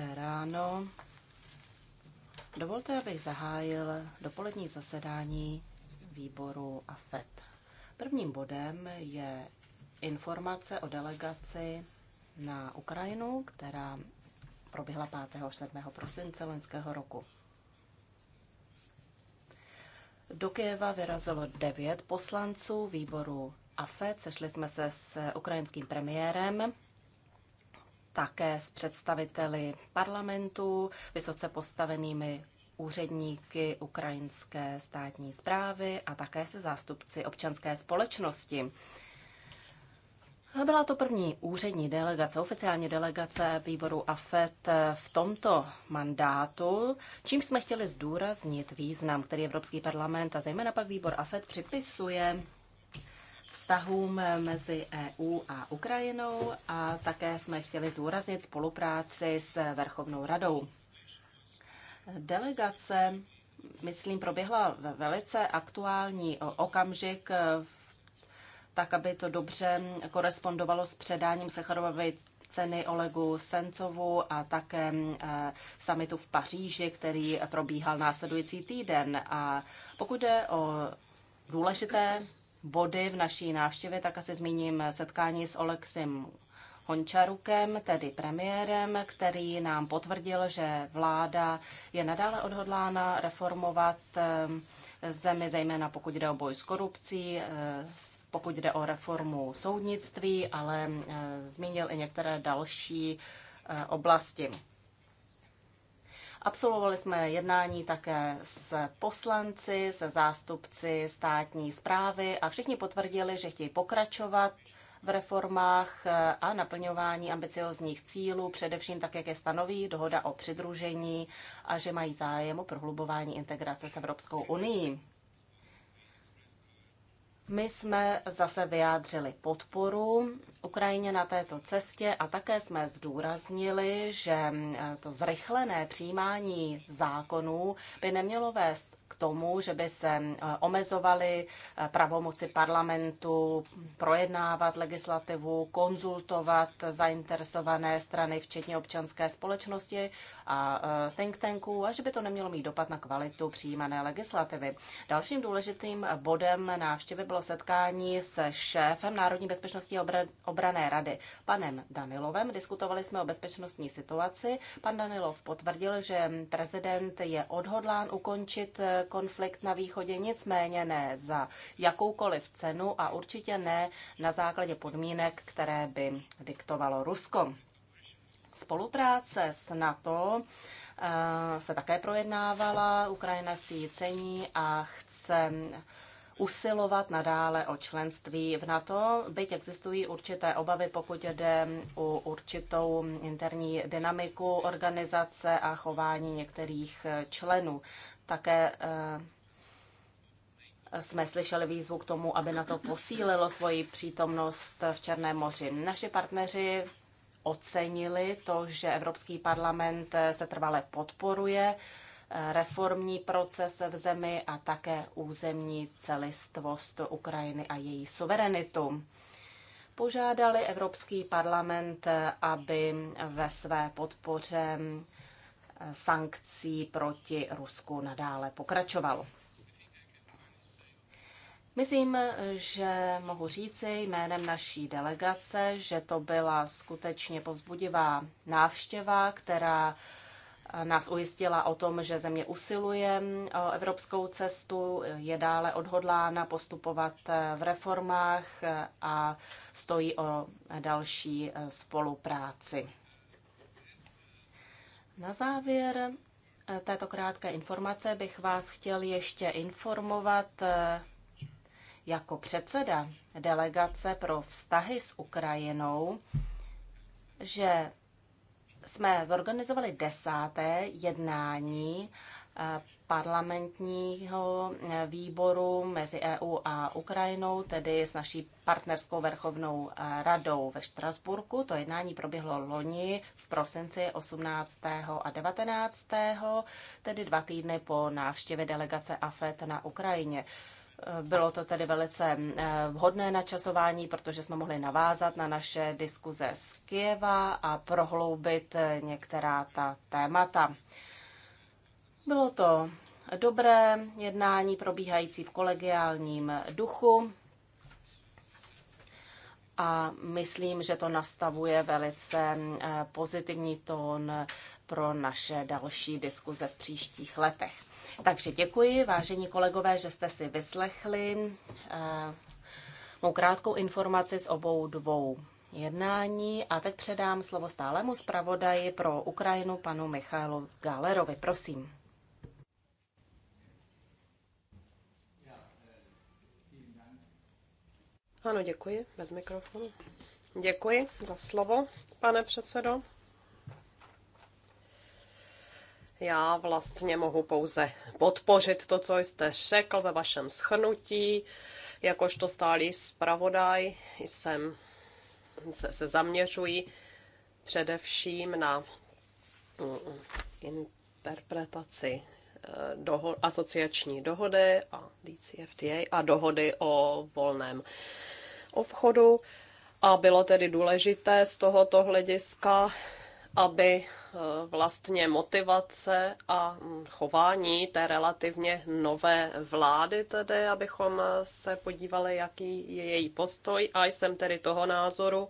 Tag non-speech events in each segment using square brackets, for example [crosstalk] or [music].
Dobré ráno. Dovolte, abych zahájil dopolední zasedání výboru AFET. Prvním bodem je informace o delegaci na Ukrajinu, která proběhla 5. až 7. prosince loňského roku. Do Kyjeva vyrazilo devět poslanců výboru Afet. Sešli jsme se s ukrajinským premiérem také s představiteli parlamentu, vysoce postavenými úředníky ukrajinské státní zprávy a také se zástupci občanské společnosti. Byla to první úřední delegace, oficiální delegace výboru AFET v tomto mandátu, čím jsme chtěli zdůraznit význam, který Evropský parlament a zejména pak výbor AFET připisuje vztahům mezi EU a Ukrajinou a také jsme chtěli zúraznit spolupráci s Verchovnou radou. Delegace, myslím, proběhla ve velice aktuální okamžik tak, aby to dobře korespondovalo s předáním Sacharovovy ceny Olegu Sencovu a také eh, samitu v Paříži, který probíhal následující týden. A pokud jde o důležité body v naší návštěvě, tak asi zmíním setkání s Olexem Hončarukem, tedy premiérem, který nám potvrdil, že vláda je nadále odhodlána reformovat ehm, zemi, zejména pokud jde o boj s korupcí, eh, pokud jde o reformu soudnictví, ale eh, zmínil i některé další eh, oblasti. Absolvovali jsme jednání také s poslanci, se zástupci státní zprávy a všichni potvrdili, že chtějí pokračovat v reformách eh, a naplňování ambiciozních cílů, především tak, jak je stanoví dohoda o přidružení a že mají zájem o prohlubování integrace s Evropskou unii. My jsme zase vyjádřili podporu Ukrajině na této cestě a také jsme zdůraznili, že to zrychlené přijímání zákonů by nemělo vést k tomu, že by se eh, omezovaly eh, pravomoci parlamentu projednávat legislativu, konzultovat zainteresované strany, včetně občanské společnosti a eh, think tanků, a že by to nemělo mít dopad na kvalitu přijímané legislativy. Dalším důležitým bodem návštěvy bylo setkání s šéfem Národní bezpečnosti obrané rady, panem Danilovem. Diskutovali jsme o bezpečnostní situaci. Pan Danilov potvrdil, že prezident je odhodlán ukončit konflikt na východě, nicméně ne za jakoukoliv cenu a určitě ne na základě podmínek, které by diktovalo Rusko. Spolupráce s NATO eh, se také projednávala, Ukrajina si ji cení a chce usilovat nadále o členství v NATO, byť existují určité obavy, pokud jde o určitou interní dynamiku organizace a chování některých členů. Také eh, jsme slyšeli výzvu k tomu, aby na to posílilo svoji přítomnost v Černém moři. Naši partneři ocenili to, že Evropský parlament eh, se trvale podporuje eh, reformní proces v zemi a také územní celistvost Ukrajiny a její suverenitu. Požádali Evropský parlament, aby ve své podpoře sankcí proti Rusku nadále pokračovalo. Myslím, že mohu říci jménem naší delegace, že to byla skutečně povzbudivá návštěva, která nás ujistila o tom, že země usiluje o evropskou cestu, je dále odhodlána postupovat v reformách a stojí o další spolupráci. Na závěr eh, této krátké informace bych vás chtěl ještě informovat eh, jako předseda delegace pro vztahy s Ukrajinou, že jsme zorganizovali desáté jednání eh, parlamentního eh, výboru mezi EU a Ukrajinou, tedy s naší partnerskou verchovnou eh, radou ve Štrasburku. To jednání proběhlo loni v prosinci 18. a 19., tedy dva týdny po návštěvě delegace AFET na Ukrajině. Eh, Bylo to tedy velice vhodné načasování, protože jsme mohli navázat na naše diskuze z Kieva a prohloubit některá ta témata. Bylo to dobré jednání probíhající v kolegiálním duchu a myslím, že to nastavuje velice eh, pozitivní tón pro naše další diskuze v příštích letech. Takže děkuji, vážení kolegové, že jste si vyslechli eh, mou krátkou informaci z obou dvou jednání a teď předám slovo stálemu zpravodaji pro Ukrajinu panu Michailu Galerovi, Prosím. Ano, děkuji. Bez mikrofonu. Děkuji za slovo, pane předsedo. Já vlastně mohu pouze podpořit to, co jste řekl ve vašem schrnutí. Jakožto stálý zpravodaj jsem se, se zaměřuji především na mm, interpretaci eh, doho- asociační dohody a DCFTA a dohody o volném obchodu a bylo tedy důležité z tohoto hlediska, aby eh, vlastně motivace a chování té relativně nové vlády tedy, abychom se podívali, jaký je její postoj a jsem tedy toho názoru,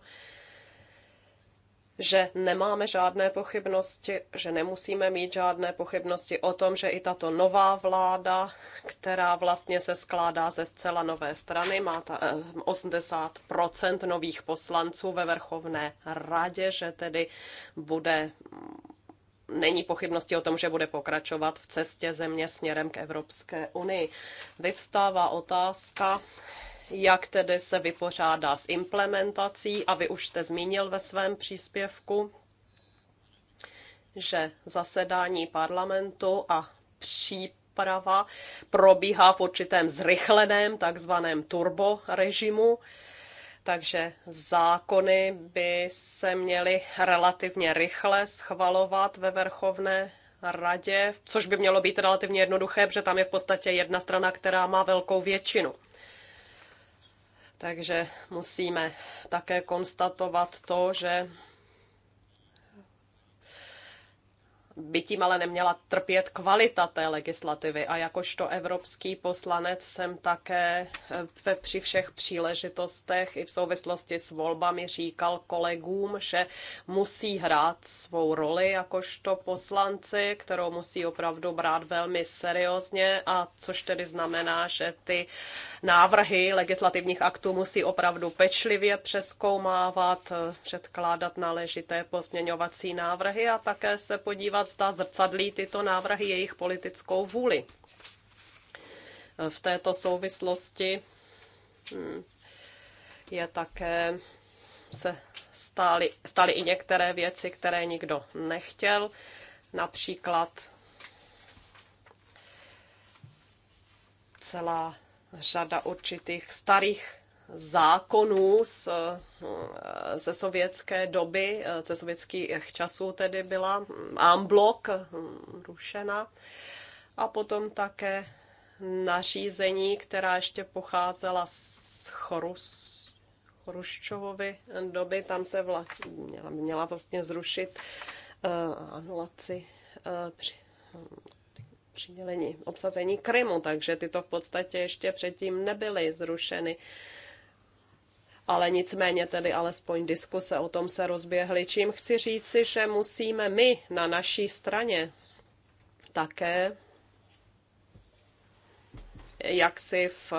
že nemáme žádné pochybnosti, že nemusíme mít žádné pochybnosti o tom, že i tato nová vláda, která vlastně se skládá ze zcela nové strany, má ta, 80 eh, nových poslanců ve Vrchovné radě, že tedy bude není pochybnosti o tom, že bude pokračovat v cestě země směrem k Evropské unii. Vyvstává otázka, jak tedy se vypořádá s implementací a vy už jste zmínil ve svém příspěvku, že zasedání parlamentu a příprava probíhá v určitém zrychleném takzvaném turbo režimu, takže zákony by se měly relativně rychle schvalovat ve vrchovné radě, což by mělo být relativně jednoduché, protože tam je v podstatě jedna strana, která má velkou většinu. Takže musíme také konstatovat to, že by tím ale neměla trpět kvalita té legislativy. A jakožto evropský poslanec jsem také eh, ve, při všech příležitostech i v souvislosti s volbami říkal kolegům, že musí hrát svou roli jakožto poslanci, kterou musí opravdu brát velmi seriózně a což tedy znamená, že ty návrhy legislativních aktů musí opravdu pečlivě přeskoumávat, eh, předkládat náležité pozměňovací návrhy a také se podívat, zda zrcadlí tyto návrhy jejich politickou vůli. V této souvislosti hm, je také se stály, stály i některé věci, které nikdo nechtěl, například celá řada určitých starých zákonů z, ze sovětské doby, ze sovětských časů tedy byla amblok rušena. A potom také nařízení, která ještě pocházela z Chorus, Chruščovovy doby, tam se vla, měla, měla vlastně zrušit uh, anulaci uh, při, přidělení obsazení Krymu, takže tyto v podstatě ještě předtím nebyly zrušeny. Uh, ale nicméně tedy alespoň diskuse o tom se rozběhly. Čím chci říci, že musíme my na naší straně také jak si v,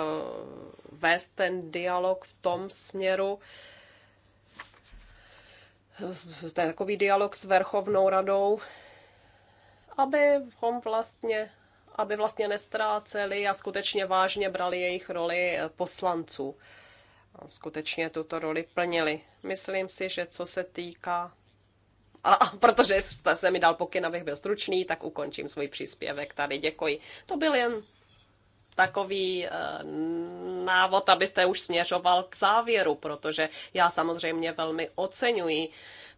vést ten dialog v tom směru, takový dialog s Verchovnou radou, abychom vlastně, aby vlastně nestráceli a skutečně vážně brali jejich roli poslanců skutečně tuto roli plnili. Myslím si, že co se týká a protože jste se mi dal pokyn, abych byl stručný, tak ukončím svůj příspěvek tady. Děkuji. To byl jen takový eh, návod, abyste už směřoval k závěru, protože já samozřejmě velmi oceňuji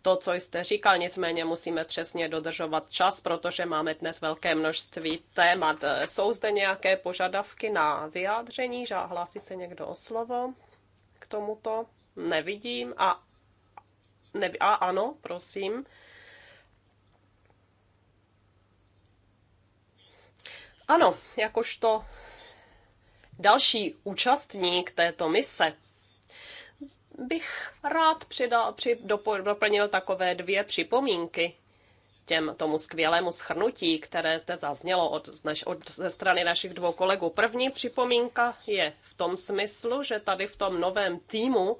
to, co jste říkal, nicméně musíme přesně dodržovat čas, protože máme dnes velké množství témat. Eh, jsou zde nějaké požadavky na vyjádření? Hlásí se někdo o slovo? k tomuto? Nevidím. A, nevi, a ano, prosím. Ano, jakožto další účastník této mise bych rád přidal, při, doplnil takové dvě připomínky těm tomu skvělému schrnutí, které zde zaznělo od, naš, od, ze strany našich dvou kolegů. První připomínka je v tom smyslu, že tady v tom novém týmu,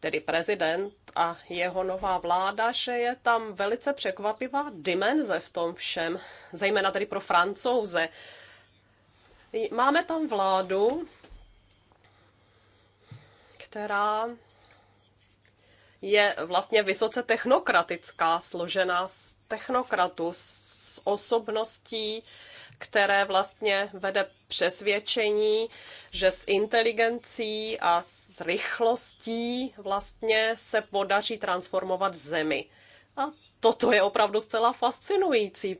tedy prezident a jeho nová vláda, že je tam velice překvapivá dimenze v tom všem, zejména tedy pro francouze. Máme tam vládu, která je vlastně vysoce technokratická, složená z technokratu, s osobností, které vlastně vede přesvědčení, že s inteligencí a s rychlostí vlastně se podaří transformovat zemi. A toto je opravdu zcela fascinující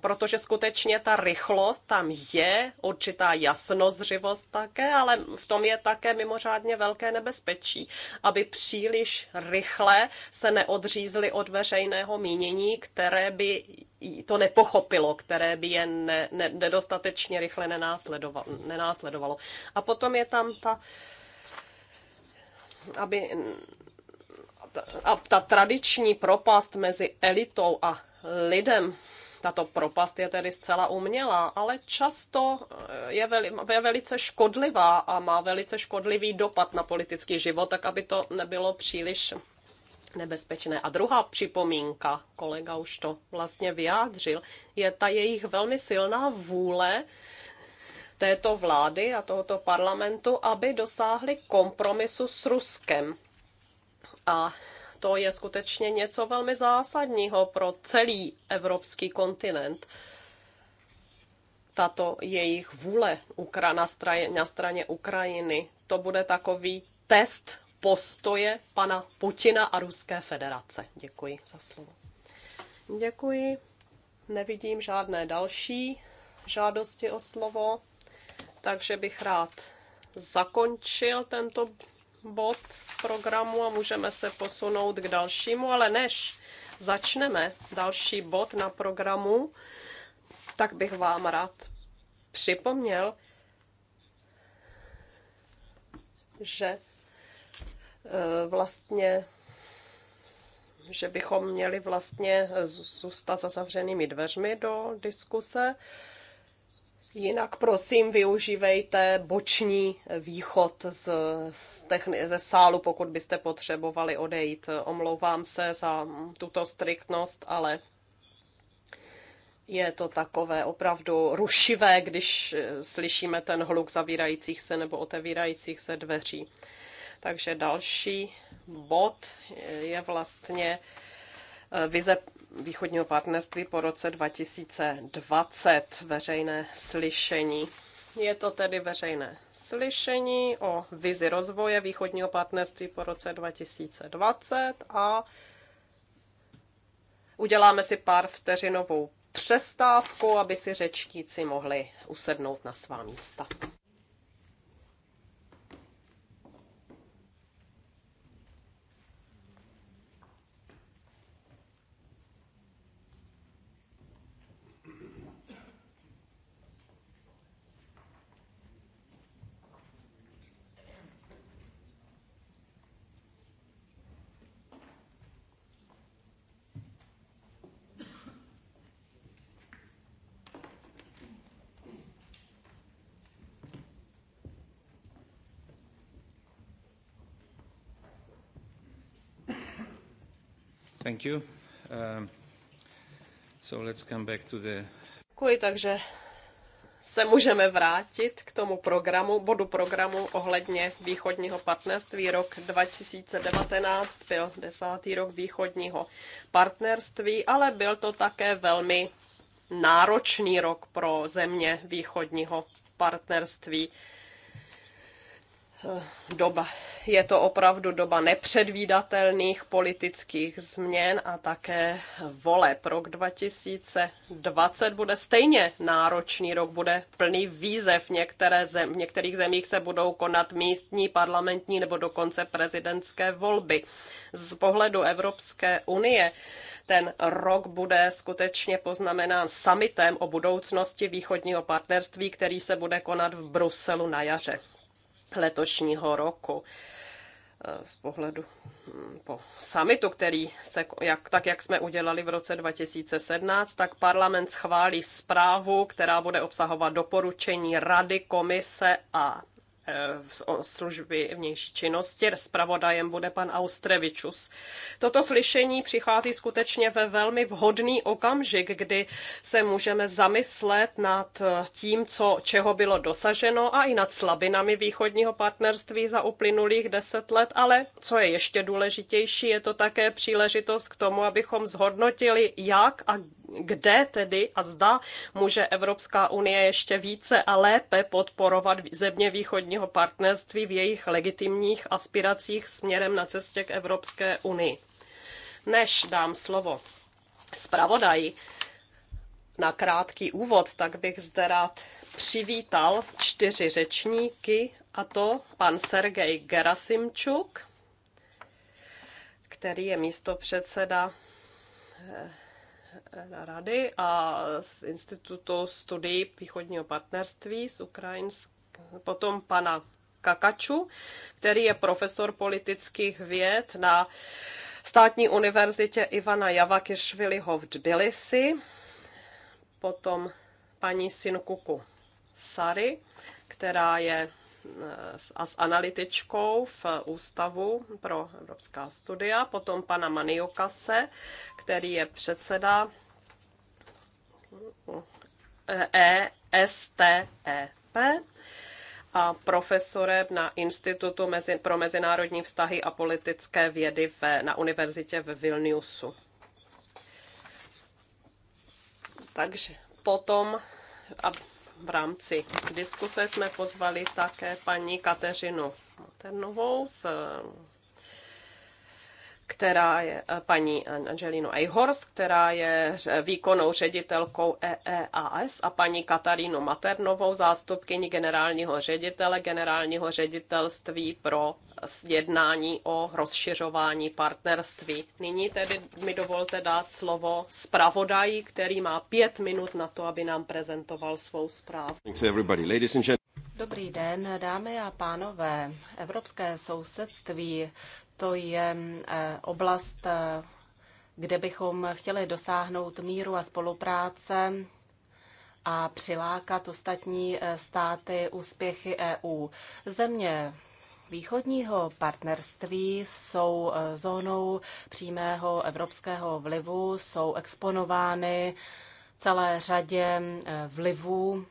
protože skutečně ta rychlost tam je, určitá jasnozřivost také, ale v tom je také mimořádně velké nebezpečí, aby příliš rychle se neodřízli od veřejného mínění, které by to nepochopilo, které by je ne, ne, nedostatečně rychle nenásledovalo, nenásledovalo. A potom je tam ta, aby a ta tradiční propast mezi elitou a lidem tato propast je tedy zcela umělá, ale často eh, je, veli, je velice škodlivá a má velice škodlivý dopad na politický život, tak aby to nebylo příliš nebezpečné. A druhá připomínka, kolega už to vlastně vyjádřil, je ta jejich velmi silná vůle této vlády a tohoto parlamentu, aby dosáhli kompromisu s Ruskem. A to je skutečně něco velmi zásadního pro celý evropský kontinent. Tato jejich vůle Ukra- na, straně, na straně Ukrajiny, to bude takový test postoje pana Putina a Ruské federace. Děkuji za slovo. Děkuji. Nevidím žádné další žádosti o slovo, takže bych rád zakončil tento bod programu a můžeme se posunout k dalšímu, ale než začneme další bod na programu, tak bych vám rád připomněl, že e, vlastně že bychom měli vlastně zůstat za zavřenými dveřmi do diskuse, Jinak prosím využívejte boční východ z, z techni- ze sálu, pokud byste potřebovali odejít. Omlouvám se za tuto striktnost, ale je to takové opravdu rušivé, když eh, slyšíme ten hluk zavírajících se nebo otevírajících se dveří. Takže další bod je vlastně eh, vize východního partnerství po roce 2020 veřejné slyšení. Je to tedy veřejné slyšení o vizi rozvoje východního partnerství po roce 2020 a uděláme si pár vteřinovou přestávku, aby si řečníci mohli usednout na svá místa. Thank you. Um, so let's come back to the... Děkuji, takže se můžeme vrátit k tomu programu, bodu programu ohledně východního partnerství. Rok 2019 byl desátý rok východního partnerství, ale byl to také velmi náročný rok pro země východního partnerství doba. Je to opravdu doba nepředvídatelných politických změn a také voleb. Rok 2020 bude stejně náročný rok, bude plný výzev. Některé zem, v některých zemích se budou konat místní, parlamentní nebo dokonce prezidentské volby. Z pohledu Evropské unie ten rok bude skutečně poznamenán summitem o budoucnosti východního partnerství, který se bude konat v Bruselu na jaře letošního roku e, z pohledu hm, po summitu, který se, jak, tak jak jsme udělali v roce 2017, tak parlament schválí zprávu, která bude obsahovat doporučení Rady, Komise a Eh, služby vnější činnosti. Spravodajem bude pan Austrevičus. Toto slyšení přichází skutečně ve velmi vhodný okamžik, kdy se můžeme zamyslet nad eh, tím, co, čeho bylo dosaženo a i nad slabinami východního partnerství za uplynulých deset let, ale co je ještě důležitější, je to také příležitost k tomu, abychom zhodnotili, jak a kde tedy a zda může Evropská unie ještě více a lépe podporovat země východního partnerství v jejich legitimních aspiracích směrem na cestě k Evropské unii. Než dám slovo zpravodaji, na krátký úvod, tak bych zde rád přivítal čtyři řečníky, a to pan Sergej Gerasimčuk, který je místo předseda eh, rady a z Institutu studií východního partnerství z Ukrajinsk, potom pana Kakaču, který je profesor politických věd na státní univerzitě Ivana Javakešviliho v Tbilisi, potom paní Sinkuku Sary, která je a s analytičkou v Ústavu pro evropská studia, potom pana Maniokase, který je předseda ESTEP a profesorem na Institutu mezi, pro mezinárodní vztahy a politické vědy v, na univerzitě v Vilniusu. Takže potom a v rámci diskuse jsme pozvali také paní Kateřinu Maternovou z která je eh, paní Angelino Eichhorst, která je výkonnou ředitelkou EEAS a paní Katarínu Maternovou, zástupkyni generálního ředitele, generálního ředitelství pro jednání o rozšiřování partnerství. Nyní tedy mi dovolte dát slovo zpravodaji, který má pět minut na to, aby nám prezentoval svou zprávu. Dobrý den, dámy a pánové. Evropské sousedství to je eh, oblast, eh, kde bychom chtěli dosáhnout míru a spolupráce a přilákat ostatní eh, státy úspěchy EU. Země východního partnerství jsou zónou přímého evropského vlivu, jsou exponovány celé řadě vlivů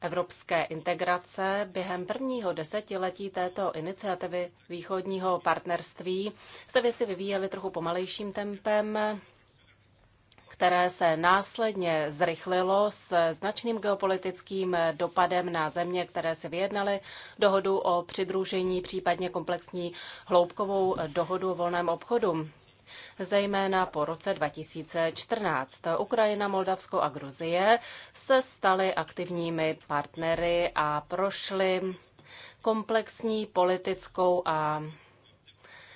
evropské integrace během prvního desetiletí této iniciativy východního partnerství se věci vyvíjely trochu pomalejším tempem, které se následně zrychlilo s značným geopolitickým dopadem na země, které se vyjednaly dohodu o přidružení, případně komplexní hloubkovou dohodu o volném obchodu zejména po roce 2014. Ukrajina, Moldavsko a Gruzie se staly aktivními partnery a prošly komplexní politickou a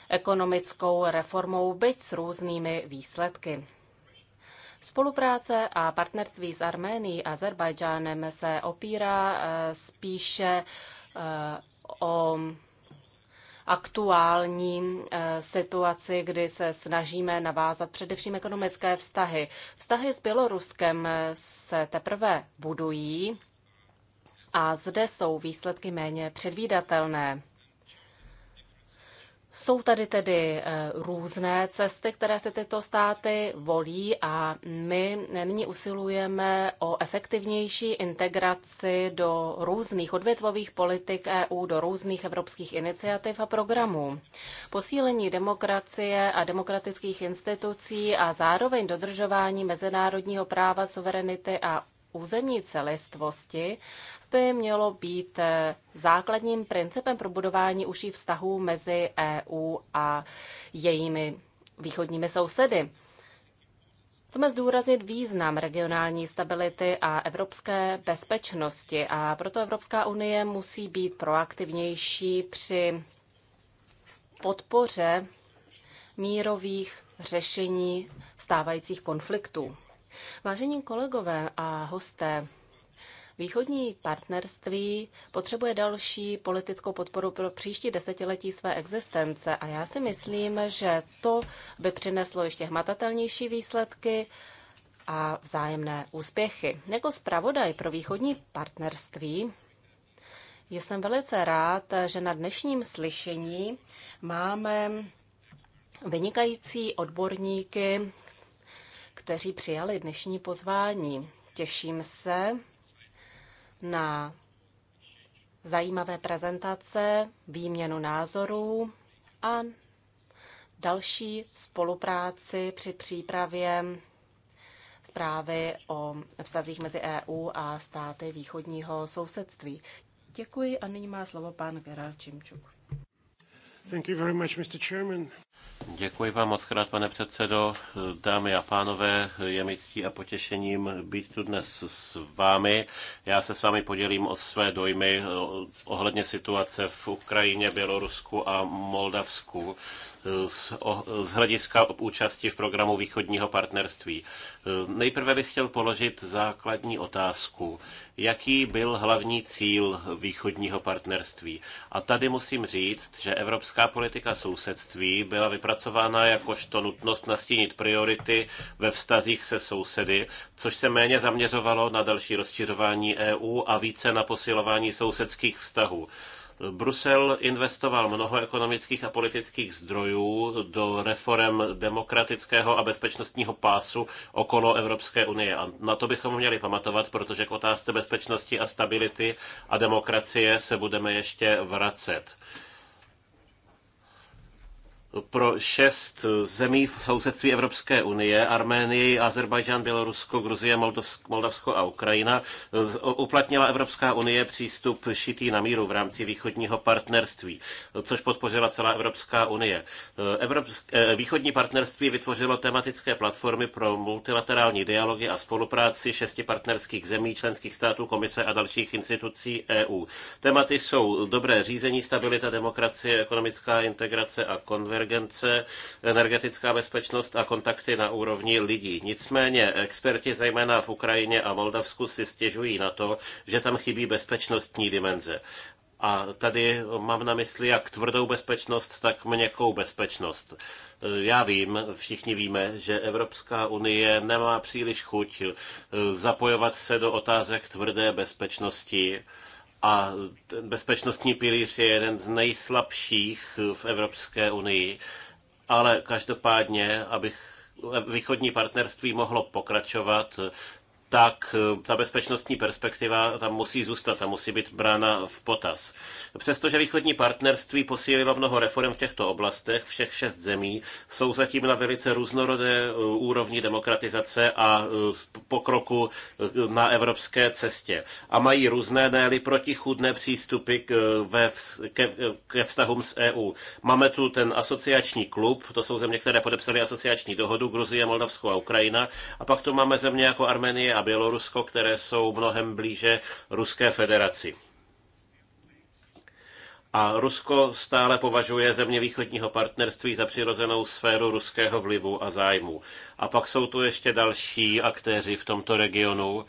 ekonomickou reformou, byť s různými výsledky. Spolupráce a partnerství s Arménií a Azerbajdžánem se opírá eh, spíše eh, o aktuální eh, situaci, kdy se snažíme navázat především ekonomické vztahy. Vztahy s Běloruskem eh, se teprve budují a zde jsou výsledky méně předvídatelné. Jsou tady tedy eh, různé cesty, které se tyto státy volí a my nyní usilujeme o efektivnější integraci do různých odvětvových politik EU, do různých evropských iniciativ a programů. Posílení demokracie a demokratických institucí a zároveň dodržování mezinárodního práva, suverenity a územní celistvosti by mělo být eh, základním principem pro budování uší vztahů mezi EU a jejími východními sousedy. Chceme zdůraznit význam regionální stability a evropské bezpečnosti a proto Evropská unie musí být proaktivnější při podpoře mírových řešení stávajících konfliktů. Vážení kolegové a hosté, Východní partnerství potřebuje další politickou podporu pro příští desetiletí své existence a já si myslím, že to by přineslo ještě hmatatelnější výsledky a vzájemné úspěchy. Jako zpravodaj pro východní partnerství jsem velice rád, že na dnešním slyšení máme vynikající odborníky kteří přijali dnešní pozvání. Těším se na zajímavé prezentace, výměnu názorů a další spolupráci při přípravě zprávy o vztazích mezi EU a státy východního sousedství. Děkuji a nyní má slovo pan Gerald Čimčuk. Thank you very much, Mr. Chairman. Děkuji vám moc krát, pane předsedo. Dámy a pánové, je mi ctí a potěšením být tu dnes s vámi. Já se s vámi podělím o své dojmy ohledně situace v Ukrajině, Bělorusku a Moldavsku z, o, z hlediska účasti v programu východního partnerství. Nejprve bych chtěl položit základní otázku. Jaký byl hlavní cíl východního partnerství? A tady musím říct, že evropská politika sousedství byla vypracována jakožto nutnost nastínit priority ve vztazích se sousedy, což se méně zaměřovalo na další rozšiřování EU a více na posilování sousedských vztahů. Brusel investoval mnoho ekonomických a politických zdrojů do reform demokratického a bezpečnostního pásu okolo Evropské unie. A na to bychom měli pamatovat, protože k otázce bezpečnosti a stability a demokracie se budeme ještě vracet pro šest zemí v sousedství Evropské unie, Arménii, Azerbajdžán, Bělorusko, Gruzie, Moldavsko a Ukrajina, uplatnila Evropská unie přístup šitý na míru v rámci východního partnerství, což podpořila celá Evropská unie. Evropské, eh, východní partnerství vytvořilo tematické platformy pro multilaterální dialogy a spolupráci šesti partnerských zemí, členských států, komise a dalších institucí EU. Tematy jsou dobré řízení, stabilita, demokracie, ekonomická integrace a konvergence konvergence, energetická bezpečnost a kontakty na úrovni lidí. Nicméně experti zejména v Ukrajině a Moldavsku si stěžují na to, že tam chybí bezpečnostní dimenze. A tady mám na mysli jak tvrdou bezpečnost, tak měkkou bezpečnost. Já vím, všichni víme, že Evropská unie nemá příliš chuť zapojovat se do otázek tvrdé bezpečnosti a ten bezpečnostní pilíř je jeden z nejslabších v Evropské unii. Ale každopádně, abych východní partnerství mohlo pokračovat, tak eh, ta bezpečnostní perspektiva tam musí zůstat a musí být brána v potaz. Přestože východní partnerství posílilo mnoho reform v těchto oblastech, všech šest zemí jsou zatím na velice různorodé eh, úrovni demokratizace a eh, pokroku na evropské cestě. A mají různé, ne protichudné přístupy k, ve, ke, ke vztahům s EU. Máme tu ten asociační klub, to jsou země, které podepsaly asociační dohodu, Gruzie, Moldavsko a Ukrajina. A pak tu máme země jako Arménie a Bělorusko, které jsou mnohem blíže Ruské federaci. A Rusko stále považuje země východního partnerství za přirozenou sféru ruského vlivu a zájmu. A pak jsou tu ještě další aktéři v tomto regionu,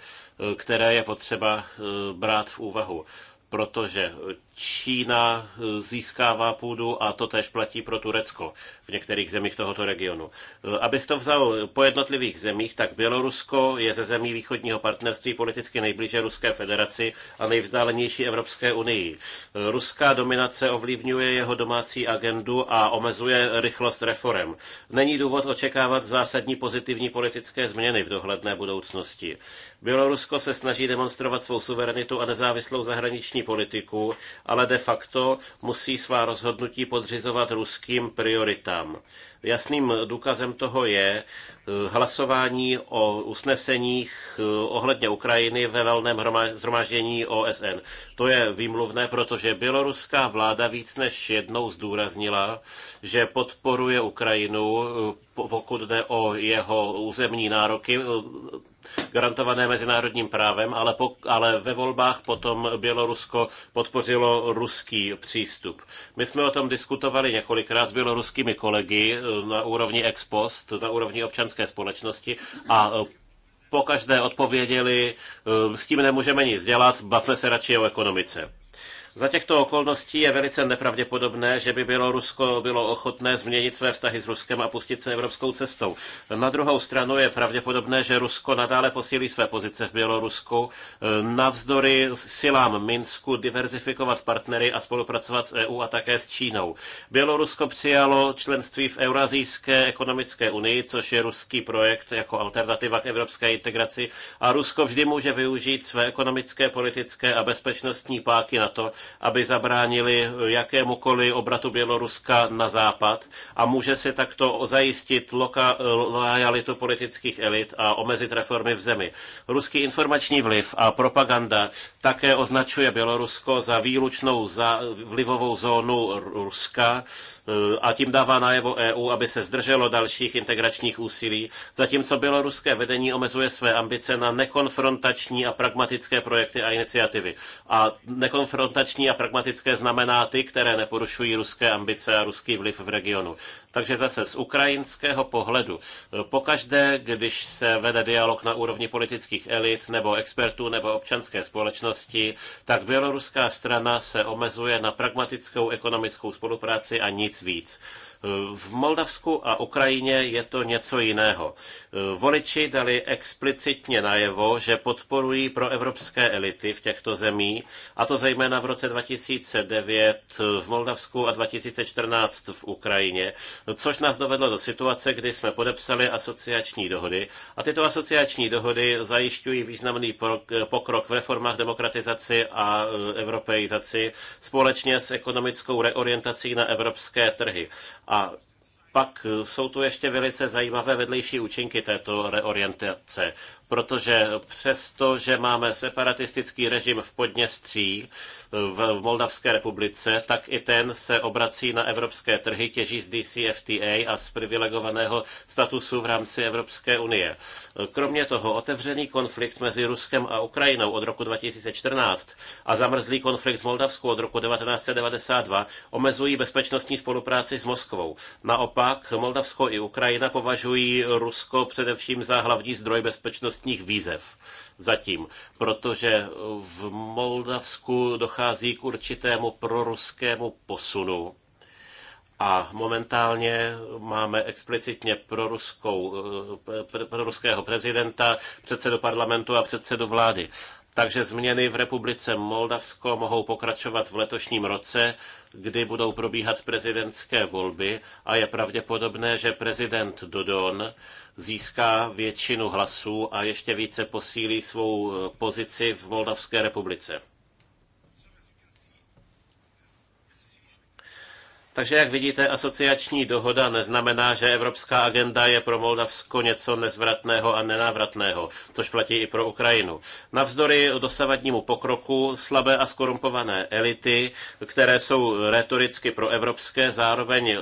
eh, které je potřeba eh, brát v úvahu protože Čína eh, získává půdu a to tež platí pro Turecko v některých zemích tohoto regionu. Eh, abych to vzal po jednotlivých zemích, tak Bělorusko je ze zemí východního partnerství politicky nejblíže Ruské federaci a nejvzdálenější Evropské unii. Eh, ruská dominace ovlivňuje jeho domácí agendu a omezuje rychlost reform. Není důvod očekávat zásadní pozitivní politické změny v dohledné budoucnosti. Bělorusko se snaží demonstrovat svou suverenitu a nezávislou zahraniční politiku ale de facto musí svá rozhodnutí podřizovat ruským prioritám. Jasným důkazem toho je eh, hlasování o usneseních eh, ohledně Ukrajiny ve velném zhromáždění OSN. To je výmluvné, protože běloruská vláda víc než jednou zdůraznila, že podporuje Ukrajinu, eh, pokud jde o jeho územní nároky, garantované mezinárodním právem, ale, po, ale ve volbách potom Bělorusko podpořilo ruský přístup. My jsme o tom diskutovali několikrát s běloruskými kolegy eh, na úrovni ex post, na úrovni občanské společnosti a eh, po každé odpověděli, eh, s tím nemůžeme nic dělat, bavme se radši o ekonomice. Za těchto okolností je velice nepravděpodobné, že by bylo Rusko bylo ochotné změnit své vztahy s Ruskem a pustit se evropskou cestou. Na druhou stranu je pravděpodobné, že Rusko nadále posílí své pozice v Bělorusku navzdory silám Minsku diverzifikovat partnery a spolupracovat s EU a také s Čínou. Bělorusko přijalo členství v Eurazijské ekonomické unii, což je ruský projekt jako alternativa k evropské integraci a Rusko vždy může využít své ekonomické, politické a bezpečnostní páky na to, aby zabránili jakémukoliv obratu Běloruska na západ a může si takto zajistit loka, lojalitu politických elit a omezit reformy v zemi. Ruský informační vliv a propaganda také označuje Bělorusko za výlučnou za vlivovou zónu Ruska, Eh, a tím dává najevo EU, aby se zdrželo dalších integračních úsilí, zatímco běloruské vedení omezuje své ambice na nekonfrontační a pragmatické projekty a iniciativy. A nekonfrontační a pragmatické znamená ty, které neporušují ruské ambice a ruský vliv v regionu. Takže zase z ukrajinského pohledu, eh, pokaždé, když se vede dialog na úrovni politických elit nebo expertů nebo občanské společnosti, tak běloruská strana se omezuje na pragmatickou ekonomickou spolupráci a nic nic víc. V Moldavsku a Ukrajině je to něco jiného. Voliči dali explicitně najevo, že podporují proevropské elity v těchto zemí, a to zejména v roce 2009 v Moldavsku a 2014 v Ukrajině, což nás dovedlo do situace, kdy jsme podepsali asociační dohody. A tyto asociační dohody zajišťují významný pokrok v reformách demokratizaci a europeizaci společně s ekonomickou reorientací na evropské trhy. A a pak jsou tu ještě velice zajímavé vedlejší účinky této reorientace protože přesto, že máme separatistický režim v Podněstří, v, Moldavské republice, tak i ten se obrací na evropské trhy, těží z DCFTA a z privilegovaného statusu v rámci Evropské unie. Kromě toho otevřený konflikt mezi Ruskem a Ukrajinou od roku 2014 a zamrzlý konflikt v Moldavsku od roku 1992 omezují bezpečnostní spolupráci s Moskvou. Naopak Moldavsko i Ukrajina považují Rusko především za hlavní zdroj bezpečnosti bezpečnostních výzev zatím, protože v Moldavsku dochází k určitému proruskému posunu. A momentálně máme explicitně proruskou, eh, proruského prezidenta, předsedu parlamentu a předsedu vlády. Takže změny v republice Moldavsko mohou pokračovat v letošním roce, kdy budou probíhat prezidentské volby a je pravděpodobné, že prezident Dodon získá většinu hlasů a ještě více posílí svou eh, pozici v Moldavské republice. Takže jak vidíte, asociační dohoda neznamená, že evropská agenda je pro Moldavsko něco nezvratného a nenávratného, což platí i pro Ukrajinu. Navzdory dosavadnímu pokroku slabé a skorumpované elity, které jsou retoricky proevropské, zároveň eh,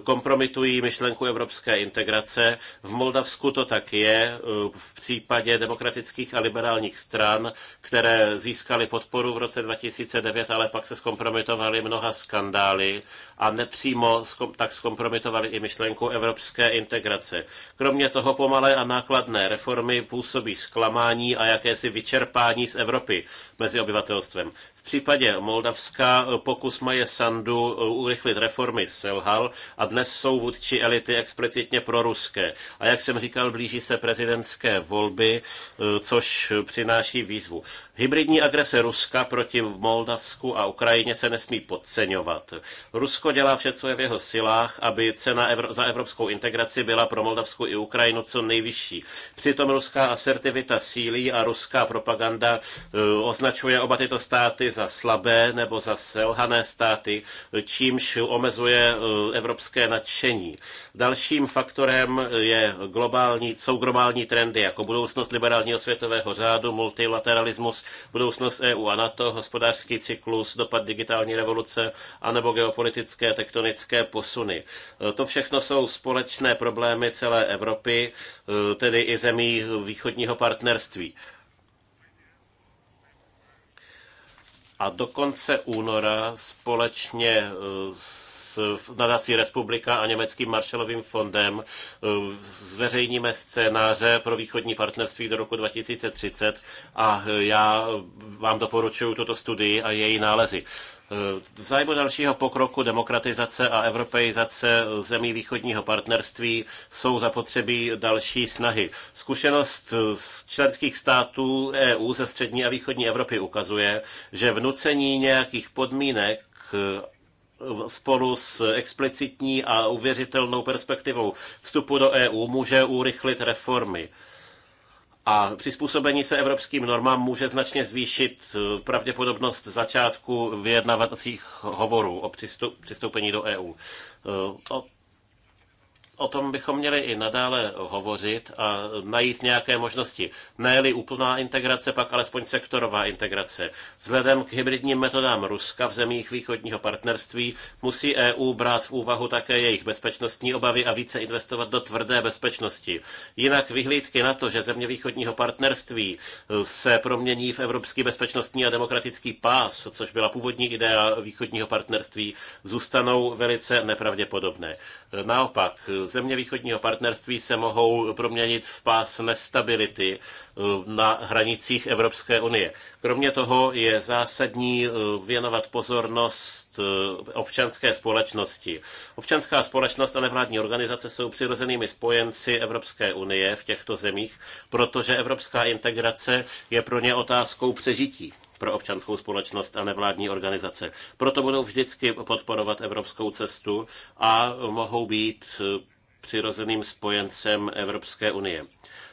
kompromitují myšlenku evropské integrace. V Moldavsku to tak je eh, v případě demokratických a liberálních stran, které získaly podporu v roce 2009, ale pak se skompromitovaly mnoha skandály a nepřímo tak zkompromitovali i myšlenku evropské integrace. Kromě toho pomalé a nákladné reformy působí zklamání a jakési vyčerpání z Evropy mezi obyvatelstvem případě Moldavska pokus Maje Sandu eh, urychlit reformy selhal a dnes jsou vůdčí elity explicitně proruské. A jak jsem říkal, blíží se prezidentské volby, eh, což přináší výzvu. Hybridní agrese Ruska proti Moldavsku a Ukrajině se nesmí podceňovat. Rusko dělá vše, co je v jeho silách, aby cena za evropskou integraci byla pro Moldavsku i Ukrajinu co nejvyšší. Přitom ruská asertivita sílí a ruská propaganda eh, označuje oba tyto státy za slabé nebo za selhané státy, čímž omezuje eh, evropské nadšení. Dalším faktorem je globální, jsou globální trendy, jako budoucnost liberálního světového řádu, multilateralismus, budoucnost EU a NATO, hospodářský cyklus, dopad digitální revoluce, anebo geopolitické tektonické posuny. Eh, to všechno jsou společné problémy celé Evropy, eh, tedy i zemí východního partnerství. A do konce února společně eh, s nadací Republika a Německým Marshallovým fondem eh, zveřejníme scénáře pro východní partnerství do roku 2030 a eh, já vám doporučuji tuto studii a její nálezy. Eh, v zájmu dalšího pokroku demokratizace a evropeizace zemí východního partnerství jsou zapotřebí další snahy. Zkušenost z členských států EU ze střední a východní Evropy ukazuje, že vnucení nějakých podmínek eh, spolu s explicitní a uvěřitelnou perspektivou vstupu do EU může urychlit reformy. A přizpůsobení se evropským normám může značně zvýšit eh, pravděpodobnost začátku vyjednavacích hovorů o přistoupení do EU. Eh, o o tom bychom měli i nadále hovořit a najít nějaké možnosti. Ne-li úplná integrace, pak alespoň sektorová integrace. Vzhledem k hybridním metodám Ruska v zemích východního partnerství musí EU brát v úvahu také jejich bezpečnostní obavy a více investovat do tvrdé bezpečnosti. Jinak vyhlídky na to, že země východního partnerství se promění v evropský bezpečnostní a demokratický pás, což byla původní idea východního partnerství, zůstanou velice nepravděpodobné. Naopak, země východního partnerství se mohou proměnit v pás nestability eh, na hranicích Evropské unie. Kromě toho je zásadní eh, věnovat pozornost eh, občanské společnosti. Občanská společnost a nevládní organizace jsou přirozenými spojenci Evropské unie v těchto zemích, protože evropská integrace je pro ně otázkou přežití pro občanskou společnost a nevládní organizace. Proto budou vždycky podporovat evropskou cestu a mohou být přirozeným spojencem Evropské unie.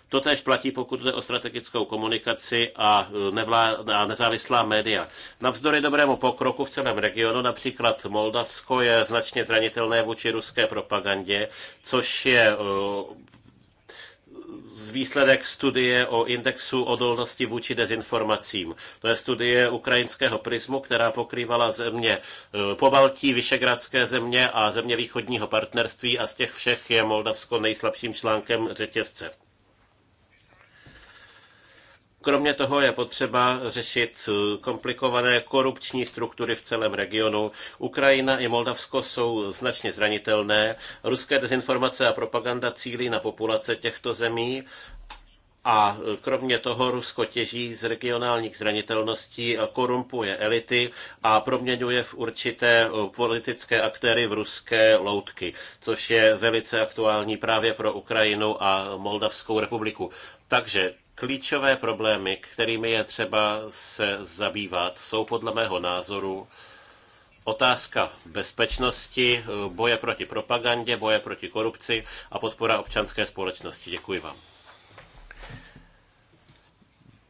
Totež platí, pokud jde o strategickou komunikaci a, e, nevlá- a nezávislá média. Navzdory dobrému pokroku v celém regionu, například Moldavsko je značně zranitelné vůči ruské propagandě, což je e, výsledek studie o indexu odolnosti vůči dezinformacím. To je studie ukrajinského prismu, která pokrývala země eh, Pobaltí, Vyšegradské země a země východního partnerství a z těch všech je Moldavsko nejslabším článkem řetězce. Kromě toho je potřeba řešit eh, komplikované korupční struktury v celém regionu. Ukrajina i Moldavsko jsou značně zranitelné. Ruské dezinformace a propaganda cílí na populace těchto zemí a eh, kromě toho Rusko těží z regionálních zranitelností, korumpuje elity a proměňuje v určité eh, politické aktéry v ruské loutky, což je velice aktuální právě pro Ukrajinu a Moldavskou republiku. Takže Klíčové problémy, kterými je třeba se zabývat, jsou podle mého názoru otázka bezpečnosti, boje proti propagandě, boje proti korupci a podpora občanské společnosti. Děkuji vám.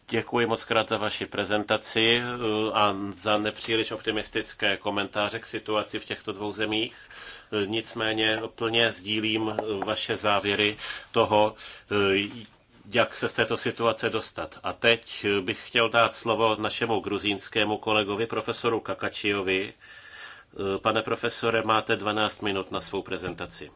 Děkuji moc krát za vaši prezentaci eh, a za nepříliš optimistické komentáře k situaci v těchto dvou zemích. Eh, nicméně plně sdílím eh, vaše závěry toho, jak se z této situace dostat. A teď bych chtěl dát slovo našemu gruzínskému kolegovi, profesoru Kakačiovi. Pane profesore, máte 12 minut na svou prezentaci.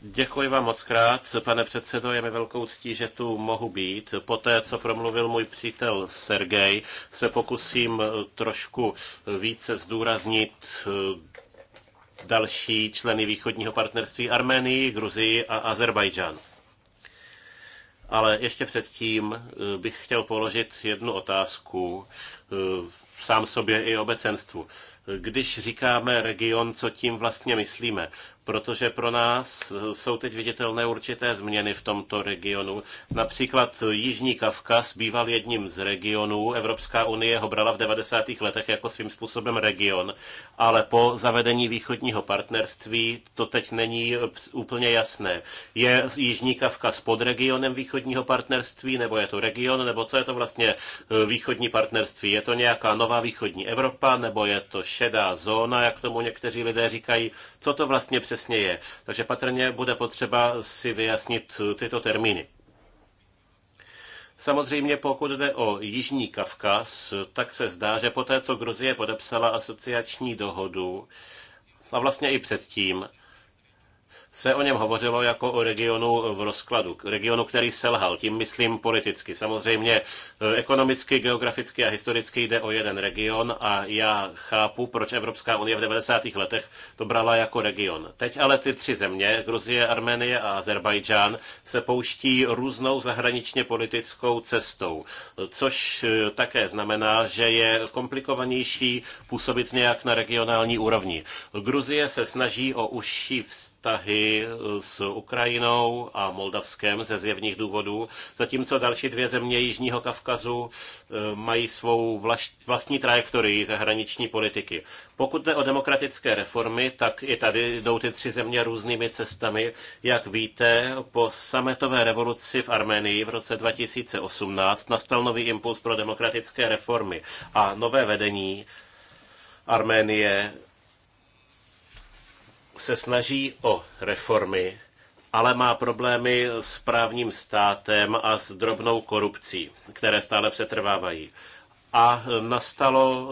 Děkuji vám moc krát, pane předsedo, je mi velkou ctí, že tu mohu být. Poté, co promluvil můj přítel Sergej, se pokusím trošku více zdůraznit další členy východního partnerství Arménii, Gruzii a Azerbajdžán. Ale ještě předtím eh, bych chtěl položit jednu otázku eh, sám sobě i obecenstvu. Když říkáme region, co tím vlastně myslíme? protože pro nás jsou teď viditelné určité změny v tomto regionu. Například Jižní Kavkaz býval jedním z regionů, Evropská unie ho brala v 90. letech jako svým způsobem region, ale po zavedení východního partnerství to teď není úplně jasné. Je Jižní Kavkaz pod regionem východního partnerství, nebo je to region, nebo co je to vlastně e, východní partnerství? Je to nějaká nová východní Evropa, nebo je to šedá zóna, jak tomu někteří lidé říkají? Co to vlastně přes přesně je. Takže patrně bude potřeba si vyjasnit tyto termíny. Samozřejmě pokud jde o Jižní Kavkaz, tak se zdá, že poté, co Gruzie podepsala asociační dohodu, a vlastně i předtím, se o něm hovořilo jako o regionu v rozkladu, regionu, který selhal, tím myslím politicky. Samozřejmě eh, ekonomicky, geograficky a historicky jde o jeden region a já chápu, proč Evropská unie v 90. letech to brala jako region. Teď ale ty tři země, Gruzie, Arménie a Azerbajdžán, se pouští různou zahraničně politickou cestou, což eh, také znamená, že je komplikovanější působit nějak na regionální úrovni. Gruzie se snaží o užší vztahy s Ukrajinou a Moldavskem ze zjevných důvodů, zatímco další dvě země Jižního Kavkazu eh, mají svou vlastní trajektorii zahraniční politiky. Pokud jde o demokratické reformy, tak i tady jdou ty tři země různými cestami. Jak víte, po sametové revoluci v Arménii v roce 2018 nastal nový impuls pro demokratické reformy a nové vedení Arménie se snaží o reformy, ale má problémy s právním státem a s drobnou korupcí, které stále přetrvávají a nastalo,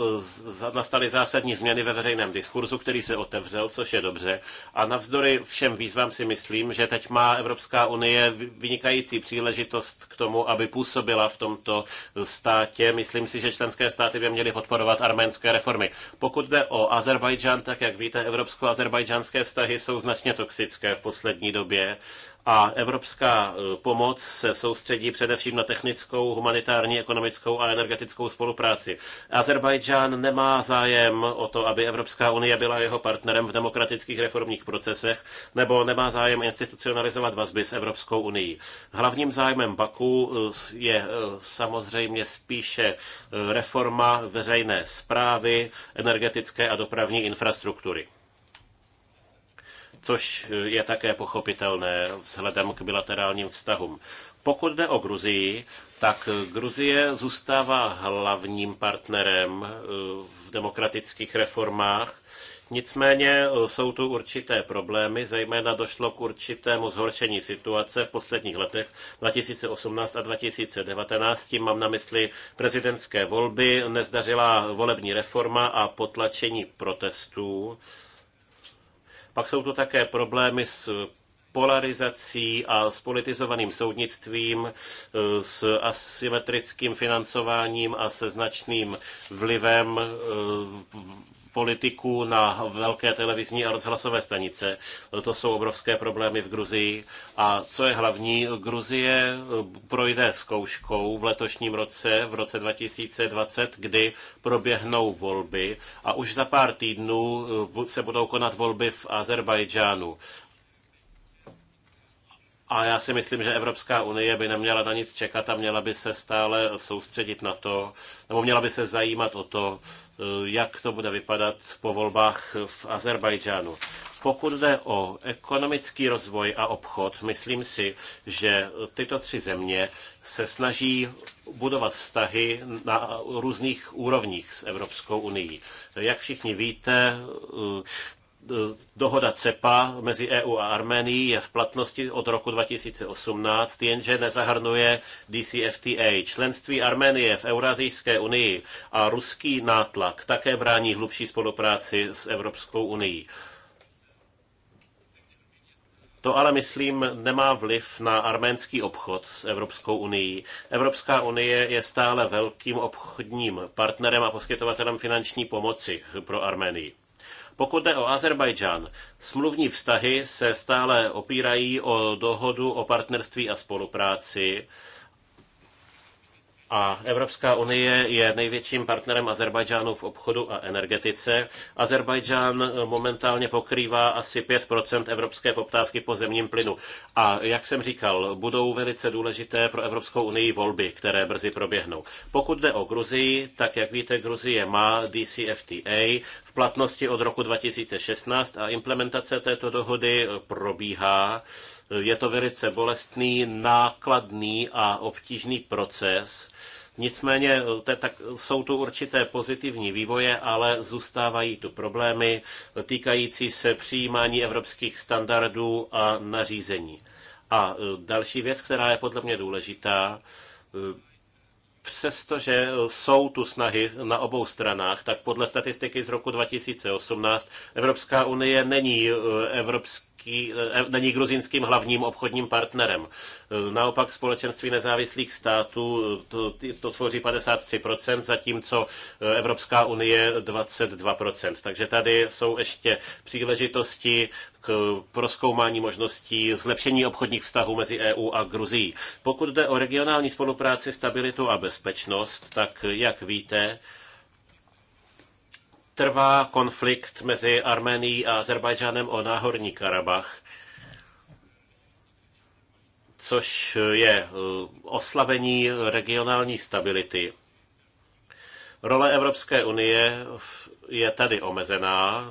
nastaly zásadní změny ve veřejném diskurzu, který se otevřel, což je dobře. A navzdory všem výzvám si myslím, že teď má Evropská unie vynikající příležitost k tomu, aby působila v tomto státě. Myslím si, že členské státy by měly podporovat arménské reformy. Pokud jde o Azerbajdžán, tak jak víte, evropsko-azerbajdžánské vztahy jsou značně toxické v poslední době a evropská e, pomoc se soustředí především na technickou, humanitární, ekonomickou a energetickou spolupráci. Azerbajdžán nemá zájem o to, aby Evropská unie byla jeho partnerem v demokratických reformních procesech, nebo nemá zájem institucionalizovat vazby s Evropskou unii. Hlavním zájmem Baku e, je e, samozřejmě spíše reforma veřejné zprávy, energetické a dopravní infrastruktury což eh, je také pochopitelné vzhledem k bilaterálním vztahům. Pokud jde o Gruzii, tak eh, Gruzie zůstává hlavním partnerem eh, v demokratických reformách. Nicméně jsou tu určité problémy, zejména došlo k určitému zhoršení situace v posledních letech 2018 a 2019. Tím mám na mysli prezidentské volby, nezdařila volební reforma a potlačení protestů. Pak jsou to také problémy s polarizací a s politizovaným soudnictvím, e, s asymetrickým financováním a se značným vlivem e, politiků na velké televizní a rozhlasové stanice. To jsou obrovské problémy v Gruzii. A co je hlavní, Gruzie eh, projde zkouškou v letošním roce, v roce 2020, kdy proběhnou volby a už za pár týdnů eh, se budou konat volby v Azerbajdžánu. A já si myslím, že Evropská unie by neměla na nic čekat a měla by se stále soustředit na to, nebo měla by se zajímat o to, Eh, jak to bude vypadat po volbách v Azerbajdžánu. Pokud jde o ekonomický rozvoj a obchod, myslím si, že tyto tři země se snaží budovat vztahy na různých úrovních s Evropskou unii. Jak všichni víte, eh, Eh, dohoda CEPA mezi EU a Armenií je v platnosti od roku 2018, jenže nezahrnuje DCFTA. Členství Arménie v Eurazijské unii a ruský nátlak také brání hlubší spolupráci s Evropskou unii. To ale, myslím, nemá vliv na arménský obchod s Evropskou unii. Evropská unie je stále velkým obchodním partnerem a poskytovatelem finanční pomoci pro Arménii. Pokud jde o Azerbajdžán, smluvní vztahy se stále opírají o dohodu o partnerství a spolupráci, a Evropská unie je největším partnerem Azerbajdžánu v obchodu a energetice. Azerbajdžán momentálně pokrývá asi 5 evropské poptávky po zemním plynu. A jak jsem říkal, budou velice důležité pro Evropskou unii volby, které brzy proběhnou. Pokud jde o Gruzii, tak jak víte, Gruzie má DCFTA v platnosti od roku 2016 a implementace této dohody probíhá. Je to velice bolestný, nákladný a obtížný proces. Nicméně eh, te, tak, jsou tu určité pozitivní vývoje, ale zůstávají tu problémy týkající se přijímání evropských standardů a nařízení. A eh, další věc, která je podle mě důležitá, eh, přestože jsou tu snahy na obou stranách, tak podle statistiky z roku 2018 Evropská unie není evropský gruzínský, eh, není gruzínským hlavním obchodním partnerem. Eh, naopak společenství nezávislých států eh, to, to tvoří 53%, zatímco Evropská unie 22%. Takže tady jsou ještě příležitosti k proskoumání možností zlepšení obchodních vztahů mezi EU a Gruzií. Pokud jde o regionální spolupráci, stabilitu a bezpečnost, tak jak víte, trvá konflikt mezi Arménií a Azerbajdžánem o náhorní Karabach, což je eh, oslabení regionální stability. Role Evropské unie je tady omezená.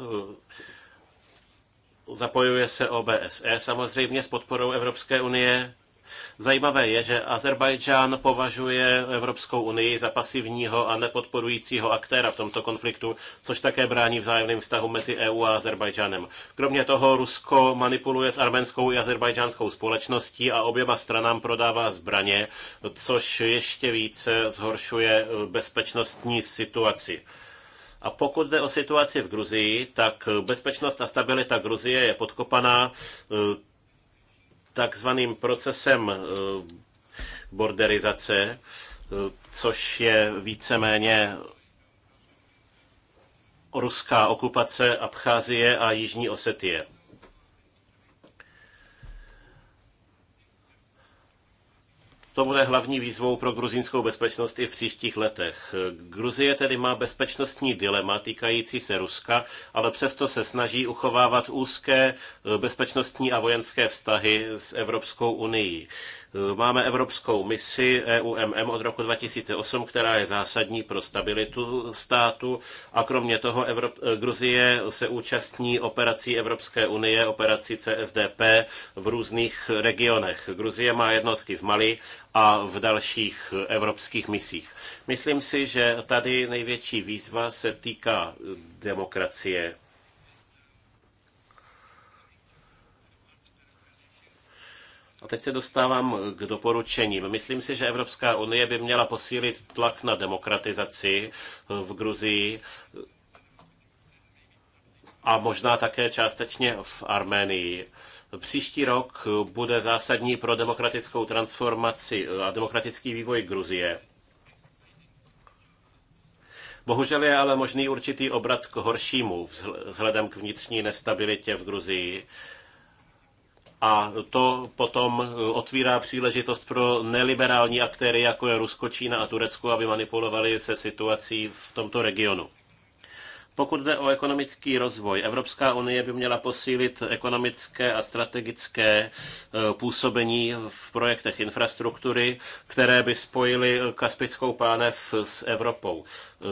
Zapojuje se OBSE samozřejmě s podporou Evropské unie Zajímavé je, že Azerbajdžán považuje Evropskou unii za pasivního a nepodporujícího aktéra v tomto konfliktu, což také brání vzájemným vztahu mezi EU a Azerbajdžánem. Kromě toho Rusko manipuluje s arménskou i azerbajdžánskou společností a oběma stranám prodává zbraně, což ještě více zhoršuje bezpečnostní situaci. A pokud jde o situaci v Gruzii, tak bezpečnost a stabilita Gruzie je podkopaná takzvaným procesem eh, borderizace, eh, což je víceméně ruská okupace Abcházie a Jižní Osetie. To bude hlavní výzvou pro gruzínskou bezpečnost i v příštích letech. Gruzie tedy má bezpečnostní dilema týkající se Ruska, ale přesto se snaží uchovávat úzké e, bezpečnostní a vojenské vztahy s Evropskou unii. Máme evropskou misi EUMM od roku 2008, která je zásadní pro stabilitu státu a kromě toho Evrop- Gruzie se účastní operací Evropské unie, operací CSDP v různých regionech. Gruzie má jednotky v Mali a v dalších evropských misích. Myslím si, že tady největší výzva se týká demokracie A teď se dostávám k doporučením. Myslím si, že Evropská unie by měla posílit tlak na demokratizaci v Gruzii a možná také částečně v Arménii. Příští rok bude zásadní pro demokratickou transformaci a demokratický vývoj Gruzie. Bohužel je ale možný určitý obrat k horšímu vzhledem k vnitřní nestabilitě v Gruzii a to potom eh, otvírá příležitost pro neliberální aktéry, jako je Rusko, Čína a Turecko, aby manipulovali se situací v tomto regionu. Pokud jde o ekonomický rozvoj, Evropská unie by měla posílit ekonomické a strategické eh, působení v projektech infrastruktury, které by spojily Kaspickou pánev s Evropou. Eh,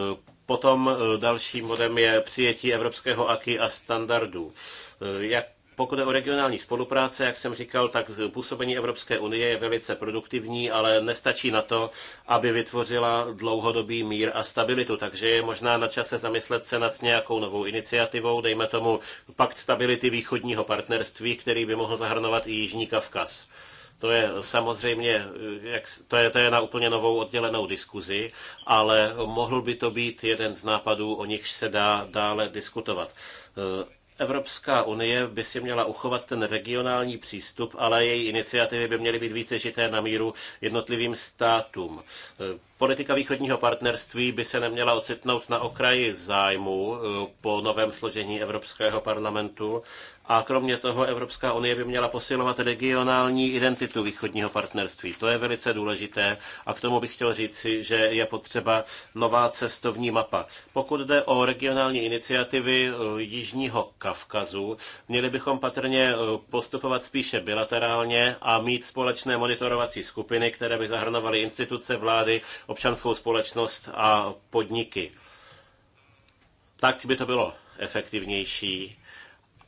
potom dalším bodem je přijetí evropského aky a standardů. Jak pokud je o regionální spolupráce, jak jsem říkal, tak působení Evropské unie je velice produktivní, ale nestačí na to, aby vytvořila dlouhodobý mír a stabilitu. Takže je možná na čase zamyslet se nad nějakou novou iniciativou, dejme tomu Pakt stability východního partnerství, který by mohl zahrnovat i Jižní Kavkaz. To je samozřejmě, jak, to, je, to je na úplně novou oddělenou diskuzi, ale mohl by to být jeden z nápadů, o nichž se dá dále diskutovat. Evropská unie by si měla uchovat ten regionální přístup, ale její iniciativy by měly být více žité na míru jednotlivým státům. E, politika východního partnerství by se neměla ocitnout na okraji zájmu e, po novém složení Evropského parlamentu a kromě toho Evropská unie by měla posilovat regionální identitu východního partnerství. To je velice důležité a k tomu bych chtěl říci, že je potřeba nová cestovní mapa. Pokud jde o regionální iniciativy eh, Jižního Kavkazu, měli bychom patrně eh, postupovat spíše bilaterálně a mít společné monitorovací skupiny, které by zahrnovaly instituce vlády, občanskou společnost a podniky. Tak by to bylo efektivnější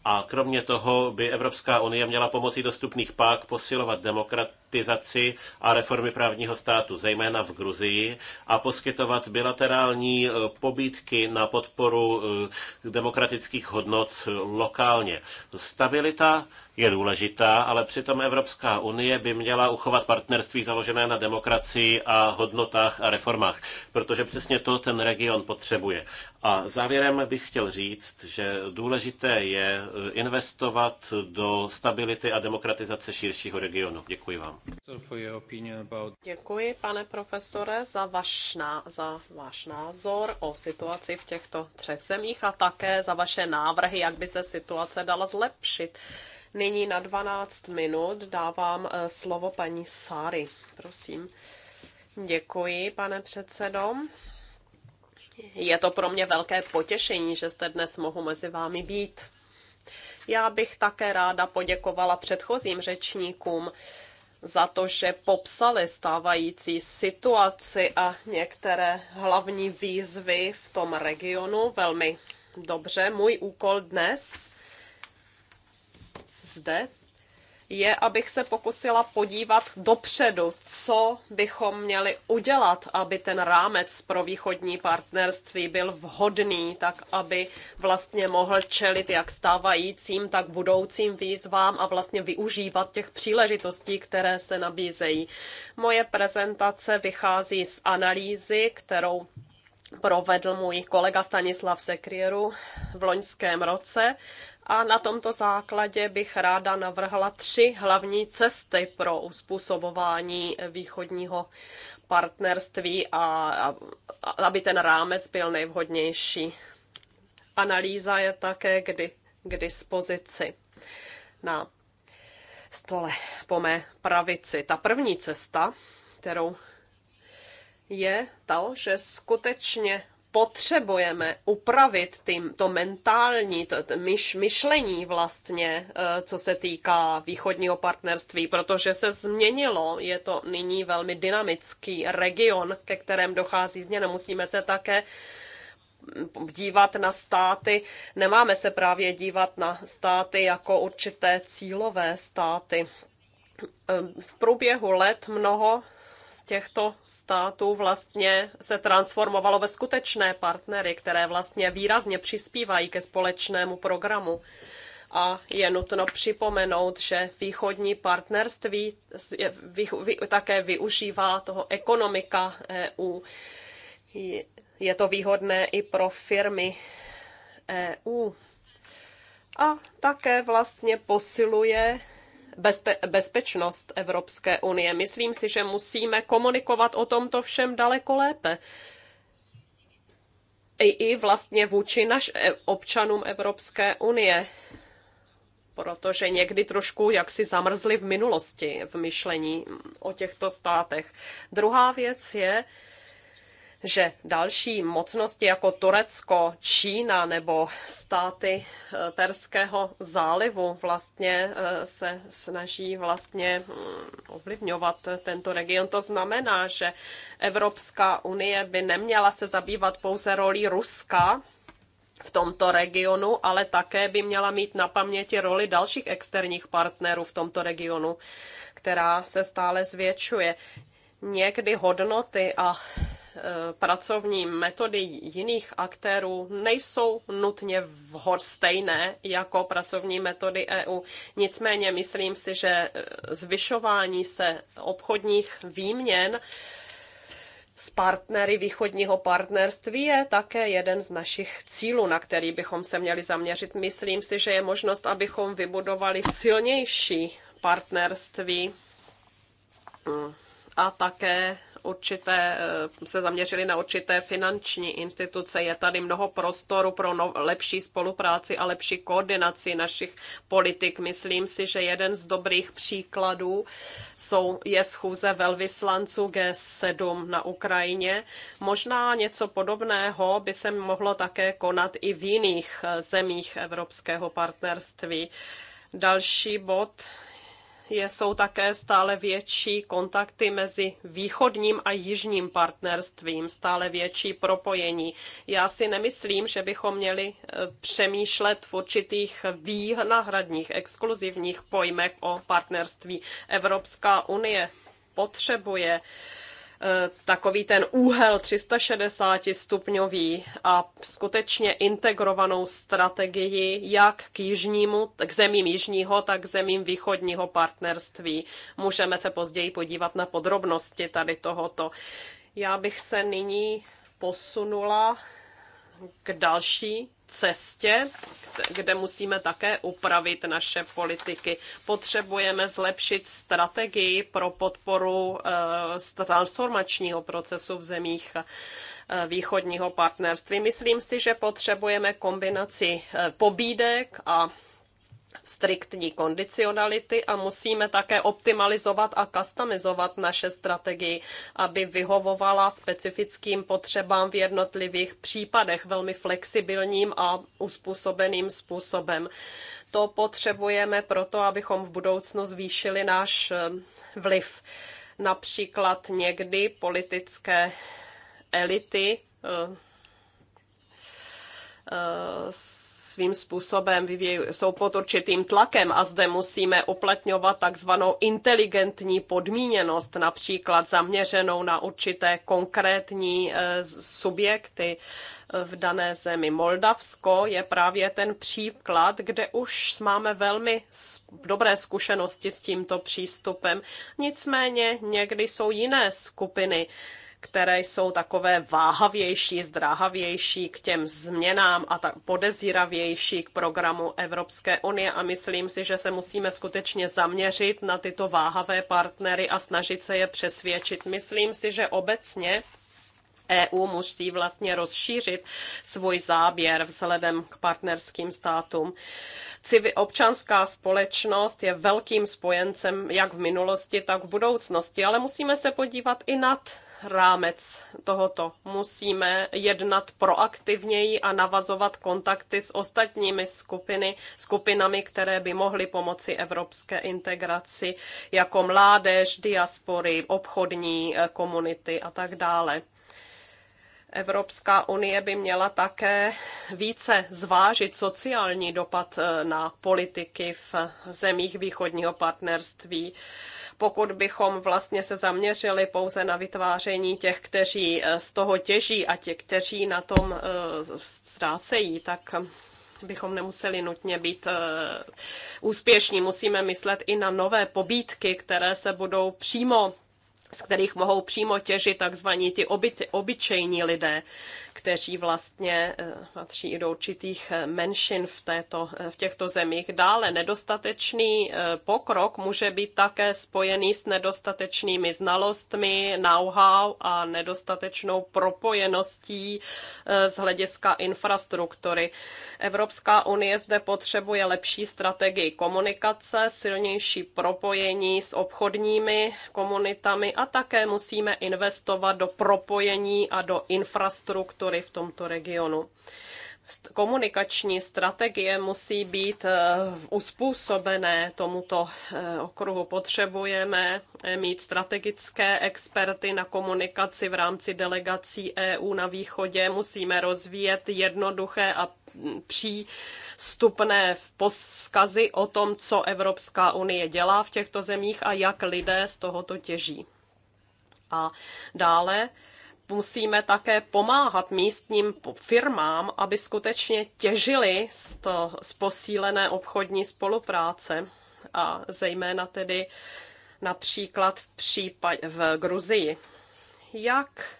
a kromě toho by Evropská unie měla pomocí dostupných pák posilovat demokratizaci a reformy právního státu, zejména v Gruzii, a poskytovat bilaterální e, pobídky na podporu e, demokratických hodnot lokálně. Stabilita je důležitá, ale přitom Evropská unie by měla uchovat partnerství založené na demokracii a hodnotách a reformách, protože přesně to ten region potřebuje. A závěrem bych chtěl říct, že důležité je eh, investovat do stability a demokratizace širšího regionu. Děkuji vám. Děkuji, pane profesore, za váš, za váš názor o situaci v těchto třech zemích a také za vaše návrhy, jak by se situace dala zlepšit. Nyní na 12 minut dávám eh, slovo paní Sáry. Prosím. Děkuji, pane předsedo. Je to pro mě velké potěšení, že jste dnes mohu mezi vámi být. Já bych také ráda poděkovala předchozím řečníkům za to, že popsali stávající situaci a některé hlavní výzvy v tom regionu velmi dobře. Můj úkol dnes zde, je, abych se pokusila podívat dopředu, co bychom měli udělat, aby ten rámec pro východní partnerství byl vhodný, tak aby vlastně mohl čelit jak stávajícím, tak budoucím výzvám a vlastně využívat těch příležitostí, které se nabízejí. Moje prezentace vychází z analýzy, kterou provedl můj kolega Stanislav Sekrieru v loňském roce a na tomto základě bych ráda navrhla tři hlavní cesty pro uspůsobování východního partnerství a, a aby ten rámec byl nejvhodnější. Analýza je také kdy, k dispozici na stole po mé pravici. Ta první cesta, kterou je to, že skutečně potřebujeme upravit tím, to mentální to, to myš, myšlení vlastně, eh, co se týká východního partnerství, protože se změnilo, je to nyní velmi dynamický region, ke kterém dochází změna. Musíme se také dívat na státy, nemáme se právě dívat na státy jako určité cílové státy. Eh, v průběhu let mnoho těchto států vlastně se transformovalo ve skutečné partnery, které vlastně výrazně přispívají ke společnému programu. A je nutno připomenout, že východní partnerství také využívá toho ekonomika EU. Je to výhodné i pro firmy EU. A také vlastně posiluje bezpe- bezpečnost Evropské unie. Myslím si, že musíme komunikovat o tomto všem daleko lépe. I, i vlastně vůči naš e, občanům Evropské unie protože někdy trošku jaksi zamrzli v minulosti v myšlení o těchto státech. Druhá věc je, že další mocnosti jako Turecko, Čína nebo státy eh, Perského zálivu vlastně eh, se snaží vlastně mm, ovlivňovat tento region. To znamená, že Evropská unie by neměla se zabývat pouze rolí Ruska, v tomto regionu, ale také by měla mít na paměti roli dalších externích partnerů v tomto regionu, která se stále zvětšuje. Někdy hodnoty a Eh, pracovní metody jiných aktérů nejsou nutně vhod stejné jako pracovní metody EU. Nicméně myslím si, že eh, zvyšování se obchodních výměn s partnery východního partnerství je také jeden z našich cílů, na který bychom se měli zaměřit. Myslím si, že je možnost, abychom vybudovali silnější partnerství mm, a také určité, eh, se zaměřili na určité finanční instituce. Je tady mnoho prostoru pro no, lepší spolupráci a lepší koordinaci našich politik. Myslím si, že jeden z dobrých příkladů jsou, je schůze velvyslanců G7 na Ukrajině. Možná něco podobného by se mohlo také konat i v jiných eh, zemích Evropského partnerství. Další bod je, jsou také stále větší kontakty mezi východním a jižním partnerstvím, stále větší propojení. Já si nemyslím, že bychom měli e, přemýšlet v určitých výhnahradních, exkluzivních pojmech o partnerství. Evropská unie potřebuje uh, Eh, takový ten úhel 360 stupňový a skutečně integrovanou strategii jak k jižnímu, k zemím jižního, tak k zemím východního partnerství. Můžeme se později podívat na podrobnosti tady tohoto. Já bych se nyní posunula k další cestě, kde musíme také upravit naše politiky. Potřebujeme zlepšit strategii pro podporu eh, transformačního procesu v zemích eh, východního partnerství. Myslím si, že potřebujeme kombinaci eh, pobídek a striktní kondicionality a musíme také optimalizovat a customizovat naše strategii, aby vyhovovala specifickým potřebám v jednotlivých případech velmi flexibilním a uspůsobeným způsobem. To potřebujeme proto, abychom v budoucnu zvýšili náš eh, vliv. Například někdy politické elity eh, eh, svým způsobem vyvíjí, jsou pod určitým tlakem a zde musíme uplatňovat takzvanou inteligentní podmíněnost, například zaměřenou na určité konkrétní eh, subjekty eh, v dané zemi. Moldavsko je právě ten příklad, kde už máme velmi dobré zkušenosti s tímto přístupem. Nicméně někdy jsou jiné skupiny, které jsou takové váhavější, zdráhavější k těm změnám a tak podezíravější k programu Evropské unie a myslím si, že se musíme skutečně zaměřit na tyto váhavé partnery a snažit se je přesvědčit. Myslím si, že obecně EU musí vlastně rozšířit svůj záběr vzhledem k partnerským státům. Civi občanská společnost je velkým spojencem jak v minulosti, tak v budoucnosti, ale musíme se podívat i nad rámec tohoto. Musíme jednat proaktivněji a navazovat kontakty s ostatními skupiny, skupinami, které by mohly pomoci evropské integraci, jako mládež, diaspory, obchodní eh, komunity a tak dále. Evropská unie by měla také více zvážit sociální dopad eh, na politiky v zemích východního partnerství pokud bychom vlastně se zaměřili pouze na vytváření těch, kteří eh, z toho těží a těch, kteří na tom eh, ztrácejí, tak bychom nemuseli nutně být eh, úspěšní. Musíme myslet i na nové pobídky, které se budou přímo z kterých mohou přímo těžit takzvaní ty obyty, obyčejní lidé, kteří vlastně eh, patří i do určitých eh, menšin v, této, eh, v těchto zemích. Dále nedostatečný pokrok může být také spojený s nedostatečnými znalostmi, know-how a nedostatečnou propojeností z hlediska infrastruktury. Evropská unie zde potřebuje lepší strategii komunikace, silnější propojení s obchodními komunitami a také musíme investovat do propojení a do infrastruktury v tomto regionu komunikační strategie musí být eh, uspůsobené tomuto eh, okruhu. Potřebujeme eh, mít strategické experty na komunikaci v rámci delegací EU na východě. Musíme rozvíjet jednoduché a přístupné vzkazy o tom, co Evropská unie dělá v těchto zemích a jak lidé z tohoto těží. A dále musíme také pomáhat místním firmám, aby skutečně těžili z, to, z posílené obchodní spolupráce a zejména tedy například v, případ, v Gruzii. Jak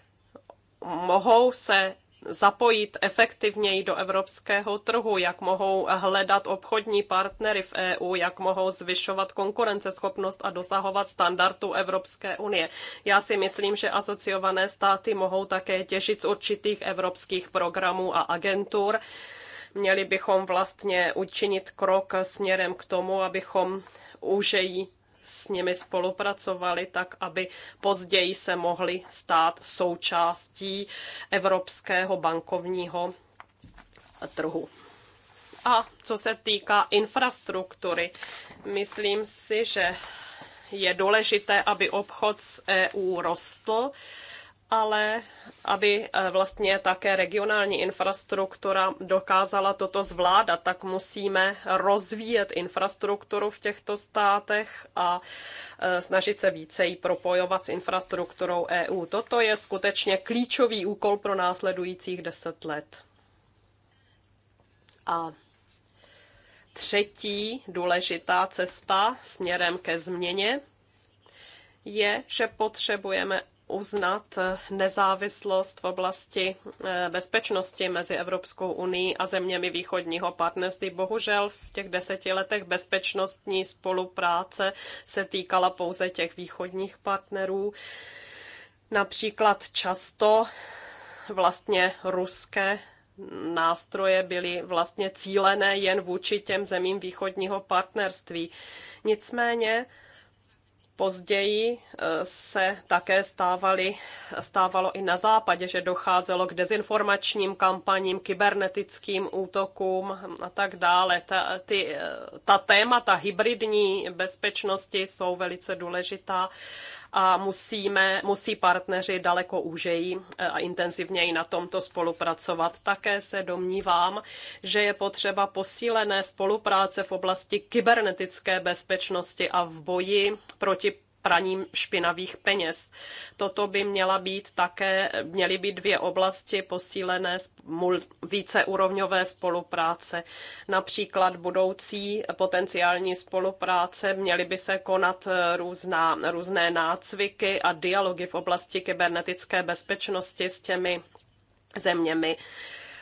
mohou se zapojit efektivněji do evropského trhu, jak mohou hledat obchodní partnery v EU, jak mohou zvyšovat konkurenceschopnost a dosahovat standardů Evropské unie. Já si myslím, že asociované státy mohou také těžit z určitých evropských programů a agentur. Měli bychom vlastně učinit krok směrem k tomu, abychom už s nimi spolupracovali tak, aby později se mohli stát součástí evropského bankovního trhu. A co se týká infrastruktury, myslím si, že je důležité, aby obchod s EU rostl ale aby eh, vlastně také regionální infrastruktura dokázala toto zvládat, tak musíme rozvíjet infrastrukturu v těchto státech a eh, snažit se více ji propojovat s infrastrukturou EU. Toto je skutečně klíčový úkol pro následujících deset let. A třetí důležitá cesta směrem ke změně je, že potřebujeme uznat nezávislost v oblasti eh, bezpečnosti mezi Evropskou unii a zeměmi východního partnerství. Bohužel v těch deseti letech bezpečnostní spolupráce se týkala pouze těch východních partnerů. Například často vlastně ruské nástroje byly vlastně cílené jen vůči těm zemím východního partnerství. Nicméně Později eh, se také stávali, stávalo i na západě, že docházelo k dezinformačním kampaním, kybernetickým útokům a tak dále. Ta, ty, eh, ta témata hybridní bezpečnosti jsou velice důležitá a musíme, musí partneři daleko úžejí eh, a intenzivněji na tomto spolupracovat. Také se domnívám, že je potřeba posílené spolupráce v oblasti kybernetické bezpečnosti a v boji proti praním špinavých peněz. Toto by měla být také, měly být dvě oblasti posílené víceúrovňové spolupráce. Například budoucí potenciální spolupráce měly by se konat eh, různá, různé nácviky a dialogy v oblasti kybernetické bezpečnosti s těmi zeměmi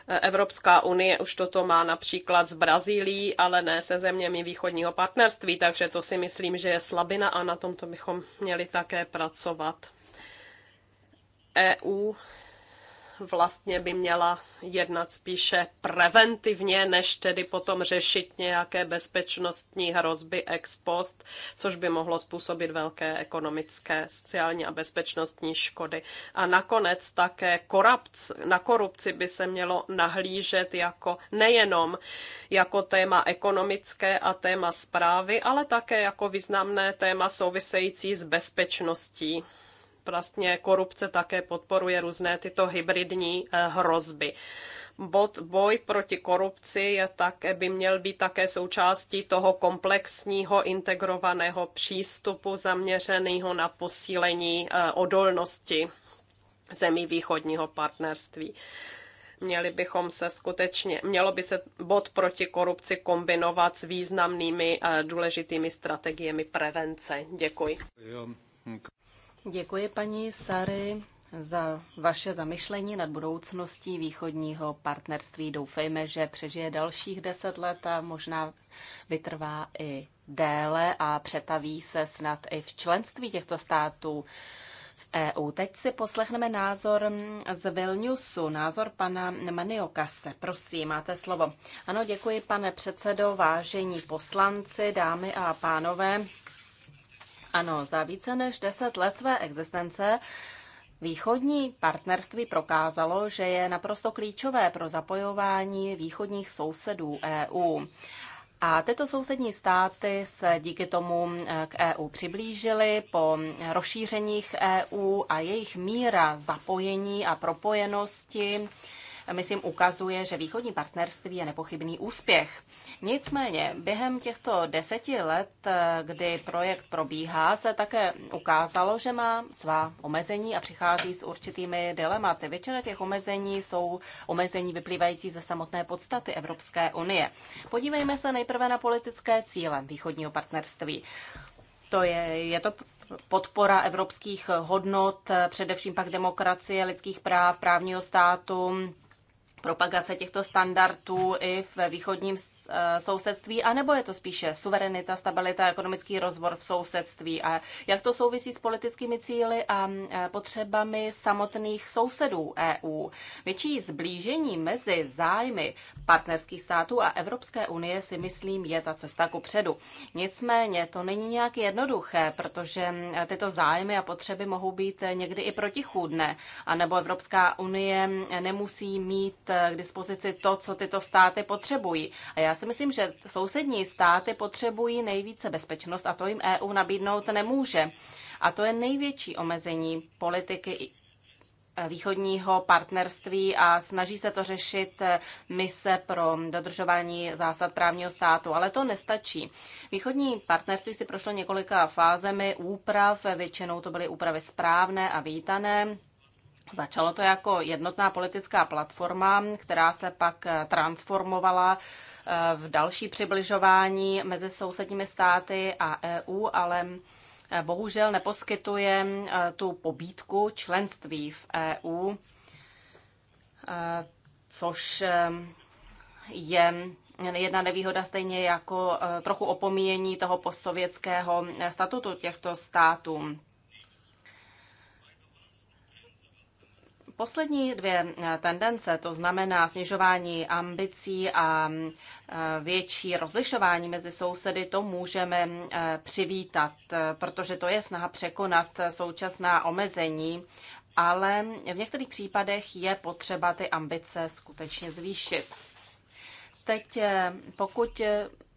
Evropská unie už toto má například s Brazílií, ale ne se zeměmi východního partnerství, takže to si myslím, že je slabina a na tomto bychom měli také pracovat. EU vlastně by měla jednat spíše preventivně, než tedy potom řešit nějaké bezpečnostní hrozby ex post, což by mohlo způsobit velké ekonomické, sociální a bezpečnostní škody. A nakonec také korupc, na korupci by se mělo nahlížet jako nejenom jako téma ekonomické a téma zprávy, ale také jako významné téma související s bezpečností vlastně korupce také podporuje různé tyto hybridní eh, hrozby. Bod, boj proti korupci je také, by měl být také součástí toho komplexního integrovaného přístupu zaměřeného na posílení eh, odolnosti zemí východního partnerství měli bychom se skutečně, mělo by se bod proti korupci kombinovat s významnými eh, důležitými strategiemi prevence. Děkuji. Děkuji paní Sary za vaše zamyšlení nad budoucností východního partnerství. Doufejme, že přežije dalších deset let a možná vytrvá i déle a přetaví se snad i v členství těchto států v EU. Teď si poslechneme názor z Vilniusu, názor pana Maniokase. Prosím, máte slovo. Ano, děkuji, pane předsedo, vážení poslanci, dámy a pánové. Ano, za více než 10 let své existence Východní partnerství prokázalo, že je naprosto klíčové pro zapojování východních sousedů EU. A tyto sousední státy se díky tomu eh, k EU přiblížily po rozšířeních EU a jejich míra zapojení a propojenosti myslím, ukazuje, že východní partnerství je nepochybný úspěch. Nicméně, během těchto deseti let, eh, kdy projekt probíhá, se také ukázalo, že má svá omezení a přichází s určitými dilematy. Většina těch omezení jsou omezení vyplývající ze samotné podstaty Evropské unie. Podívejme se nejprve na politické cíle východního partnerství. To je, je to podpora evropských hodnot, eh, především pak demokracie, lidských práv, právního státu, propagace těchto standardů i ve východním Eh, sousedství, anebo je to spíše suverenita, stabilita, ekonomický rozbor v sousedství a jak to souvisí s politickými cíly a eh, potřebami samotných sousedů EU. Větší zblížení mezi zájmy partnerských států a Evropské unie si myslím je ta cesta ku předu. Nicméně to není nějak jednoduché, protože eh, tyto zájmy a potřeby mohou být někdy i protichůdné, anebo Evropská unie nemusí mít k dispozici to, co tyto státy potřebují. A já já si myslím, že sousední státy potřebují nejvíce bezpečnost a to jim EU nabídnout nemůže. A to je největší omezení politiky východního partnerství a snaží se to řešit eh, mise pro dodržování zásad právního státu, ale to nestačí. Východní partnerství si prošlo několika fázemi úprav, většinou to byly úpravy správné a vítané, Začalo to jako jednotná politická platforma, která se pak eh, transformovala eh, v další přibližování mezi sousedními státy a EU, ale eh, bohužel neposkytuje tu pobídku členství v EU, což je jedna nevýhoda stejně jako trochu opomíjení toho postsovětského statutu těchto států. Poslední dvě eh, tendence, to znamená snižování ambicí a eh, větší rozlišování mezi sousedy, to můžeme eh, přivítat, protože to je snaha překonat současná omezení, ale v některých případech je potřeba ty ambice skutečně zvýšit. Teď pokud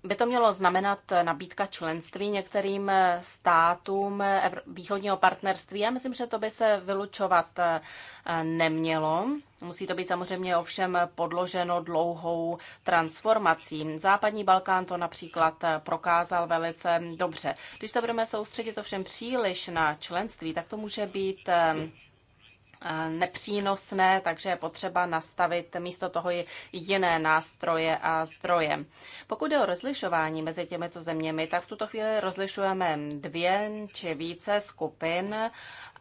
by to mělo znamenat nabídka členství některým státům východního partnerství. Já myslím, že to by se vylučovat eh, nemělo. Musí to být samozřejmě ovšem podloženo dlouhou transformací. Západní Balkán to například eh, prokázal velice dobře. Když se budeme soustředit ovšem příliš na členství, tak to může být eh, Eh, nepřínosné, takže je potřeba nastavit místo toho jiné nástroje a zdroje. Pokud je o rozlišování mezi těmito zeměmi, tak v tuto chvíli rozlišujeme dvě či více skupin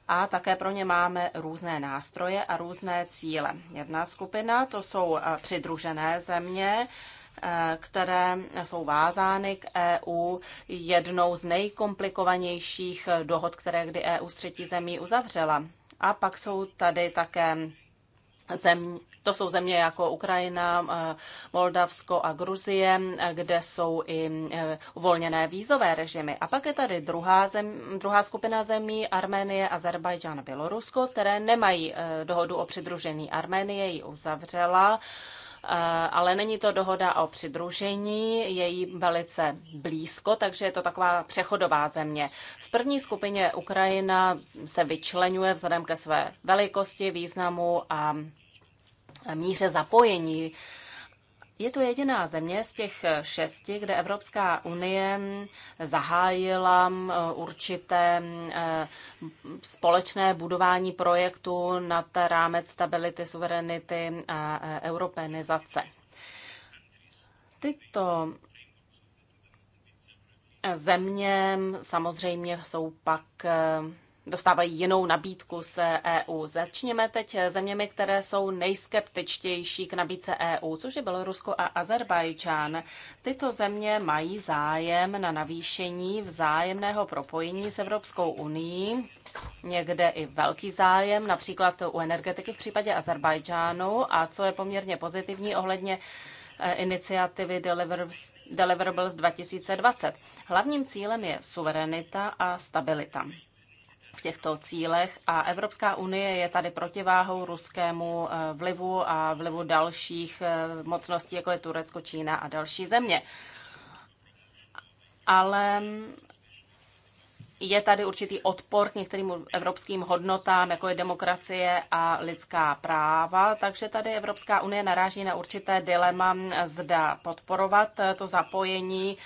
a také pro ně máme různé nástroje a různé cíle. Jedna skupina to jsou eh, přidružené země, eh, které jsou vázány k EU jednou z nejkomplikovanějších dohod, které kdy EU s třetí zemí uzavřela. A pak jsou tady také země, to jsou země jako Ukrajina, eh, Moldavsko a Gruzie, eh, kde jsou i eh, uvolněné vízové režimy. A pak je tady druhá, zem, druhá skupina zemí, Arménie, Azerbajdžán a Bělorusko, které nemají dohodu o přidružení. Arménie ji uzavřela Eh, ale není to dohoda o přidružení, je jí velice blízko, takže je to taková přechodová země. V první skupině Ukrajina se vyčlenuje vzhledem ke své velikosti, významu a míře zapojení je to jediná země z těch šesti, kde Evropská unie zahájila určité e, společné budování projektu nad rámec stability, suverenity a e, europenizace. Tyto země samozřejmě jsou pak e, dostávají jinou nabídku z EU. Začněme teď zeměmi, které jsou nejskeptičtější k nabídce EU, což je Bělorusko a Azerbajdžán. Tyto země mají zájem na navýšení vzájemného propojení s Evropskou unii, někde i velký zájem, například u energetiky v případě Azerbajdžánu a co je poměrně pozitivní ohledně eh, iniciativy Deliverables, Deliverables 2020. Hlavním cílem je suverenita a stabilita v těchto cílech a Evropská unie je tady protiváhou ruskému eh, vlivu a vlivu dalších eh, mocností, jako je Turecko, Čína a další země. Ale mm, je tady určitý odpor k některým evropským hodnotám, jako je demokracie a lidská práva, takže tady Evropská unie naráží na určité dilema, mm, zda podporovat eh, to zapojení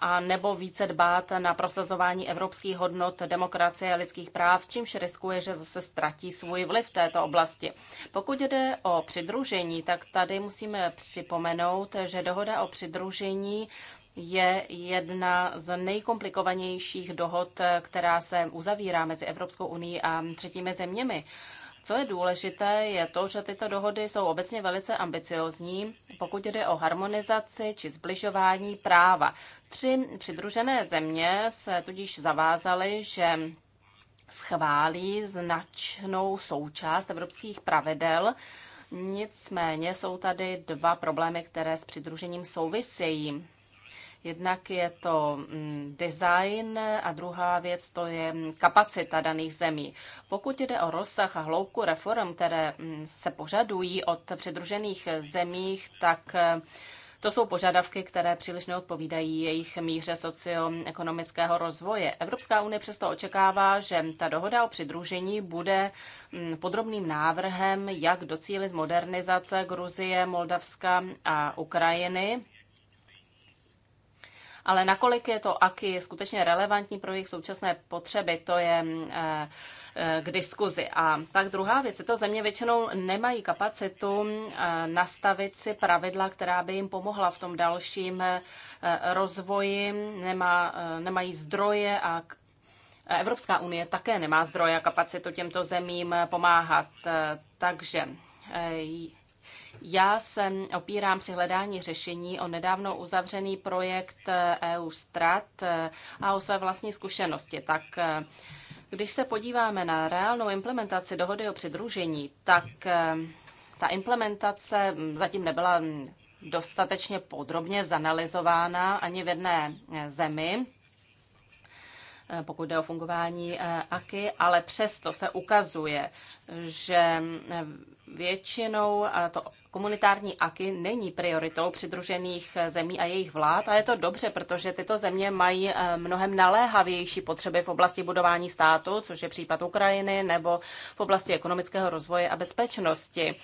a nebo více dbát na prosazování evropských hodnot, demokracie a lidských práv, čímž riskuje, že zase ztratí svůj vliv v této oblasti. Pokud jde o přidružení, tak tady musíme připomenout, že dohoda o přidružení je jedna z nejkomplikovanějších dohod, která se uzavírá mezi Evropskou unii a třetími zeměmi. Co je důležité, je to, že tyto dohody jsou obecně velice ambiciozní, pokud jde o harmonizaci či zbližování práva. Tři přidružené země se tudíž zavázaly, že schválí značnou součást evropských pravidel, Nicméně jsou tady dva problémy, které s přidružením souvisejí. Jednak je to mm, design a druhá věc to je mm, kapacita daných zemí. Pokud jde o rozsah a hloubku reform, které mm, se požadují od přidružených zemích, tak e, to jsou požadavky, které příliš neodpovídají jejich míře socioekonomického rozvoje. Evropská unie přesto očekává, že ta dohoda o přidružení bude podrobným návrhem, jak docílit modernizace Gruzie, Moldavska a Ukrajiny ale nakolik je to AKI skutečně relevantní pro jejich současné potřeby, to je eh, eh, k diskuzi. A tak druhá věc, to země většinou nemají kapacitu eh, nastavit si pravidla, která by jim pomohla v tom dalším rozvoji, nemá, nemají zdroje a Evropská unie také nemá zdroje a kapacitu těmto zemím pomáhat. Takže já se opírám při hledání řešení o nedávno uzavřený projekt EU eh, e Strat eh, a o své vlastní zkušenosti. Tak eh, když se podíváme na reálnou implementaci dohody o přidružení, tak ta implementace hm, zatím nebyla hm, dostatečně podrobně zanalizována ani v jedné zemi, pokud jde o fungování AKY, ale přesto se ukazuje, že hm, většinou to komunitární AKI není prioritou přidružených zemí a jejich vlád a je to dobře, protože tyto země mají eh, mnohem naléhavější potřeby v oblasti budování státu, což je případ Ukrajiny, nebo v oblasti ekonomického rozvoje a bezpečnosti.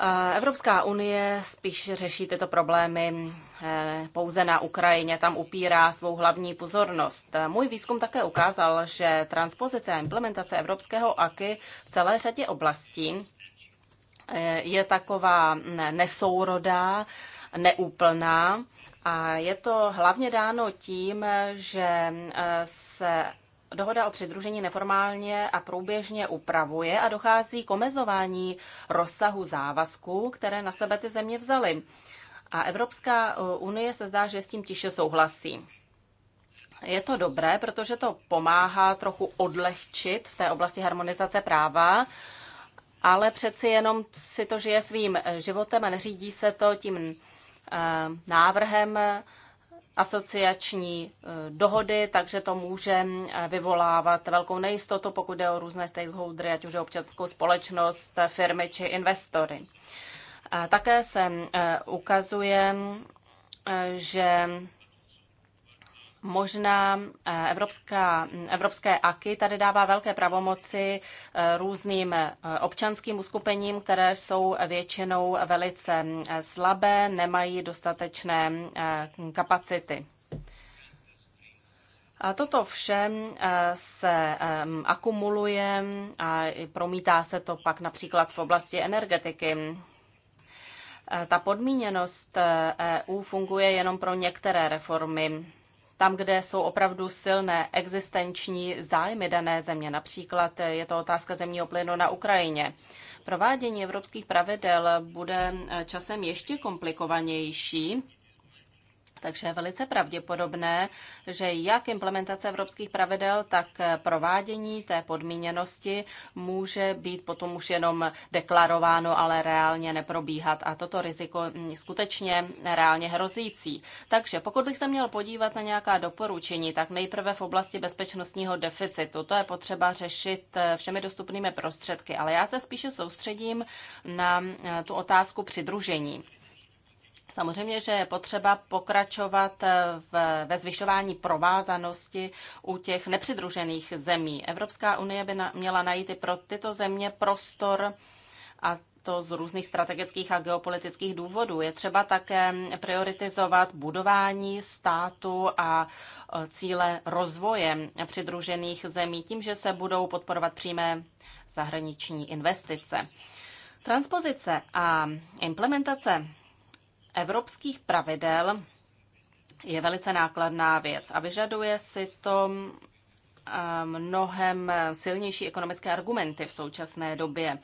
Eh, Evropská unie spíš řeší tyto problémy eh, pouze na Ukrajině, tam upírá svou hlavní pozornost. Můj výzkum také ukázal, že transpozice a implementace evropského AKY v celé řadě oblastí Eh, je taková nesourodá, neúplná a je to hlavně dáno tím, že eh, se dohoda o přidružení neformálně a průběžně upravuje a dochází k omezování rozsahu závazků, které na sebe ty země vzaly. A Evropská eh, unie se zdá, že s tím tiše souhlasí. Je to dobré, protože to pomáhá trochu odlehčit v té oblasti harmonizace práva, ale přeci jenom si to žije svým eh, životem a neřídí se to tím eh, návrhem eh, asociační dohody, takže to může vyvolávat velkou nejistotu, pokud jde o různé stakeholdery, ať už občanskou společnost, firmy či investory. Také se ukazuje, že možná eh, evropská, evropské AKY tady dává velké pravomoci eh, různým eh, občanským uskupením, které jsou většinou velice mm, slabé, nemají dostatečné kapacity. A toto vše se akumuluje a promítá se to pak například v oblasti energetiky. Ta podmíněnost EU e funguje jenom pro některé reformy tam, kde jsou opravdu silné existenční zájmy dané země. Například je to otázka zemního plynu na Ukrajině. Provádění evropských pravidel bude časem ještě komplikovanější takže je velice pravděpodobné, že jak implementace evropských pravidel, tak provádění té podmíněnosti může být potom už jenom deklarováno, ale reálně neprobíhat. A toto riziko mm, skutečně reálně hrozící. Takže pokud bych se měl podívat na nějaká doporučení, tak nejprve v oblasti bezpečnostního deficitu. To je potřeba řešit eh, všemi dostupnými prostředky, ale já se spíše soustředím na eh, tu otázku přidružení. Samozřejmě, že je potřeba pokračovat eh, v, ve zvyšování provázanosti u těch nepřidružených zemí. Evropská unie by na, měla najít i pro tyto země prostor a to z různých strategických a geopolitických důvodů. Je třeba také prioritizovat budování státu a eh, cíle rozvoje přidružených zemí tím, že se budou podporovat přímé zahraniční investice. Transpozice a implementace evropských pravidel je velice nákladná věc a vyžaduje si to eh, mnohem silnější ekonomické argumenty v současné době.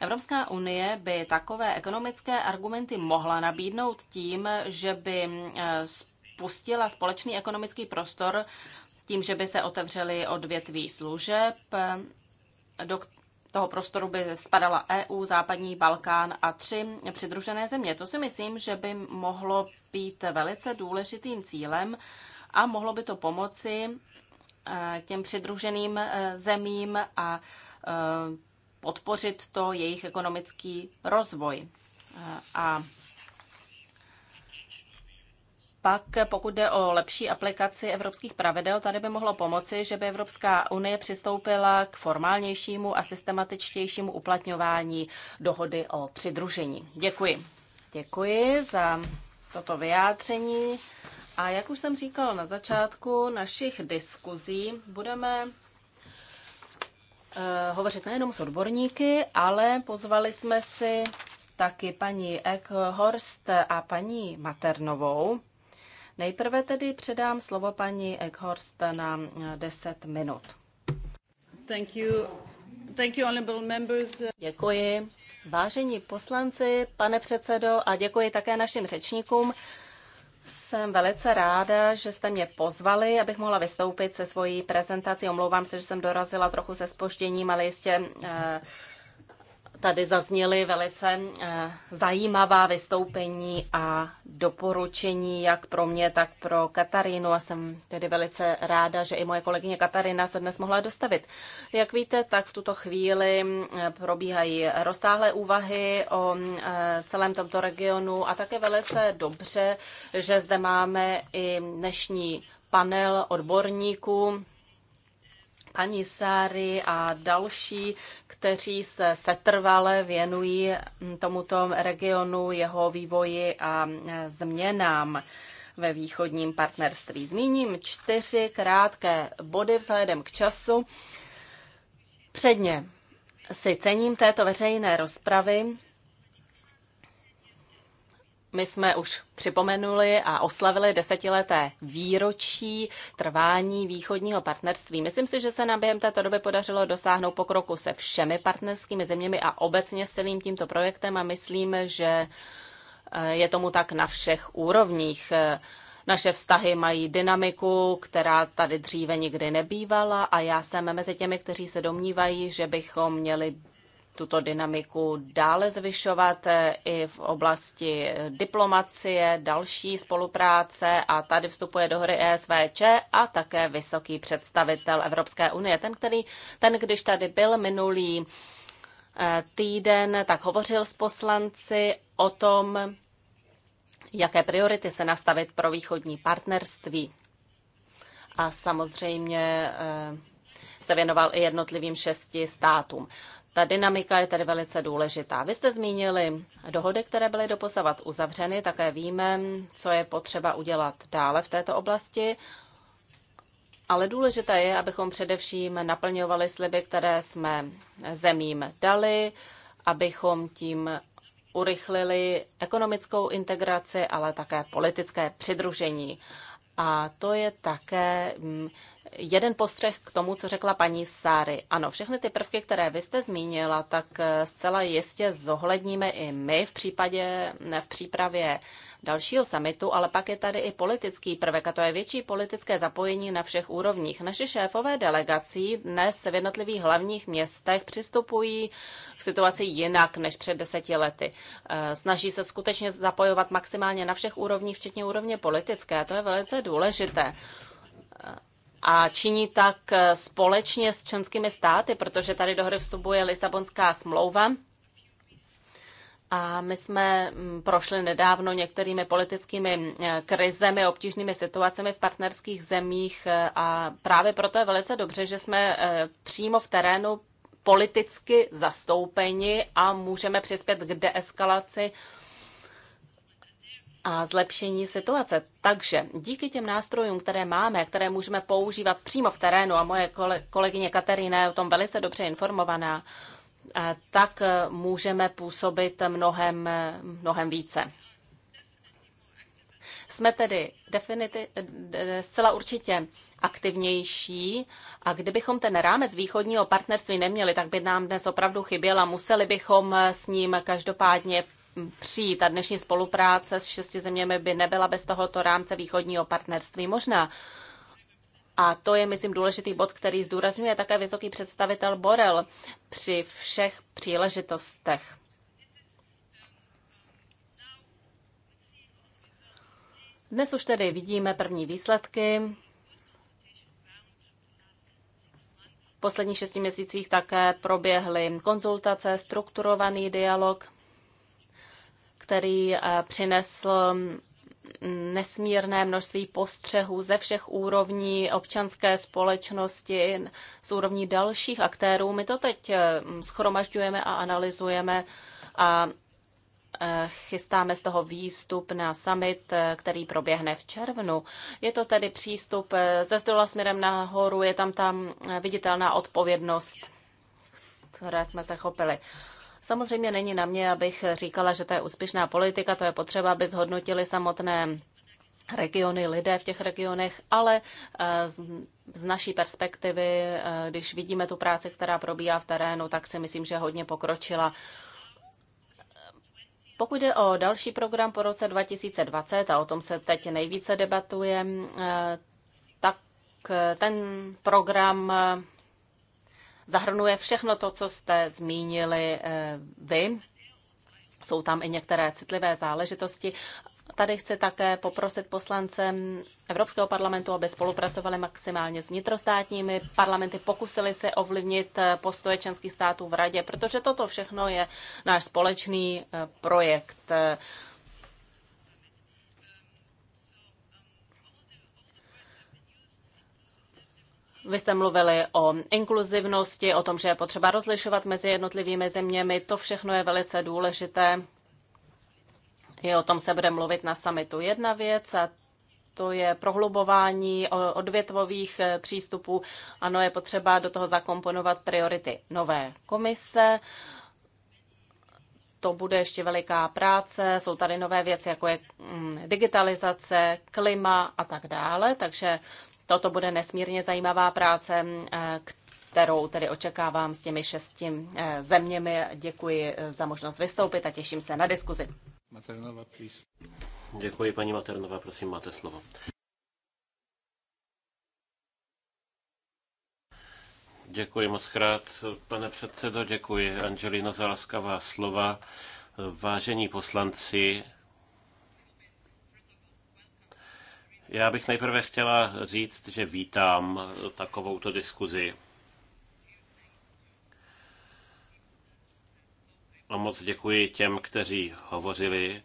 Evropská unie by takové ekonomické argumenty mohla nabídnout tím, že by eh, spustila společný ekonomický prostor tím, že by se otevřely odvětví služeb, do toho prostoru by spadala EU, Západní Balkán a tři přidružené země. To si myslím, že by mohlo být velice důležitým cílem a mohlo by to pomoci eh, těm přidruženým eh, zemím a eh, podpořit to jejich ekonomický rozvoj. A pak, pokud jde o lepší aplikaci evropských pravidel, tady by mohlo pomoci, že by Evropská unie přistoupila k formálnějšímu a systematičtějšímu uplatňování dohody o přidružení. Děkuji. Děkuji za toto vyjádření. A jak už jsem říkala na začátku našich diskuzí, budeme eh, hovořit nejenom s odborníky, ale pozvali jsme si taky paní Eckhorst a paní Maternovou. Nejprve tedy předám slovo paní Eckhorst na 10 eh, minut. Thank you. Thank you, honorable members. Děkuji. Vážení poslanci, pane předsedo, a děkuji také našim řečníkům. Jsem velice ráda, že jste mě pozvali, abych mohla vystoupit se svojí prezentací. Omlouvám se, že jsem dorazila trochu se spožděním, ale jistě eh, tady zazněly velice eh, zajímavá vystoupení a doporučení, jak pro mě, tak pro Katarínu. A jsem tedy velice ráda, že i moje kolegyně Katarina se dnes mohla dostavit. Jak víte, tak v tuto chvíli eh, probíhají rozsáhlé úvahy o eh, celém tomto regionu a také velice dobře, že zde máme i dnešní panel odborníků ani Sáry a další, kteří se setrvale věnují tomuto regionu, jeho vývoji a e, změnám ve východním partnerství. Zmíním čtyři krátké body vzhledem k času. Předně si cením této veřejné rozpravy my jsme už připomenuli a oslavili desetileté výročí trvání východního partnerství. Myslím si, že se nám během této doby podařilo dosáhnout pokroku se všemi partnerskými zeměmi a obecně s celým tímto projektem a myslím, že eh, je tomu tak na všech úrovních. Eh, naše vztahy mají dynamiku, která tady dříve nikdy nebývala a já jsem mezi těmi, kteří se domnívají, že bychom měli tuto dynamiku dále zvyšovat eh, i v oblasti diplomacie, další spolupráce a tady vstupuje do hry ESVČ a také vysoký představitel Evropské unie, ten, který, ten když tady byl minulý eh, týden, tak hovořil s poslanci o tom, jaké priority se nastavit pro východní partnerství. A samozřejmě eh, se věnoval i jednotlivým šesti státům ta dynamika je tady velice důležitá. Vy jste zmínili dohody, které byly doposavat uzavřeny, také víme, co je potřeba udělat dále v této oblasti. Ale důležité je, abychom především naplňovali sliby, které jsme zemím dali, abychom tím urychlili ekonomickou integraci, ale také politické přidružení. A to je také mm, jeden postřeh k tomu, co řekla paní Sáry. Ano, všechny ty prvky, které vy jste zmínila, tak eh, zcela jistě zohledníme i my v případě v přípravě dalšího samitu, ale pak je tady i politický prvek a to je větší politické zapojení na všech úrovních. Naši šéfové delegací dnes v jednotlivých hlavních městech přistupují k situaci jinak než před deseti lety. E, snaží se skutečně zapojovat maximálně na všech úrovních, včetně úrovně politické. A to je velice důležité e, a činí tak e, společně s členskými státy, protože tady do hry vstupuje Lisabonská smlouva a my jsme mm, prošli nedávno některými politickými mm, krizemi, obtížnými situacemi v partnerských zemích e, a právě proto je velice dobře, že jsme e, přímo v terénu politicky zastoupeni a můžeme přispět k deeskalaci a zlepšení situace. Takže díky těm nástrojům, které máme, které můžeme používat přímo v terénu, a moje kolegyně Katarína je o tom velice dobře informovaná, Eh, tak eh, můžeme působit mnohem, eh, mnohem více. Jsme tedy definiti- zcela určitě aktivnější a kdybychom ten rámec východního partnerství neměli, tak by nám dnes opravdu chyběla. Museli bychom s ním každopádně hm, přijít. A dnešní spolupráce s šesti zeměmi by nebyla bez tohoto rámce východního partnerství možná. A to je, myslím, důležitý bod, který zdůrazňuje také vysoký představitel Borel při všech příležitostech. Dnes už tedy vidíme první výsledky. V posledních šesti měsících také proběhly konzultace, strukturovaný dialog, který eh, přinesl nesmírné množství postřehů ze všech úrovní občanské společnosti, z úrovní dalších aktérů. My to teď eh, schromažďujeme a analyzujeme a eh, chystáme z toho výstup na summit, eh, který proběhne v červnu. Je to tedy přístup ze zdola směrem nahoru, je tam tam viditelná odpovědnost, které jsme se chopili. Samozřejmě není na mě, abych říkala, že to je úspěšná politika, to je potřeba, aby zhodnotili samotné regiony, lidé v těch regionech, ale eh, z naší perspektivy, eh, když vidíme tu práci, která probíhá v terénu, tak si myslím, že hodně pokročila. Pokud jde o další program po roce 2020, a o tom se teď nejvíce debatuje, eh, tak ten program zahrnuje všechno to, co jste zmínili eh, vy. Jsou tam i některé citlivé záležitosti. Tady chci také poprosit poslance Evropského parlamentu, aby spolupracovali maximálně s vnitrostátními parlamenty, pokusili se ovlivnit eh, postoje členských států v radě, protože toto všechno je náš společný eh, projekt. Vy jste mluvili o inkluzivnosti, o tom, že je potřeba rozlišovat mezi jednotlivými zeměmi. To všechno je velice důležité. I o tom se bude mluvit na samitu. Jedna věc, a to je prohlubování odvětvových eh, přístupů. Ano, je potřeba do toho zakomponovat priority nové komise. To bude ještě veliká práce, jsou tady nové věci, jako je mm, digitalizace, klima a tak dále, takže Toto bude nesmírně zajímavá práce, eh, kterou tedy očekávám s těmi šesti eh, zeměmi. Děkuji eh, za možnost vystoupit a těším se na diskuzi. Maternova, please. Děkuji, paní Maternova, prosím, máte slovo. Děkuji moc krát, pane předsedo, děkuji Angelino za laskavá slova. Vážení poslanci, Já bych nejprve chtěla říct, že vítám takovouto diskuzi. A moc děkuji těm, kteří hovořili.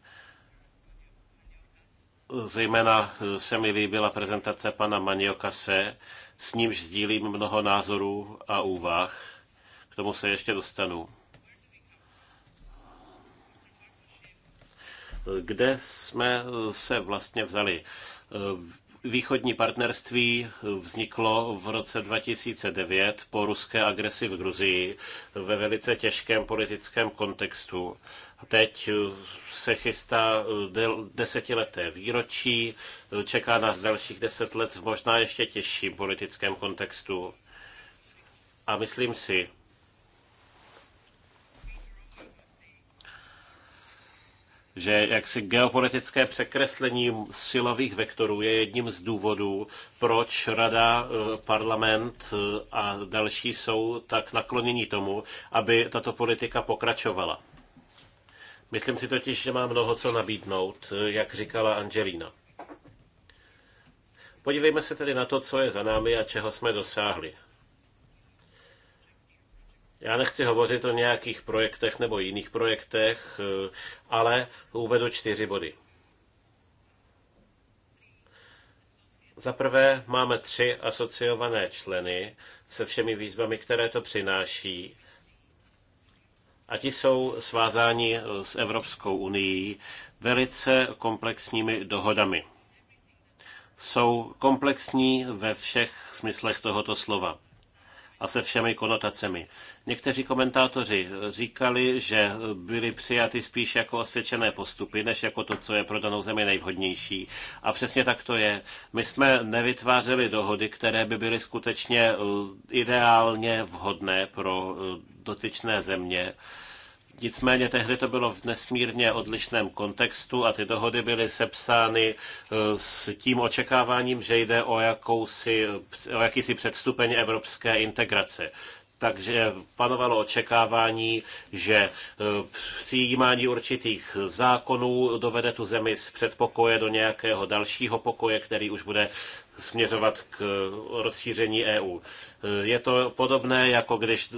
Zejména se mi líbila prezentace pana Maniokase, s nímž sdílím mnoho názorů a úvah. K tomu se ještě dostanu. Kde jsme se vlastně vzali? Eh, východní partnerství vzniklo v roce 2009 po ruské agresi v Gruzii ve velice těžkém politickém kontextu. A Teď eh, se chystá eh, desetileté výročí, čeká nás dalších deset let v možná ještě těžším politickém kontextu. A myslím si, že jaksi geopolitické překreslení silových vektorů je jedním z důvodů, proč Rada, eh, parlament eh, a další jsou tak nakloněni tomu, aby tato politika pokračovala. Myslím si totiž, že má mnoho co nabídnout, eh, jak říkala Angelina. Podívejme se tedy na to, co je za námi a čeho jsme dosáhli. Já nechci hovořit o nějakých projektech nebo jiných projektech, eh, ale uvedu čtyři body. Za prvé máme tři asociované členy se všemi výzvami, které to přináší. A ti jsou svázáni eh, s Evropskou unii velice komplexními dohodami. Jsou komplexní ve všech smyslech tohoto slova a se všemi konotacemi. Někteří komentátoři říkali, že byly přijaty spíš jako osvědčené postupy, než jako to, co je pro danou zemi nejvhodnější. A přesně tak to je. My jsme nevytvářeli dohody, které by byly skutečně uh, ideálně vhodné pro uh, dotyčné země Nicméně tehdy to bylo v nesmírně odlišném kontextu a ty dohody byly sepsány e, s tím očekáváním, že jde o, jakousi, o jakýsi předstupeň evropské integrace takže panovalo očekávání, že e, přijímání určitých zákonů dovede tu zemi z předpokoje do nějakého dalšího pokoje, který už bude směřovat k rozšíření EU. Je to podobné, jako když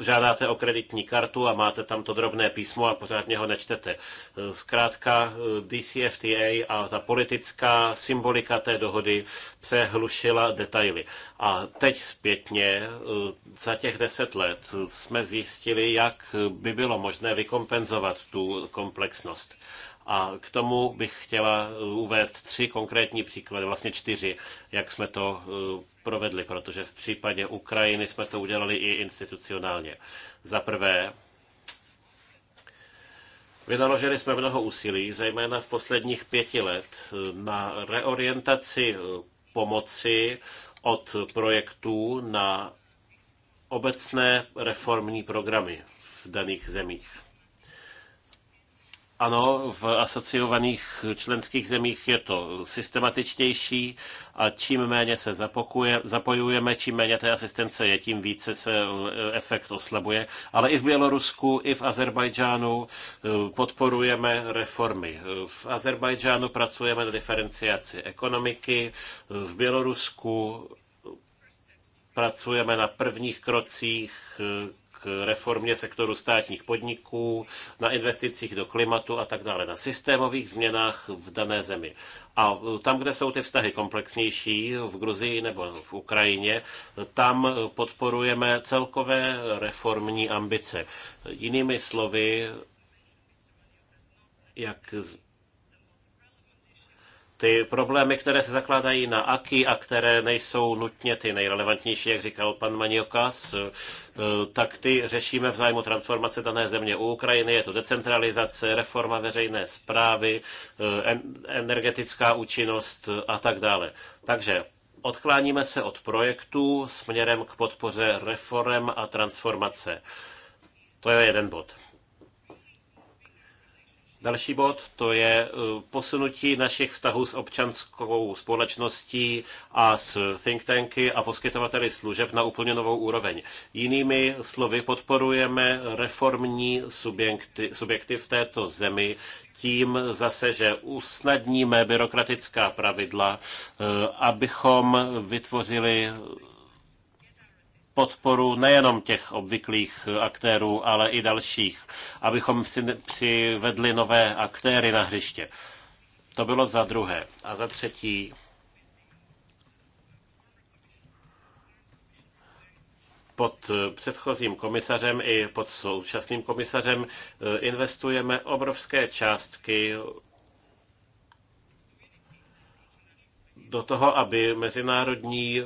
eh, žádáte o kreditní kartu a máte tam to drobné písmo a pořádně ho nečtete. Eh, zkrátka eh, DCFTA a ta politická symbolika té dohody přehlušila detaily. A teď zpětně, za těch deset let, jsme zjistili, jak by bylo možné vykompenzovat tu komplexnost. A k tomu bych chtěla uh, uvést tři konkrétní příklady, vlastně čtyři, jak jsme to uh, provedli, protože v případě Ukrajiny jsme to udělali i institucionálně. Za prvé, Vynaložili jsme mnoho úsilí, zejména v posledních pěti let, uh, na reorientaci pomoci od projektů na obecné reformní programy v daných zemích. Ano, v asociovaných členských zemích je to systematičtější a čím méně se zapokuje, zapojujeme, čím méně té asistence je, tím více se e, efekt oslabuje. Ale i v Bělorusku, i v Azerbajdžánu e, podporujeme reformy. E, v Azerbajdžánu pracujeme na diferenciaci ekonomiky, v Bělorusku pracujeme na prvních krocích reformě sektoru státních podniků, na investicích do klimatu a tak dále, na systémových změnách v dané zemi. A tam, kde jsou ty vztahy komplexnější, v Gruzii nebo v Ukrajině, tam podporujeme celkové reformní ambice. Jinými slovy, jak ty problémy, které se zakládají na AKI a které nejsou nutně ty nejrelevantnější, jak říkal pan Maniokas, eh, tak ty řešíme v zájmu transformace dané země u Ukrajiny. Je to decentralizace, reforma veřejné zprávy, eh, energetická účinnost eh, a tak dále. Takže odkláníme se od projektů směrem k podpoře reform a transformace. To je jeden bod. Další bod to je eh, posunutí našich vztahů s občanskou společností a s think tanky a poskytovateli služeb na úplně novou úroveň. Jinými slovy podporujeme reformní subjekty, subjekty v této zemi tím zase, že usnadníme byrokratická pravidla, eh, abychom vytvořili podporu nejenom těch obvyklých aktérů, ale i dalších, abychom si přivedli nové aktéry na hřiště. To bylo za druhé. A za třetí, pod předchozím komisařem i pod současným komisařem eh, investujeme obrovské částky do toho, aby mezinárodní eh,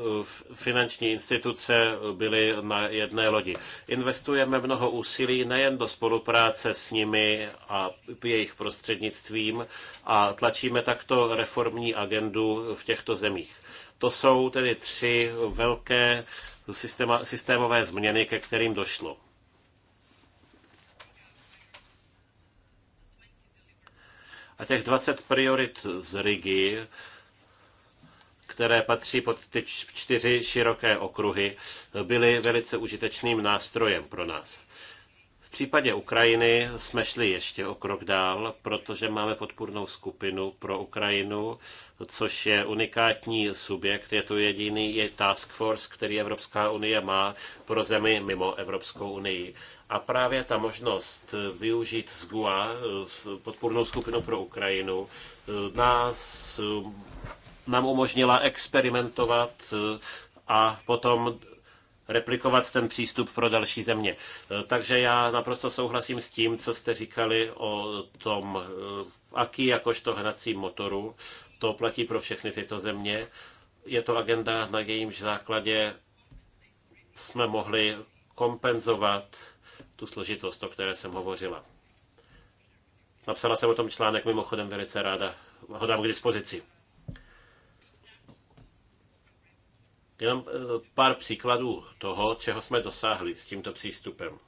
finanční instituce byly na jedné lodi. Investujeme mnoho úsilí nejen do spolupráce s nimi a jejich prostřednictvím a tlačíme takto reformní agendu v těchto zemích. To jsou tedy tři velké systéma, systémové změny, ke kterým došlo. A těch 20 priorit z Rigi které patří pod ty čtyři široké okruhy, byly velice užitečným nástrojem pro nás. V případě Ukrajiny jsme šli ještě o krok dál, protože máme podpůrnou skupinu pro Ukrajinu, což je unikátní subjekt. Je to jediný je task force, který Evropská unie má pro zemi mimo Evropskou unii. A právě ta možnost využít z GUA, podpůrnou skupinu pro Ukrajinu, nás nám umožnila experimentovat eh, a potom replikovat ten přístup pro další země. Eh, takže já naprosto souhlasím s tím, co jste říkali o tom eh, AKI jakožto hnacím motoru. To platí pro všechny tyto země. Je to agenda, na jejímž základě jsme mohli kompenzovat tu složitost, o které jsem hovořila. Napsala jsem o tom článek, mimochodem velice ráda. Ho dám k dispozici. Jenom eh, pár příkladů toho, čeho jsme dosáhli s tímto přístupem.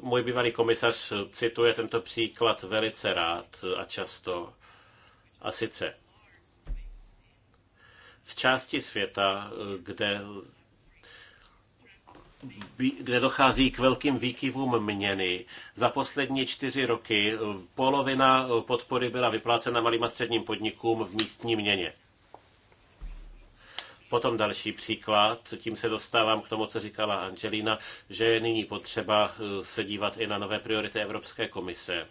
Můj bývalý komisař cituje tento příklad velice rád a často. A sice v části světa, eh, kde, kde dochází k velkým výkyvům měny. Za poslední čtyři roky eh, polovina podpory byla vyplácena malým a středním podnikům v místní měně. Potom další příklad, tím se dostávám k tomu, co říkala Angelina, že je nyní potřeba eh, se dívat i na nové priority Evropské komise.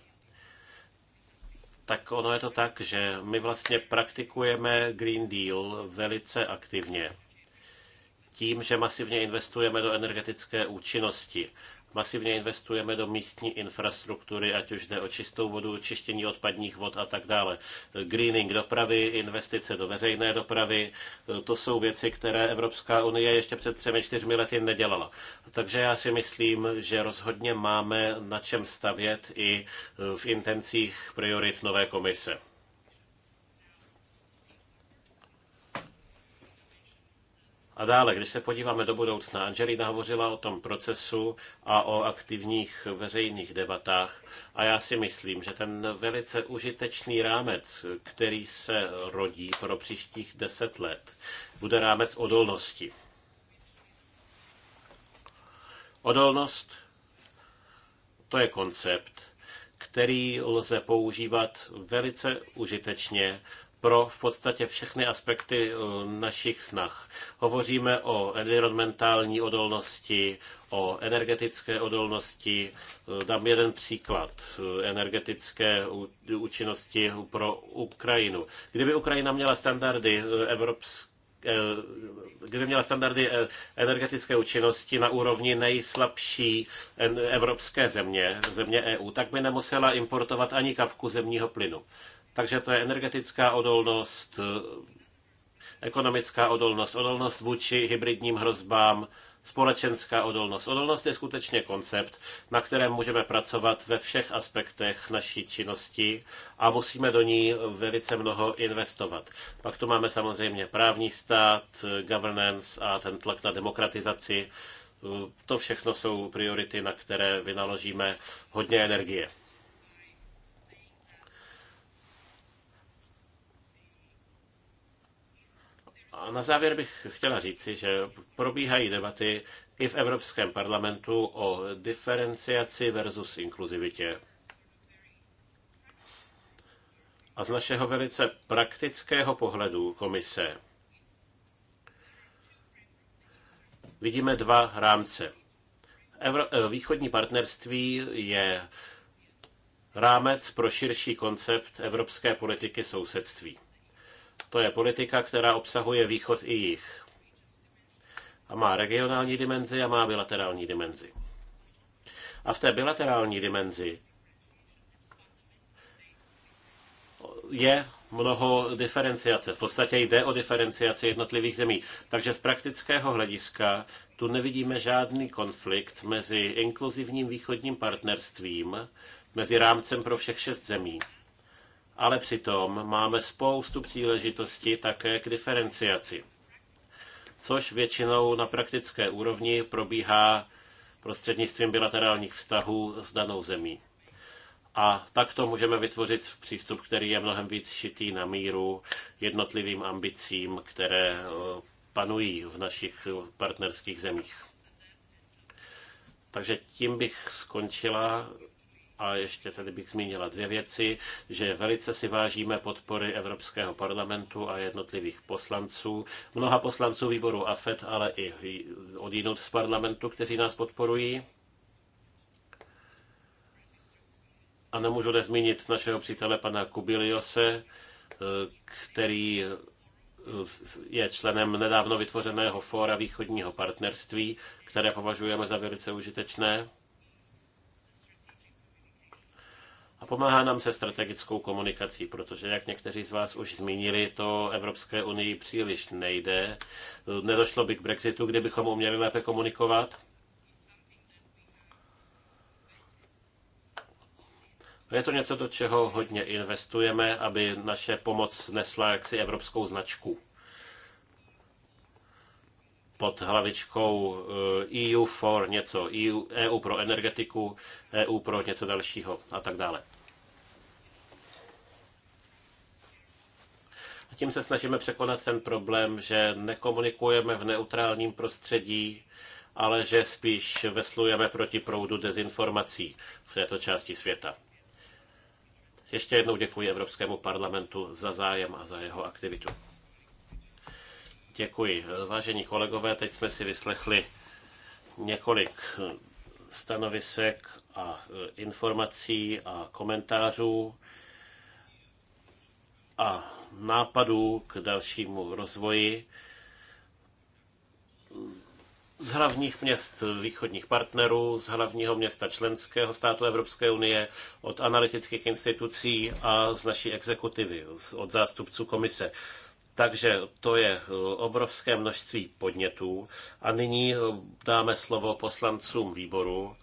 Tak ono je to tak, že my vlastně praktikujeme Green Deal velice aktivně tím, že masivně investujeme do energetické účinnosti. Masivně investujeme do místní infrastruktury, ať už jde o čistou vodu, čištění odpadních vod a tak dále. Greening dopravy, investice do veřejné dopravy, e, to jsou věci, které Evropská unie ještě před třemi, čtyřmi lety nedělala. Takže já si myslím, že rozhodně máme na čem stavět i e, v intencích priorit nové komise. A dále, když se podíváme do budoucna, Angelina hovořila o tom procesu a o aktivních veřejných debatách a já si myslím, že ten velice užitečný rámec, který se rodí pro příštích deset let, bude rámec odolnosti. Odolnost to je koncept, který lze používat velice užitečně pro v podstatě všechny aspekty eh, našich snah. Hovoříme o environmentální odolnosti, o energetické odolnosti. Eh, dám jeden příklad eh, energetické účinnosti pro Ukrajinu. Kdyby Ukrajina měla standardy evropské kdyby měla standardy energetické účinnosti na úrovni nejslabší evropské země, země EU, tak by nemusela importovat ani kapku zemního plynu. Takže to je energetická odolnost, ekonomická odolnost, odolnost vůči hybridním hrozbám, společenská odolnost. Odolnost je skutečně koncept, na kterém můžeme pracovat ve všech aspektech naší činnosti a musíme do ní velice mnoho investovat. Pak tu máme samozřejmě právní stát, governance a ten tlak na demokratizaci. To všechno jsou priority, na které vynaložíme hodně energie. A na závěr bych chtěla říci, že probíhají debaty i v Evropském parlamentu o diferenciaci versus inkluzivitě. A z našeho velice praktického pohledu komise vidíme dva rámce. Evro- eh, východní partnerství je rámec pro širší koncept evropské politiky sousedství. To je politika, která obsahuje východ i jih. A má regionální dimenzi a má bilaterální dimenzi. A v té bilaterální dimenzi je mnoho diferenciace. V podstatě jde o diferenciaci jednotlivých zemí. Takže z praktického hlediska tu nevidíme žádný konflikt mezi inkluzivním východním partnerstvím, mezi rámcem pro všech šest zemí ale přitom máme spoustu příležitostí také k diferenciaci, což většinou na praktické úrovni probíhá prostřednictvím bilaterálních vztahů s danou zemí. A takto můžeme vytvořit přístup, který je mnohem víc šitý na míru jednotlivým ambicím, které eh, panují v našich partnerských zemích. Takže tím bych skončila a ještě tady bych zmínila dvě věci, že velice si vážíme podpory Evropského parlamentu a jednotlivých poslanců, mnoha poslanců výboru AFET, ale i od jinot z parlamentu, kteří nás podporují. A nemůžu nezmínit našeho přítele pana Kubiliose, který je členem nedávno vytvořeného fóra východního partnerství, které považujeme za velice užitečné. A pomáhá nám se strategickou komunikací, protože, jak někteří z vás už zmínili, to Evropské unii příliš nejde. Nedošlo by k Brexitu, kdybychom uměli lépe komunikovat. Je to něco, do čeho hodně investujeme, aby naše pomoc nesla jaksi evropskou značku pod hlavičkou EU eh, e for něco, EU, EU pro energetiku, EU pro něco dalšího a tak dále. A tím se snažíme překonat ten problém, že nekomunikujeme v neutrálním prostředí, ale že spíš veslujeme proti proudu dezinformací v této části světa. Ještě jednou děkuji Evropskému parlamentu za zájem a za jeho aktivitu. Děkuji. Vážení kolegové, teď jsme si vyslechli několik stanovisek a e, informací a komentářů a nápadů k dalšímu rozvoji z hlavních měst východních partnerů, z hlavního města členského státu Evropské unie, od analytických institucí a z naší exekutivy, od zástupců komise. Takže to je eh, obrovské množství podnětů. A nyní eh, dáme slovo poslancům výboru.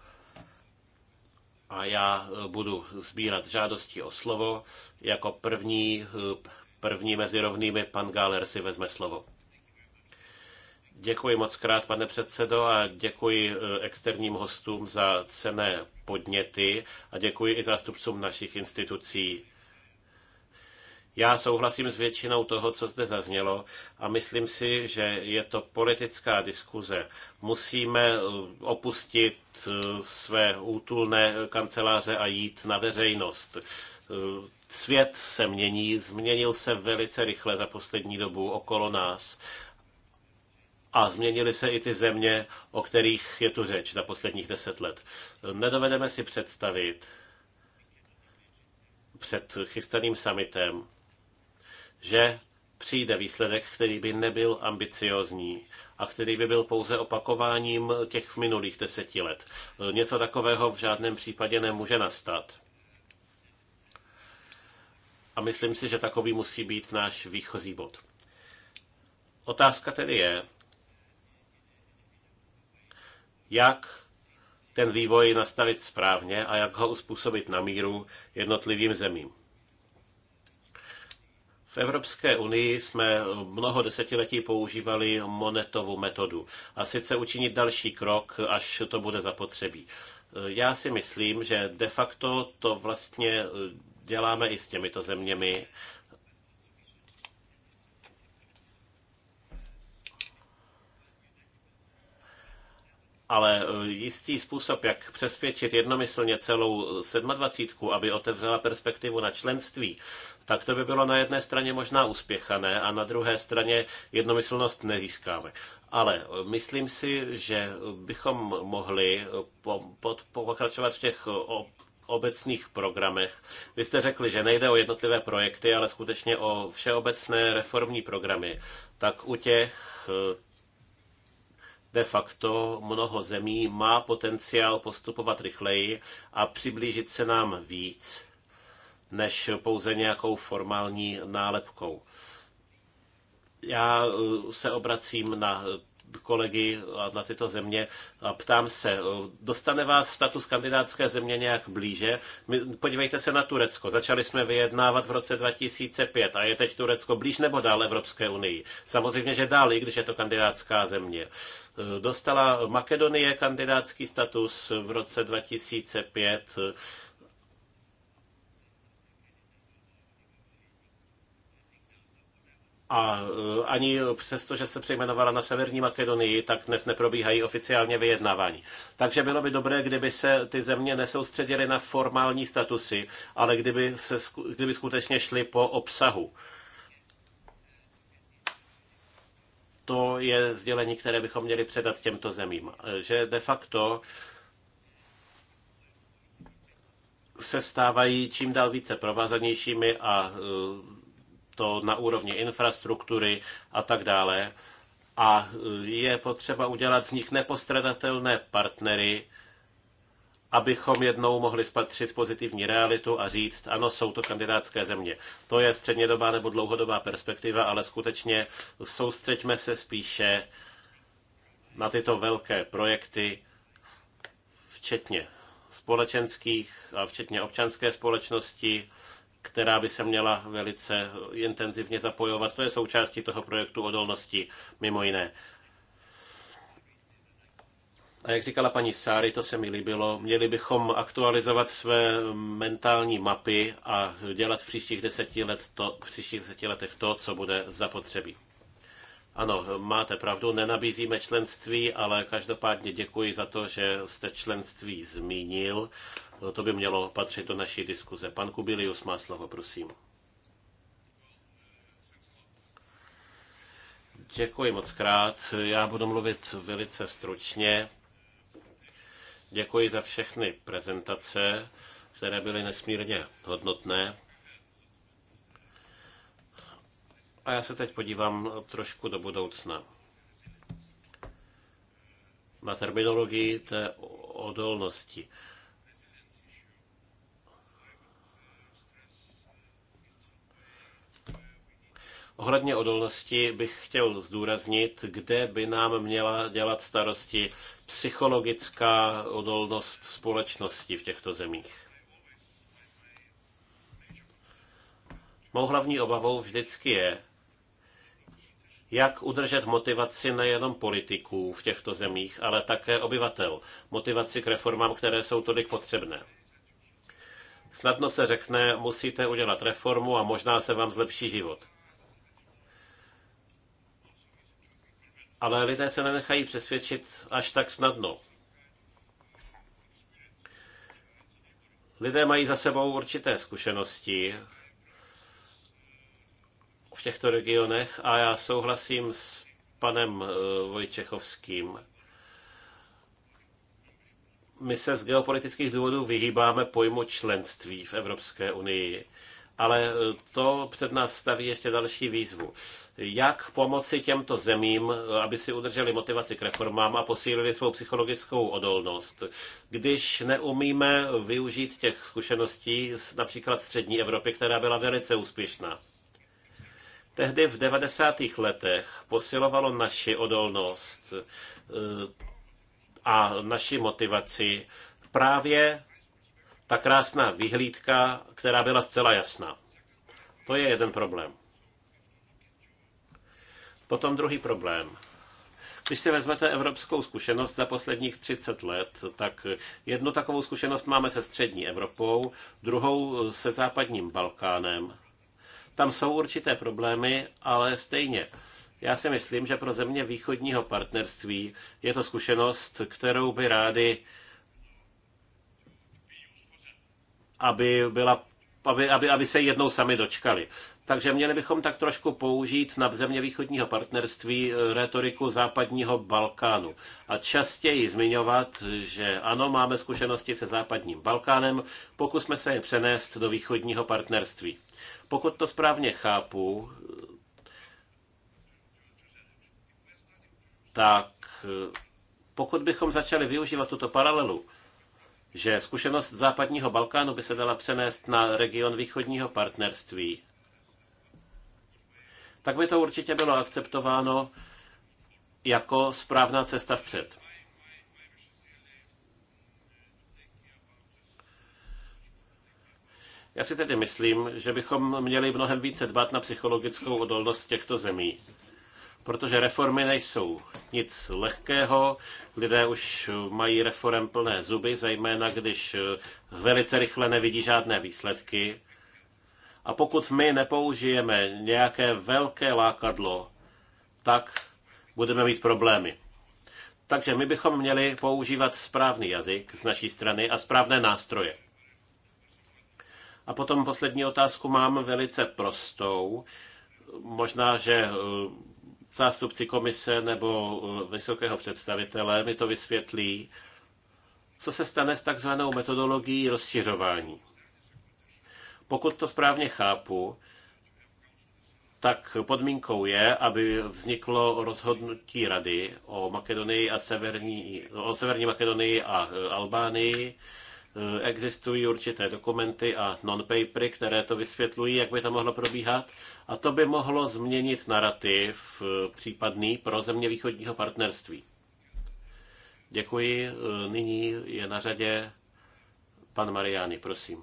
A já eh, budu sbírat žádosti o slovo. Jako první, první mezi rovnými pan Gáler si vezme slovo. Děkuji moc krát, pane předsedo, a děkuji externím hostům za cené podněty a děkuji i zástupcům našich institucí já souhlasím s většinou toho, co zde zaznělo a myslím si, že je to politická diskuze. Musíme eh, opustit eh, své útulné kanceláře a jít na veřejnost. Eh, svět se mění, změnil se velice rychle za poslední dobu okolo nás a změnily se i ty země, o kterých je tu řeč za posledních deset let. Nedovedeme si představit před chystaným summitem, že přijde výsledek, který by nebyl ambiciozní a který by byl pouze opakováním těch minulých deseti let. Něco takového v žádném případě nemůže nastat. A myslím si, že takový musí být náš výchozí bod. Otázka tedy je, jak ten vývoj nastavit správně a jak ho uspůsobit na míru jednotlivým zemím. V Evropské unii jsme mnoho desetiletí používali monetovou metodu a sice učinit další krok, až to bude zapotřebí. Já si myslím, že de facto to vlastně děláme i s těmito zeměmi ale e, jistý způsob, jak přesvědčit jednomyslně celou e, sedmadvacítku, aby otevřela perspektivu na členství, tak to by bylo na jedné straně možná uspěchané a na druhé straně jednomyslnost nezískáme. Ale e, myslím si, že bychom mohli pokračovat v těch obecných programech. Vy jste řekli, že nejde o jednotlivé projekty, ale skutečně o všeobecné reformní programy. Tak u těch de facto mnoho zemí má potenciál postupovat rychleji a přiblížit se nám víc než pouze nějakou formální nálepkou. Já eh, se obracím na kolegy na tyto země a ptám se, dostane vás status kandidátské země nějak blíže? My, podívejte se na Turecko. Začali jsme vyjednávat v roce 2005 a je teď Turecko blíž nebo dál Evropské unii? Samozřejmě, že dál, i když je to kandidátská země. Dostala Makedonie kandidátský status v roce 2005 A eh, ani přesto, že se přejmenovala na Severní Makedonii, tak dnes neprobíhají oficiálně vyjednávání. Takže bylo by dobré, kdyby se ty země nesoustředily na formální statusy, ale kdyby, se, kdyby skutečně šly po obsahu. To je sdělení, které bychom měli předat těmto zemím. Eh, že de facto se stávají čím dál více provázanějšími a eh, to na úrovni infrastruktury a tak dále. A je potřeba udělat z nich nepostradatelné partnery, abychom jednou mohli spatřit pozitivní realitu a říct, ano, jsou to kandidátské země. To je střednědobá nebo dlouhodobá perspektiva, ale skutečně soustřeďme se spíše na tyto velké projekty, včetně společenských a včetně občanské společnosti která by se měla velice intenzivně zapojovat. To je součástí toho projektu odolnosti, mimo jiné. A jak říkala paní Sáry, to se mi líbilo, měli bychom aktualizovat své mentální mapy a dělat v příštích deseti, let to, v příštích deseti letech to, co bude zapotřebí. Ano, máte pravdu, nenabízíme členství, ale každopádně děkuji za to, že jste členství zmínil. No, to by mělo patřit do naší diskuze. Pan Kubilius má slovo, prosím. Děkuji moc krát. Já budu mluvit velice stručně. Děkuji za všechny prezentace, které byly nesmírně hodnotné. A já se teď podívám trošku do budoucna. Na terminologii té odolnosti. Ohledně odolnosti bych chtěl zdůraznit, kde by nám měla dělat starosti psychologická odolnost společnosti v těchto zemích. Mou hlavní obavou vždycky je, jak udržet motivaci nejenom politiků v těchto zemích, ale také obyvatel. Motivaci k reformám, které jsou tolik potřebné. Snadno se řekne, musíte udělat reformu a možná se vám zlepší život. ale lidé se nenechají přesvědčit až tak snadno. Lidé mají za sebou určité zkušenosti v těchto regionech a já souhlasím s panem eh, Vojčechovským. My se z geopolitických důvodů vyhýbáme pojmu členství v Evropské unii, ale eh, to před nás staví ještě další výzvu jak pomoci těmto zemím, aby si udrželi motivaci k reformám a posílili svou psychologickou odolnost. Když neumíme využít těch zkušeností například střední Evropy, která byla velice úspěšná. Tehdy v 90. letech posilovalo naši odolnost eh, a naši motivaci právě ta krásná vyhlídka, která byla zcela jasná. To je jeden problém. Potom druhý problém. Když si vezmete evropskou zkušenost za posledních 30 let, tak jednu takovou zkušenost máme se střední Evropou, druhou se západním Balkánem. Tam jsou určité problémy, ale stejně. Já si myslím, že pro země východního partnerství je to zkušenost, kterou by rádi, aby, byla, aby, aby, aby se jednou sami dočkali. Takže měli bychom tak trošku použít na země východního partnerství eh, retoriku západního Balkánu a častěji zmiňovat, že ano, máme zkušenosti se západním Balkánem, pokusme se je přenést do východního partnerství. Pokud to správně chápu, eh, tak eh, pokud bychom začali využívat tuto paralelu, že zkušenost západního Balkánu by se dala přenést na region východního partnerství, tak by to určitě bylo akceptováno jako správná cesta vpřed. Já si tedy myslím, že bychom měli mnohem více dbat na psychologickou odolnost těchto zemí, protože reformy nejsou nic lehkého, lidé už mají reform plné zuby, zejména když velice rychle nevidí žádné výsledky. A pokud my nepoužijeme nějaké velké lákadlo, tak budeme mít problémy. Takže my bychom měli používat správný jazyk z naší strany a správné nástroje. A potom poslední otázku mám velice prostou. Možná, že eh, zástupci komise nebo eh, vysokého představitele mi to vysvětlí. Co se stane s takzvanou metodologií rozšiřování? Pokud to správně chápu, tak podmínkou je, aby vzniklo rozhodnutí rady o Makedonii a Severní, o Severní Makedonii a e, Albánii. E, existují určité dokumenty a non-papery, které to vysvětlují, jak by to mohlo probíhat. A to by mohlo změnit narrativ e, případný pro země východního partnerství. Děkuji. Nyní je na řadě pan Mariány, prosím.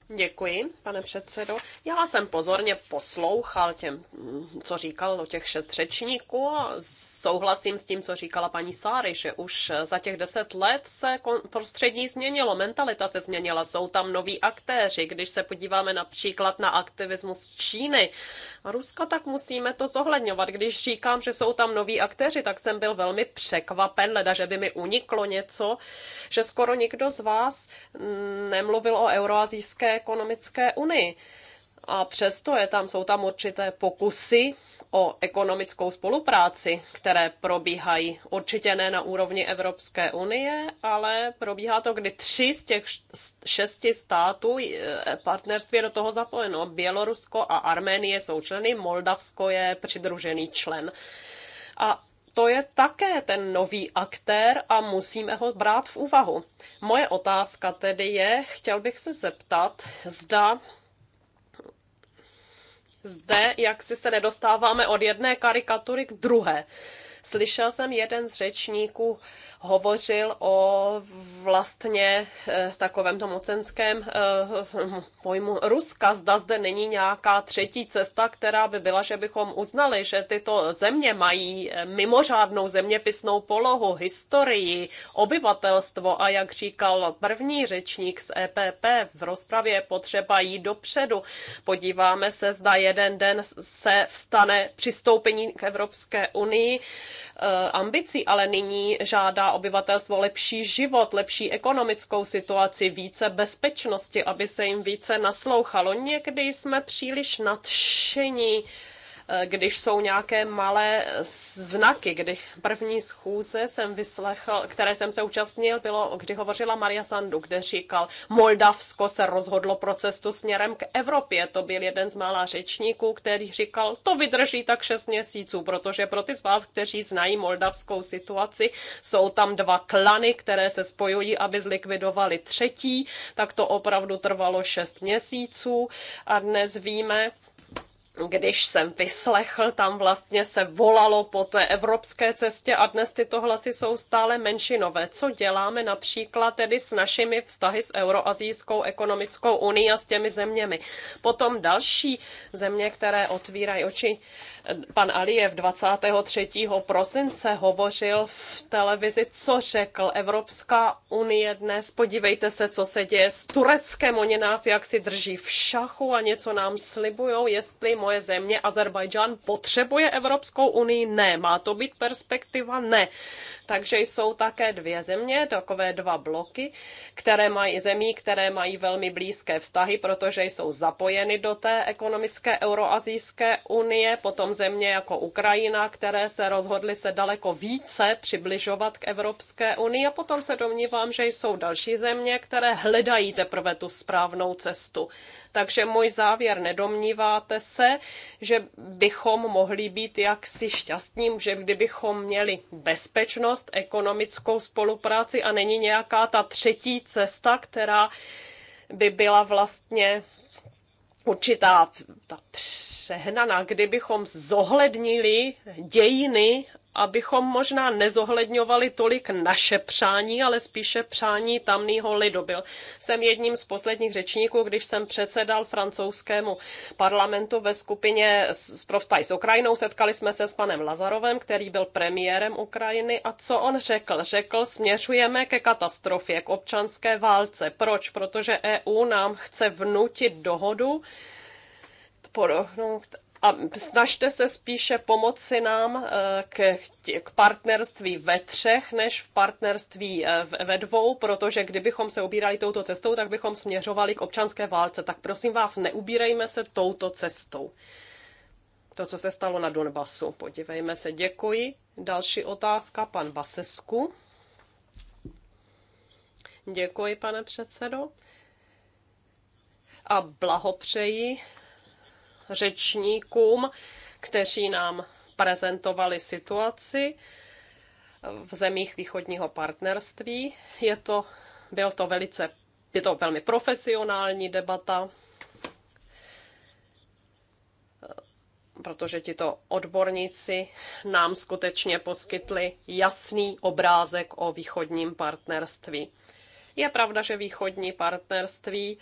Děkuji, pane předsedo. Já jsem pozorně poslouchal těm, co říkal o těch šest řečníků a souhlasím s tím, co říkala paní Sáry, že už za těch deset let se prostředí změnilo, mentalita se změnila, jsou tam noví aktéři. Když se podíváme například na aktivismus Číny a Ruska, tak musíme to zohledňovat. Když říkám, že jsou tam noví aktéři, tak jsem byl velmi překvapen, leda, že by mi uniklo něco, že skoro nikdo z vás nemluvil o euroazijské ekonomické unii. A přesto je tam, jsou tam určité pokusy o ekonomickou spolupráci, které probíhají určitě ne na úrovni Evropské unie, ale probíhá to, kdy tři z těch šesti států e, partnerství je do toho zapojeno. Bělorusko a Arménie jsou členy, Moldavsko je přidružený člen. A to je také ten nový aktér a musíme ho brát v úvahu. Moje otázka tedy je, chtěl bych se zeptat, zda zde, jak si se nedostáváme od jedné karikatury k druhé. Slyšel jsem jeden z řečníků hovořil o vlastně eh, takovém tom mocenském eh, pojmu Ruska. Zda zde není nějaká třetí cesta, která by byla, že bychom uznali, že tyto země mají eh, mimořádnou zeměpisnou polohu, historii, obyvatelstvo a jak říkal první řečník z EPP, v rozpravě potřeba jít dopředu. Podíváme se, zda jeden den se vstane přistoupení k Evropské unii Eh, ambicí, ale nyní žádá obyvatelstvo lepší život, lepší ekonomickou situaci, více bezpečnosti, aby se jim více naslouchalo. Někdy jsme příliš nadšení Eh, když jsou nějaké malé eh, znaky, kdy první schůze jsem vyslechl, které jsem se účastnil, bylo, kdy hovořila Maria Sandu, kde říkal, Moldavsko se rozhodlo pro cestu směrem k Evropě. To byl jeden z mála řečníků, který říkal, to vydrží tak 6 měsíců, protože pro ty z vás, kteří znají moldavskou situaci, jsou tam dva klany, které se spojují, aby zlikvidovali třetí, tak to opravdu trvalo 6 měsíců a dnes víme, když jsem vyslechl, tam vlastně se volalo po té evropské cestě a dnes tyto hlasy jsou stále menšinové. Co děláme například tedy s našimi vztahy s Euroazijskou ekonomickou unii a s těmi zeměmi? Potom další země, které otvírají oči pan Aliyev 23. prosince hovořil v televizi, co řekl Evropská unie dnes. Podívejte se, co se děje s Tureckem. Oni nás jak si drží v šachu a něco nám slibujou, jestli moje země Azerbajdžán potřebuje Evropskou unii. Ne, má to být perspektiva? Ne. Takže jsou také dvě země, takové dva bloky, které mají zemí, které mají velmi blízké vztahy, protože jsou zapojeny do té ekonomické euroazijské unie. Potom země jako Ukrajina, které se rozhodly se daleko více přibližovat k Evropské unii a potom se domnívám, že jsou další země, které hledají teprve tu správnou cestu. Takže můj závěr, nedomníváte se, že bychom mohli být jaksi šťastním, že kdybychom měli bezpečnost, ekonomickou spolupráci a není nějaká ta třetí cesta, která by byla vlastně určitá ta přehnaná, kdybychom zohlednili dějiny abychom možná nezohledňovali tolik naše přání, ale spíše přání tamního lidu. Byl jsem jedním z posledních řečníků, když jsem předsedal francouzskému parlamentu ve skupině s Provstaj s Ukrajinou. Setkali jsme se s panem Lazarovem, který byl premiérem Ukrajiny. A co on řekl? Řekl, směřujeme ke katastrofě, k občanské válce. Proč? Protože EU nám chce vnutit dohodu, a snažte se spíše pomoci nám eh, k, k partnerství ve třech, než v partnerství eh, ve dvou, protože kdybychom se ubírali touto cestou, tak bychom směřovali k občanské válce. Tak prosím vás, neubírejme se touto cestou. To, co se stalo na Donbasu. Podívejme se, děkuji. Další otázka, pan Basesku. Děkuji, pane předsedo. A blahopřeji řečníkům, kteří nám prezentovali situaci v zemích východního partnerství. Je to, byl to velice, je to velmi profesionální debata, protože tito odborníci nám skutečně poskytli jasný obrázek o východním partnerství. Je pravda, že východní partnerství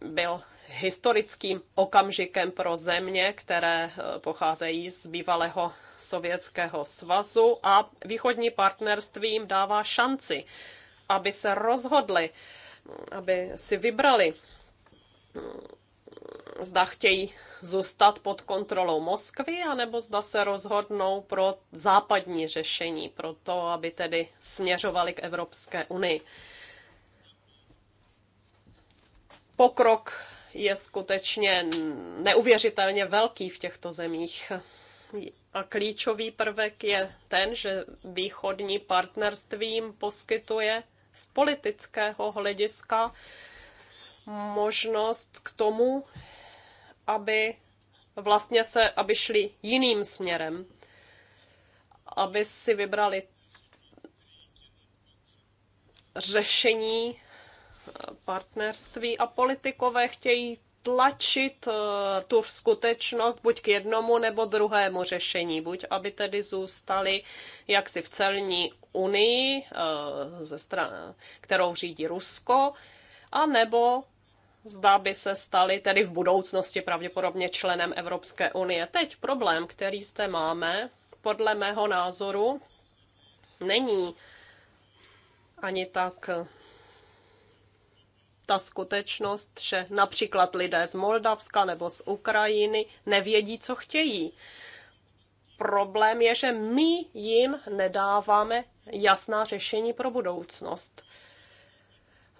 byl historickým okamžikem pro země, které eh, pocházejí z bývalého Sovětského svazu a východní partnerství jim dává šanci, aby se rozhodli, mm, aby si vybrali, mm, zda chtějí zůstat pod kontrolou Moskvy, anebo zda se rozhodnou pro západní řešení, pro to, aby tedy směřovali k Evropské unii. Pokrok je skutečně neuvěřitelně velký v těchto zemích. A klíčový prvek je ten, že východní partnerství jim poskytuje z politického hlediska možnost k tomu, aby vlastně se, aby šli jiným směrem, aby si vybrali řešení partnerství a politikové chtějí tlačit eh, tu skutečnost buď k jednomu nebo druhému řešení, buď aby tedy zůstali jaksi v celní unii, eh, ze strany, kterou řídí Rusko, a nebo zdá by se stali tedy v budoucnosti pravděpodobně členem Evropské unie. Teď problém, který zde máme, podle mého názoru, není ani tak ta skutečnost, že například lidé z Moldavska nebo z Ukrajiny nevědí, co chtějí. Problém je, že my jim nedáváme jasná řešení pro budoucnost.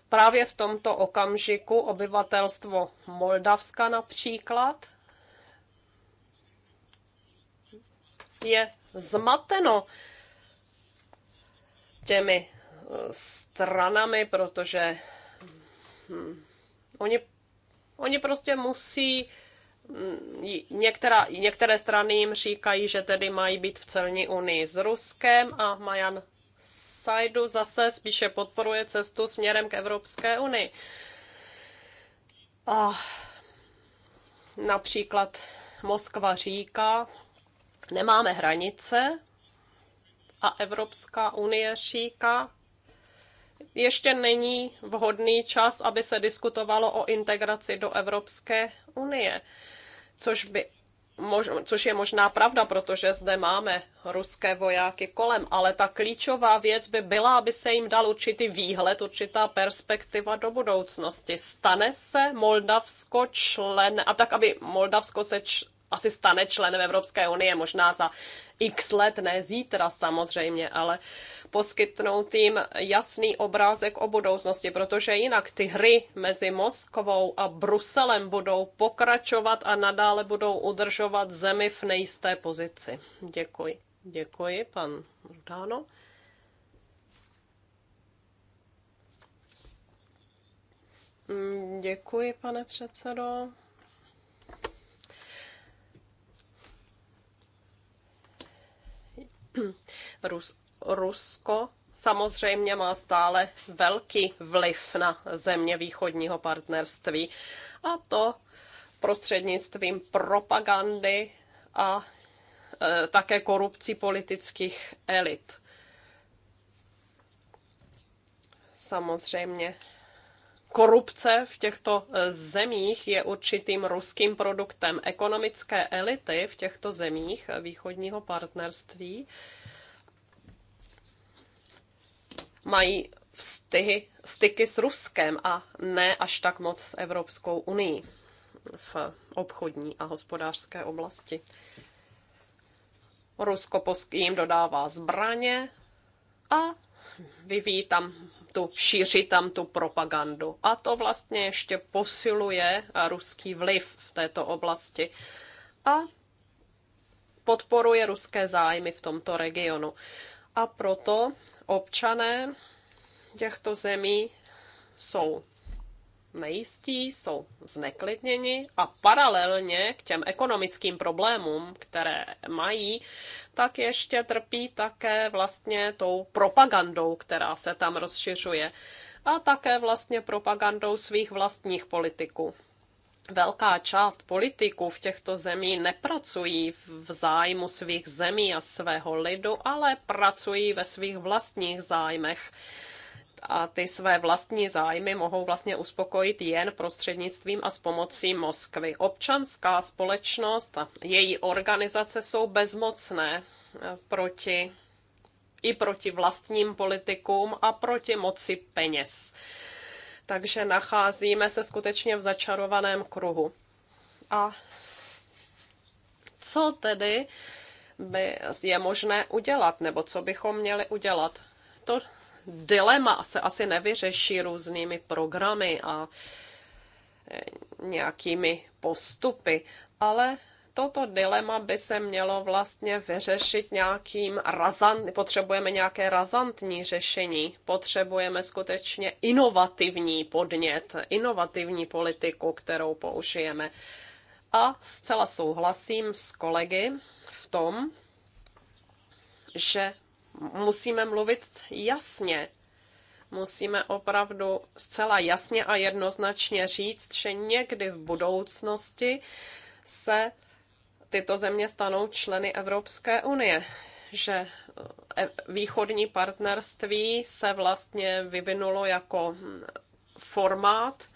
Právě v tomto okamžiku obyvatelstvo Moldavska například je zmateno těmi eh, stranami, protože oni, oni prostě musí mm, některá, některé strany jim říkají, že tedy mají být v celní unii s Ruskem a Majan Sajdu zase spíše podporuje cestu směrem k Evropské unii. A například Moskva říká, nemáme hranice a Evropská unie říká, ještě není vhodný čas, aby se diskutovalo o integraci do Evropské unie, což by což je možná pravda, protože zde máme ruské vojáky kolem, ale ta klíčová věc by byla, aby se jim dal určitý výhled, určitá perspektiva do budoucnosti. Stane se Moldavsko člen, a tak, aby Moldavsko se č, asi stane členem Evropské unie, možná za x let, ne zítra samozřejmě, ale poskytnout tím jasný obrázek o budoucnosti, protože jinak ty hry mezi Moskvou a Bruselem budou pokračovat a nadále budou udržovat zemi v nejisté pozici. Děkuji. Děkuji, pan Rudáno. Mm, děkuji, pane předsedo. Rus, Rusko samozřejmě má stále velký vliv na země východního partnerství a to prostřednictvím propagandy a e, také korupcí politických elit. Samozřejmě korupce v těchto eh, zemích je určitým ruským produktem ekonomické elity v těchto zemích eh, východního partnerství. Mají vztyhy, styky s Ruskem a ne až tak moc s Evropskou unii v obchodní a hospodářské oblasti. Rusko jim dodává zbraně a vyvíjí tam tu, šíří tam tu propagandu. A to vlastně ještě posiluje ruský vliv v této oblasti a podporuje ruské zájmy v tomto regionu. A proto občané těchto zemí jsou nejistí, jsou zneklidněni a paralelně k těm ekonomickým problémům, které mají, tak ještě trpí také vlastně tou propagandou, která se tam rozšiřuje a také vlastně propagandou svých vlastních politiků. Velká část politiků v těchto zemí nepracují v zájmu svých zemí a svého lidu, ale pracují ve svých vlastních zájmech a ty své vlastní zájmy mohou vlastně uspokojit jen prostřednictvím a s pomocí Moskvy. Občanská společnost a její organizace jsou bezmocné eh, proti, i proti vlastním politikům a proti moci peněz. Takže nacházíme se skutečně v začarovaném kruhu. A co tedy by je možné udělat, nebo co bychom měli udělat? To dilema se asi nevyřeší různými programy a e, nějakými postupy, ale toto dilema by se mělo vlastně vyřešit nějakým razant, potřebujeme nějaké razantní řešení, potřebujeme skutečně inovativní podnět, inovativní politiku, kterou použijeme. A zcela souhlasím s kolegy v tom, že musíme mluvit jasně. Musíme opravdu zcela jasně a jednoznačně říct, že někdy v budoucnosti se tyto země stanou členy Evropské unie že eh, východní partnerství se vlastně vyvinulo jako hm, formát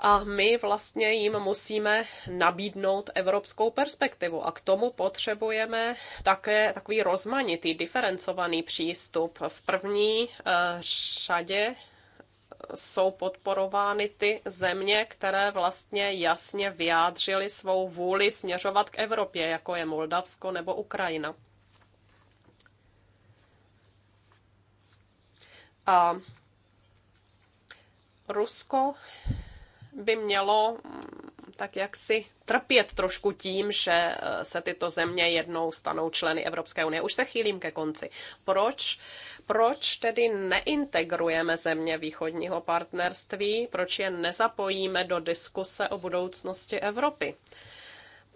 a my vlastně jim musíme nabídnout evropskou perspektivu a k tomu potřebujeme také takový rozmanitý, diferencovaný přístup. V první eh, řadě eh, jsou podporovány ty země, které vlastně jasně vyjádřily svou vůli směřovat k Evropě, jako je Moldavsko nebo Ukrajina. A Rusko by mělo mm, tak jak si trpět trošku tím, že eh, se tyto země jednou stanou členy Evropské unie. Už se chýlím ke konci. Proč? Proč tedy neintegrujeme země východního partnerství? Proč je nezapojíme do diskuse o budoucnosti Evropy?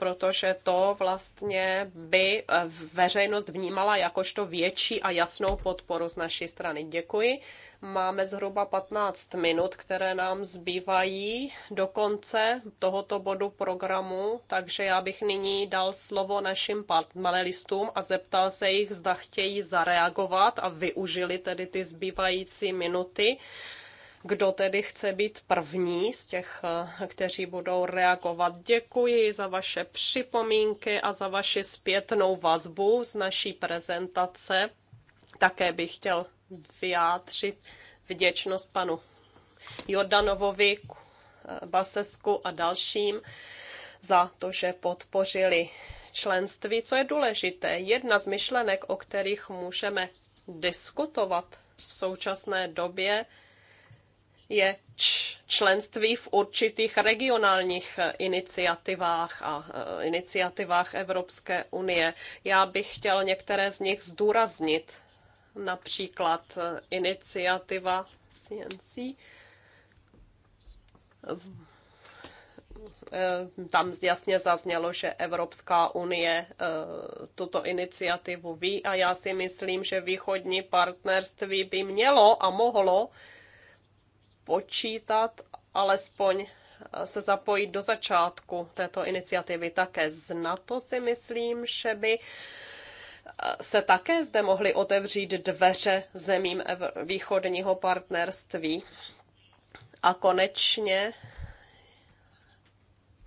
protože to vlastně by eh, veřejnost vnímala jakožto větší a jasnou podporu z naší strany. Děkuji. Máme zhruba 15 minut, které nám zbývají do konce tohoto bodu programu, takže já bych nyní dal slovo našim panelistům a zeptal se jich, zda chtějí zareagovat a využili tedy ty zbývající minuty kdo tedy chce být první z těch, eh, kteří budou reagovat. Děkuji za vaše připomínky a za vaši zpětnou vazbu z naší prezentace. Také bych chtěl vyjádřit vděčnost panu Jordanovovi, eh, Basesku a dalším za to, že podpořili členství, co je důležité. Jedna z myšlenek, o kterých můžeme diskutovat v současné době, je členství v určitých regionálních eh, iniciativách a eh, iniciativách Evropské unie. Já bych chtěl některé z nich zdůraznit, například eh, iniciativa CNC. Tam jasně zaznělo, že Evropská unie tuto iniciativu ví a já si myslím, že východní partnerství by mělo a mohlo počítat alespoň eh, se zapojit do začátku této iniciativy také Na to si myslím, že by eh, se také zde mohly otevřít dveře zemím východního partnerství. A konečně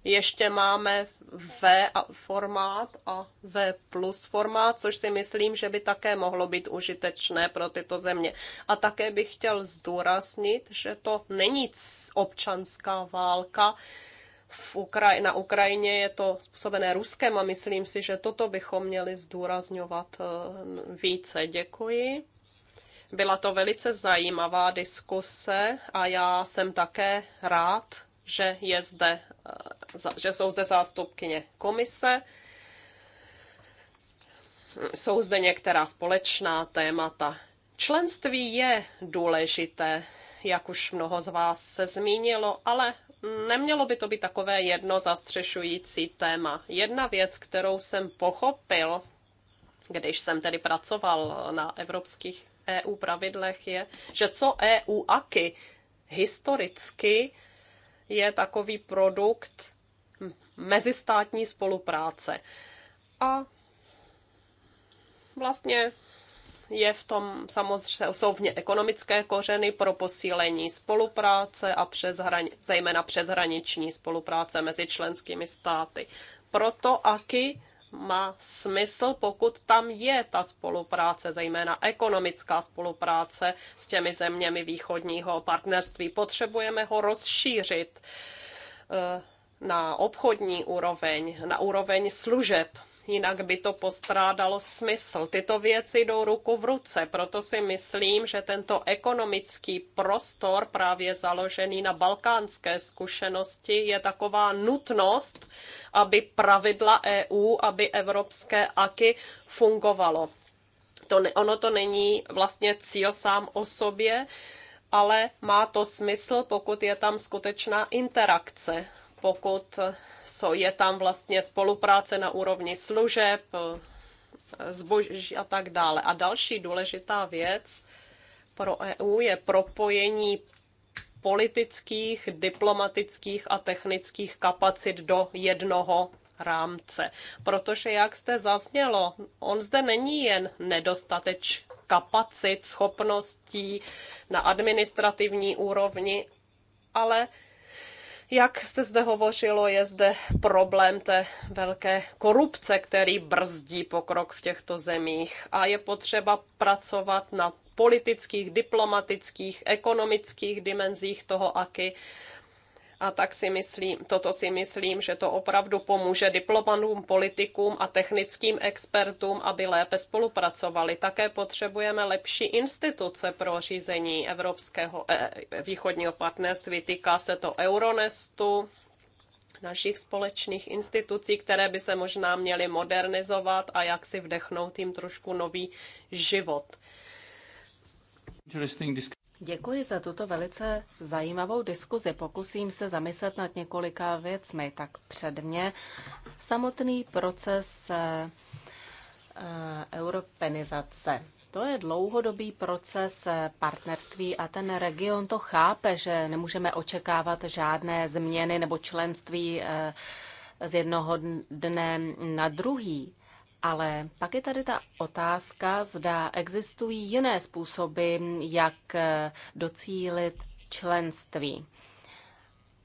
ještě máme v formát a V plus formát, což si myslím, že by také mohlo být užitečné pro tyto země. A také bych chtěl zdůraznit, že to není občanská válka, v Ukraj- na Ukrajině je to způsobené Ruskem a myslím si, že toto bychom měli zdůrazňovat eh, více. Děkuji. Byla to velice zajímavá diskuse a já jsem také rád, že je zde eh, že jsou zde zástupkyně komise. Jsou zde některá společná témata. Členství je důležité, jak už mnoho z vás se zmínilo, ale nemělo by to být takové jedno zastřešující téma. Jedna věc, kterou jsem pochopil, když jsem tedy pracoval na evropských EU pravidlech, je, že co EU AKY historicky je takový produkt mezistátní spolupráce. A vlastně je v tom samozřejmě, jsou v ně ekonomické kořeny pro posílení spolupráce a přes hraň, zejména přeshraniční spolupráce mezi členskými státy. Proto AKI má smysl, pokud tam je ta spolupráce, zejména ekonomická spolupráce s těmi zeměmi východního partnerství. Potřebujeme ho rozšířit eh, na obchodní úroveň, na úroveň služeb. Jinak by to postrádalo smysl. Tyto věci jdou ruku v ruce, proto si myslím, že tento ekonomický prostor, právě založený na balkánské zkušenosti, je taková nutnost, aby pravidla EU, aby evropské AKY fungovalo. To ne, ono to není vlastně cíl sám o sobě, ale má to smysl, pokud je tam skutečná interakce pokud je tam vlastně spolupráce na úrovni služeb, zboží a tak dále. A další důležitá věc pro EU je propojení politických, diplomatických a technických kapacit do jednoho rámce. Protože, jak zde zaznělo, on zde není jen nedostateč kapacit, schopností na administrativní úrovni, ale jak se zde hovořilo, je zde problém té velké korupce, který brzdí pokrok v těchto zemích a je potřeba pracovat na politických, diplomatických, ekonomických dimenzích toho aký. A tak si myslím, toto si myslím, že to opravdu pomůže diplomatům, politikům a technickým expertům, aby lépe spolupracovali. Také potřebujeme lepší instituce pro řízení evropského eh, východního partnerství. Týká se to Euronestu, našich společných institucí, které by se možná měly modernizovat a jak si vdechnout jim trošku nový život. Děkuji za tuto velice zajímavou diskuzi. Pokusím se zamyslet nad několika věcmi. Tak předně samotný proces eh, europenizace. To je dlouhodobý proces eh, partnerství a ten region to chápe, že nemůžeme očekávat žádné změny nebo členství eh, z jednoho dne na druhý. Ale pak je tady ta otázka, zda existují jiné způsoby, jak eh, docílit členství.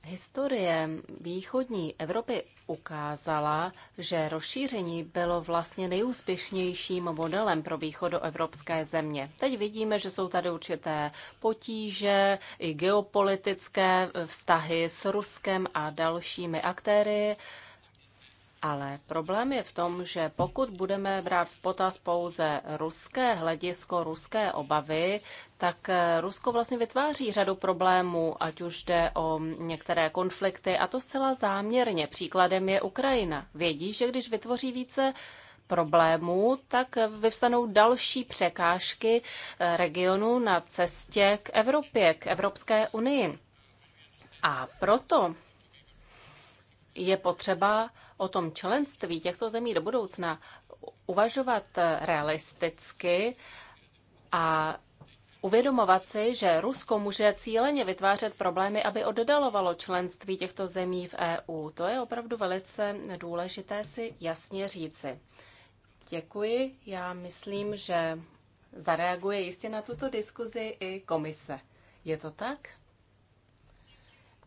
Historie východní Evropy ukázala, že rozšíření bylo vlastně nejúspěšnějším modelem pro východoevropské země. Teď vidíme, že jsou tady určité potíže, i geopolitické vztahy s Ruskem a dalšími aktéry, ale problém je v tom, že pokud budeme brát v potaz pouze ruské hledisko, ruské obavy, tak eh, Rusko vlastně vytváří řadu problémů, ať už jde o některé konflikty, a to zcela záměrně. Příkladem je Ukrajina. Vědí, že když vytvoří více problémů, tak vyvstanou další překážky eh, regionu na cestě k Evropě, k Evropské unii. A proto je potřeba o tom členství těchto zemí do budoucna uvažovat realisticky a Uvědomovat si, že Rusko může cíleně vytvářet problémy, aby oddalovalo členství těchto zemí v EU. To je opravdu velice důležité si jasně říci. Děkuji. Já myslím, že zareaguje jistě na tuto diskuzi i komise. Je to tak?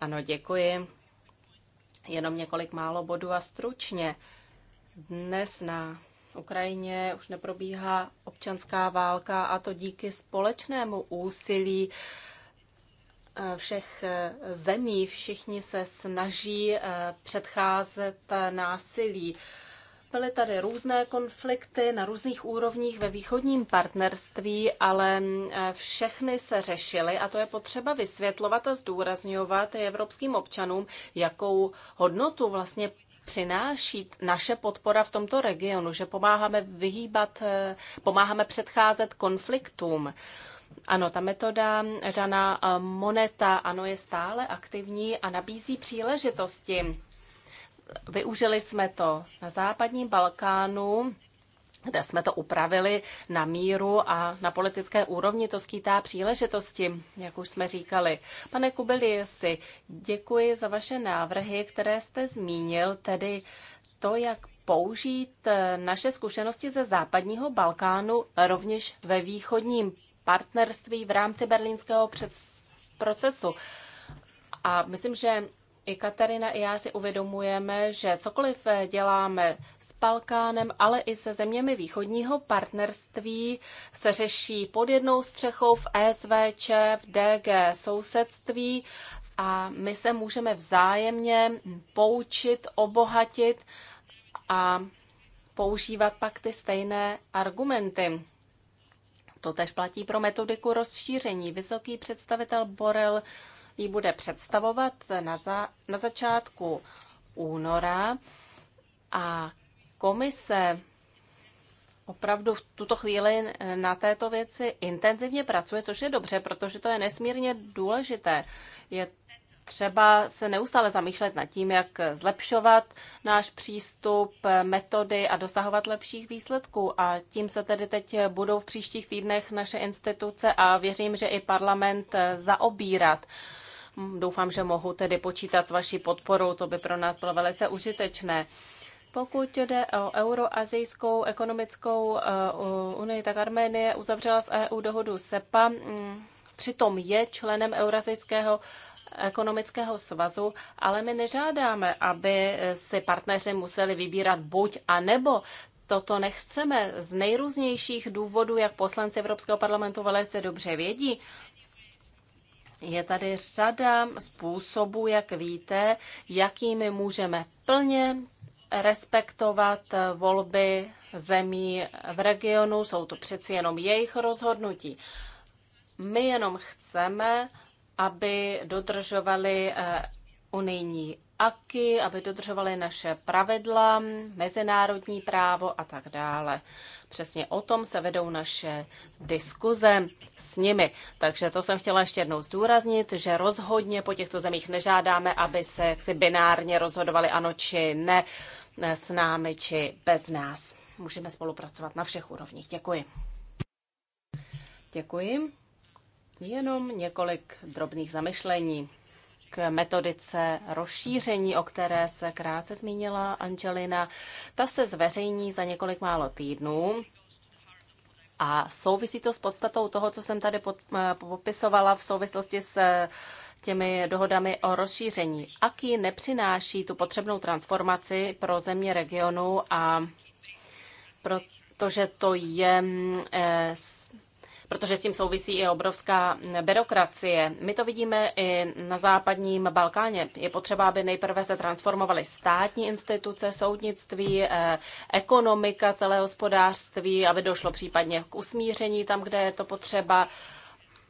Ano, děkuji. Jenom několik málo bodů a stručně. Dnes na Ukrajině už neprobíhá občanská válka a to díky společnému úsilí eh, všech eh, zemí. Všichni se snaží eh, předcházet násilí. Byly tady různé konflikty na různých úrovních ve východním partnerství, ale mm, všechny se řešily a to je potřeba vysvětlovat a zdůrazňovat evropským občanům, jakou hodnotu vlastně přináší naše podpora v tomto regionu, že pomáháme vyhýbat, eh, pomáháme předcházet konfliktům. Ano, ta metoda Žana eh, Moneta ano, je stále aktivní a nabízí příležitosti Využili jsme to na západním Balkánu, kde jsme to upravili na míru a na politické úrovni to skýtá příležitosti, jak už jsme říkali. Pane Kubiliesi, děkuji za vaše návrhy, které jste zmínil, tedy to, jak použít naše zkušenosti ze západního Balkánu rovněž ve východním partnerství v rámci berlínského procesu. A myslím, že i Katarina i já si uvědomujeme, že cokoliv děláme s Balkánem, ale i se zeměmi východního partnerství, se řeší pod jednou střechou v ESVČ v DG sousedství a my se můžeme vzájemně poučit, obohatit a používat pak ty stejné argumenty. To tež platí pro metodiku rozšíření. Vysoký představitel Borel ji bude představovat na, za, na začátku února a komise opravdu v tuto chvíli na této věci intenzivně pracuje, což je dobře, protože to je nesmírně důležité. Je třeba se neustále zamýšlet nad tím, jak zlepšovat náš přístup, metody a dosahovat lepších výsledků. A tím se tedy teď budou v příštích týdnech naše instituce a věřím, že i parlament zaobírat. Hm, doufám, že mohu tedy počítat s vaší podporou, to by pro nás bylo velice užitečné. Pokud jde o euroazijskou ekonomickou eh, unii, tak Arménie uzavřela s EU dohodu SEPA, hm, přitom je členem eurazijského ekonomického svazu, ale my nežádáme, aby si partneři museli vybírat buď a nebo. Toto nechceme z nejrůznějších důvodů, jak poslanci Evropského parlamentu velice dobře vědí. Je tady řada způsobů, jak víte, jakými můžeme plně respektovat volby zemí v regionu. Jsou to přeci jenom jejich rozhodnutí. My jenom chceme, aby dodržovali eh, unijní aky, aby dodržovali naše pravidla, mezinárodní právo a tak dále. Přesně o tom se vedou naše diskuze s nimi. Takže to jsem chtěla ještě jednou zdůraznit, že rozhodně po těchto zemích nežádáme, aby se jaksi binárně rozhodovali ano či ne s námi či bez nás. Můžeme spolupracovat na všech úrovních. Děkuji. Děkuji. Jenom několik drobných zamyšlení k metodice rozšíření, o které se krátce zmínila Angelina. Ta se zveřejní za několik málo týdnů. A souvisí to s podstatou toho, co jsem tady eh, popisovala v souvislosti s eh, těmi dohodami o rozšíření. Aký nepřináší tu potřebnou transformaci pro země regionu a protože to je eh, protože s tím souvisí i obrovská byrokracie. My to vidíme i na západním Balkáně. Je potřeba, aby nejprve se transformovaly státní instituce, soudnictví, eh, ekonomika, celé hospodářství, aby došlo případně k usmíření tam, kde je to potřeba.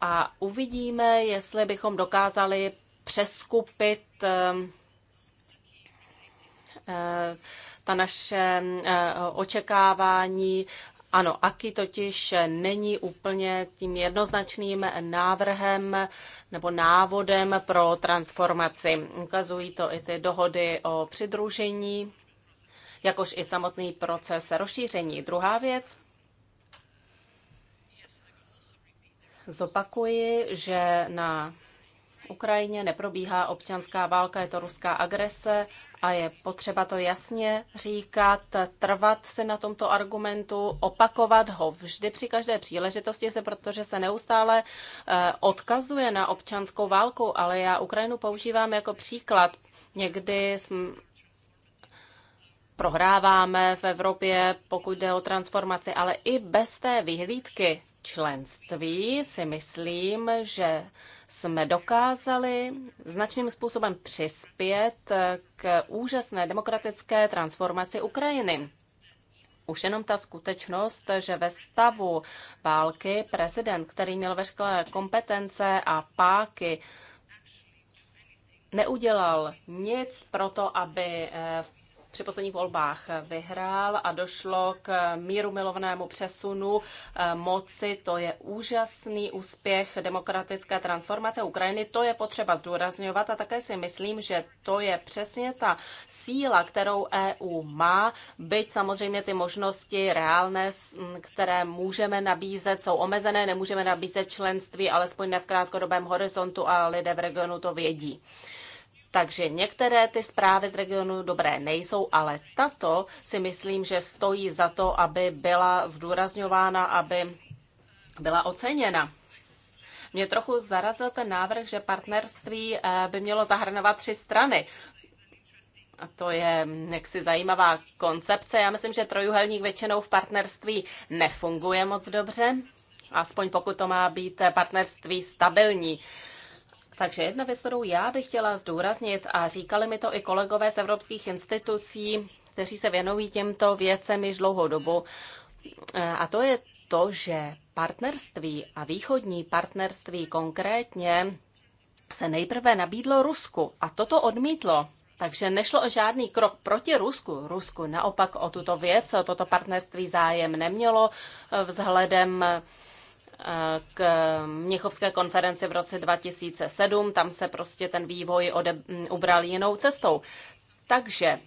A uvidíme, jestli bychom dokázali přeskupit eh, eh, ta naše očekávání ano, AKI totiž není úplně tím jednoznačným návrhem nebo návodem pro transformaci. Ukazují to i ty dohody o přidružení, jakož i samotný proces rozšíření. Druhá věc, Zopakuji, že na Ukrajině neprobíhá občanská válka, je to ruská agrese a je potřeba to jasně říkat, trvat se na tomto argumentu, opakovat ho vždy při každé příležitosti, se, protože se neustále eh, odkazuje na občanskou válku, ale já Ukrajinu používám jako příklad. Někdy prohráváme v Evropě, pokud jde o transformaci, ale i bez té vyhlídky členství si myslím, že jsme dokázali značným způsobem přispět k úžasné demokratické transformaci Ukrajiny. Už jenom ta skutečnost, že ve stavu války prezident, který měl veškeré kompetence a páky, neudělal nic pro to, aby v eh, při posledních volbách vyhrál a došlo k míru milovnému přesunu eh, moci. To je úžasný úspěch demokratické transformace Ukrajiny. To je potřeba zdůrazňovat a také si myslím, že to je přesně ta síla, kterou EU má, byť samozřejmě ty možnosti reálné, které můžeme nabízet, jsou omezené, nemůžeme nabízet členství, alespoň ne v krátkodobém horizontu a lidé v regionu to vědí. Takže některé ty zprávy z regionu dobré nejsou, ale tato si myslím, že stojí za to, aby byla zdůrazňována, aby byla oceněna. Mě trochu zarazil ten návrh, že partnerství eh, by mělo zahrnovat tři strany. A to je mm, jaksi zajímavá koncepce. Já myslím, že trojuhelník většinou v partnerství nefunguje moc dobře, aspoň pokud to má být eh, partnerství stabilní. Takže jedna věc, kterou já bych chtěla zdůraznit, a říkali mi to i kolegové z evropských institucí, kteří se věnují těmto věcem již dlouhou dobu, a to je to, že partnerství a východní partnerství konkrétně se nejprve nabídlo Rusku a toto odmítlo. Takže nešlo o žádný krok proti Rusku. Rusku naopak o tuto věc, o toto partnerství zájem nemělo vzhledem k Měchovské konferenci v roce 2007. Tam se prostě ten vývoj ode, ubral jinou cestou. Takže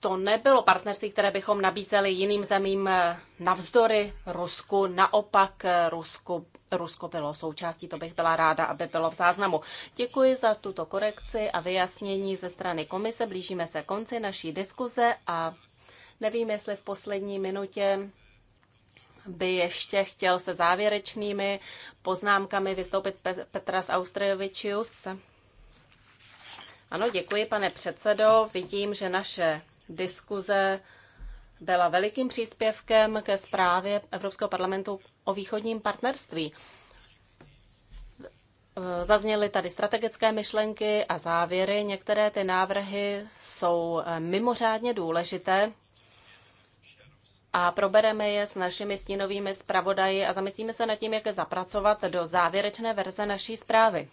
to nebylo partnerství, které bychom nabízeli jiným zemím e, navzdory Rusku. Naopak e, Rusku, Rusko bylo součástí, to bych byla ráda, aby bylo v záznamu. Děkuji za tuto korekci a vyjasnění ze strany komise. Blížíme se konci naší diskuze a nevím, jestli v poslední minutě by ještě chtěl se závěrečnými poznámkami vystoupit Petras Austriovičius. Ano, děkuji, pane předsedo. Vidím, že naše diskuze byla velikým příspěvkem ke zprávě Evropského parlamentu o východním partnerství. Zazněly tady strategické myšlenky a závěry. Některé ty návrhy jsou mimořádně důležité a probereme je s našimi stínovými zpravodaji a zamyslíme se nad tím, jak je zapracovat do závěrečné verze naší zprávy.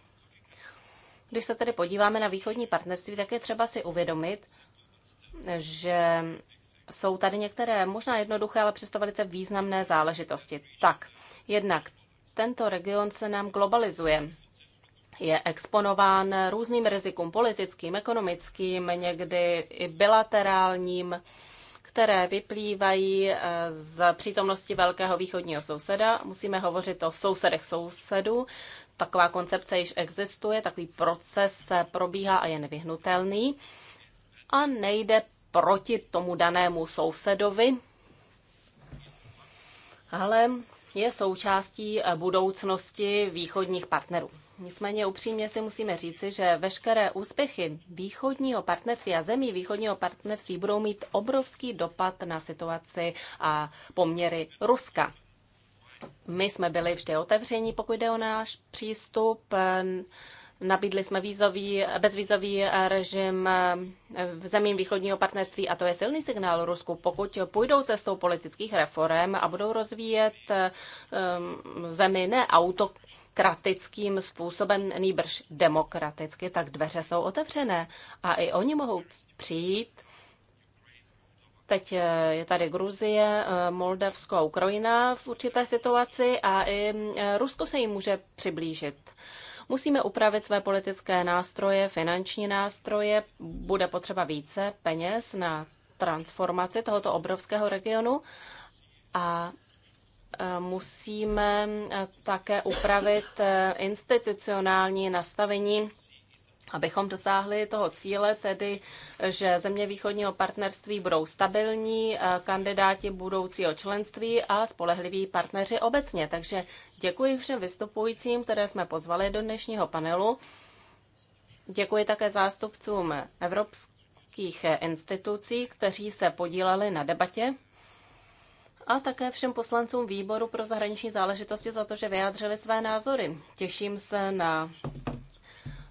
Když se tedy podíváme na východní partnerství, tak je třeba si uvědomit, že jsou tady některé možná jednoduché, ale přesto velice významné záležitosti. Tak, jednak tento region se nám globalizuje. Je exponován různým rizikům politickým, ekonomickým, někdy i bilaterálním které vyplývají eh, z přítomnosti velkého východního souseda. Musíme hovořit o sousedech sousedů. Taková koncepce již existuje, takový proces eh, probíhá a je nevyhnutelný. A nejde proti tomu danému sousedovi, ale je součástí eh, budoucnosti východních partnerů. Nicméně upřímně si musíme říci, že veškeré úspěchy východního partnerství a zemí východního partnerství budou mít obrovský dopad na situaci a poměry Ruska. My jsme byli vždy otevření, pokud jde o náš přístup. Nabídli jsme vízový, bezvízový režim eh, v zemím východního partnerství a to je silný signál Rusku. Pokud půjdou cestou politických reform a budou rozvíjet eh, zemi ne auto, kratickým způsobem, nýbrž demokraticky, tak dveře jsou otevřené a i oni mohou přijít. Teď eh, je tady Gruzie, eh, Moldavsko a Ukrajina v určité situaci a i eh, Rusko se jim může přiblížit. Musíme upravit své politické nástroje, finanční nástroje, bude potřeba více peněz na transformaci tohoto obrovského regionu a musíme eh, také upravit eh, institucionální nastavení abychom dosáhli toho cíle, tedy že země východního partnerství budou stabilní, eh, kandidáti budoucího členství a spolehliví partneři obecně. Takže děkuji všem vystupujícím, které jsme pozvali do dnešního panelu. Děkuji také zástupcům evropských institucí, kteří se podíleli na debatě a také všem poslancům výboru pro zahraniční záležitosti za to, že vyjádřili své názory. Těším se na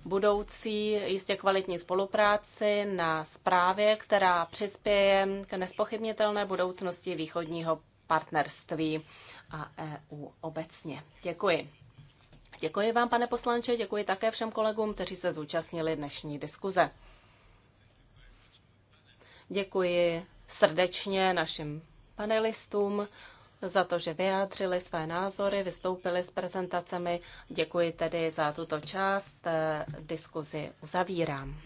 budoucí jistě kvalitní spolupráci na zprávě, která přispěje k nespochybnitelné budoucnosti východního partnerství a EU obecně. Děkuji. Děkuji vám, pane poslanče, děkuji také všem kolegům, kteří se zúčastnili dnešní diskuze. Děkuji srdečně našim panelistům za to, že vyjádřili své názory, vystoupili s prezentacemi. Děkuji tedy za tuto část. Eh, diskuzi uzavírám.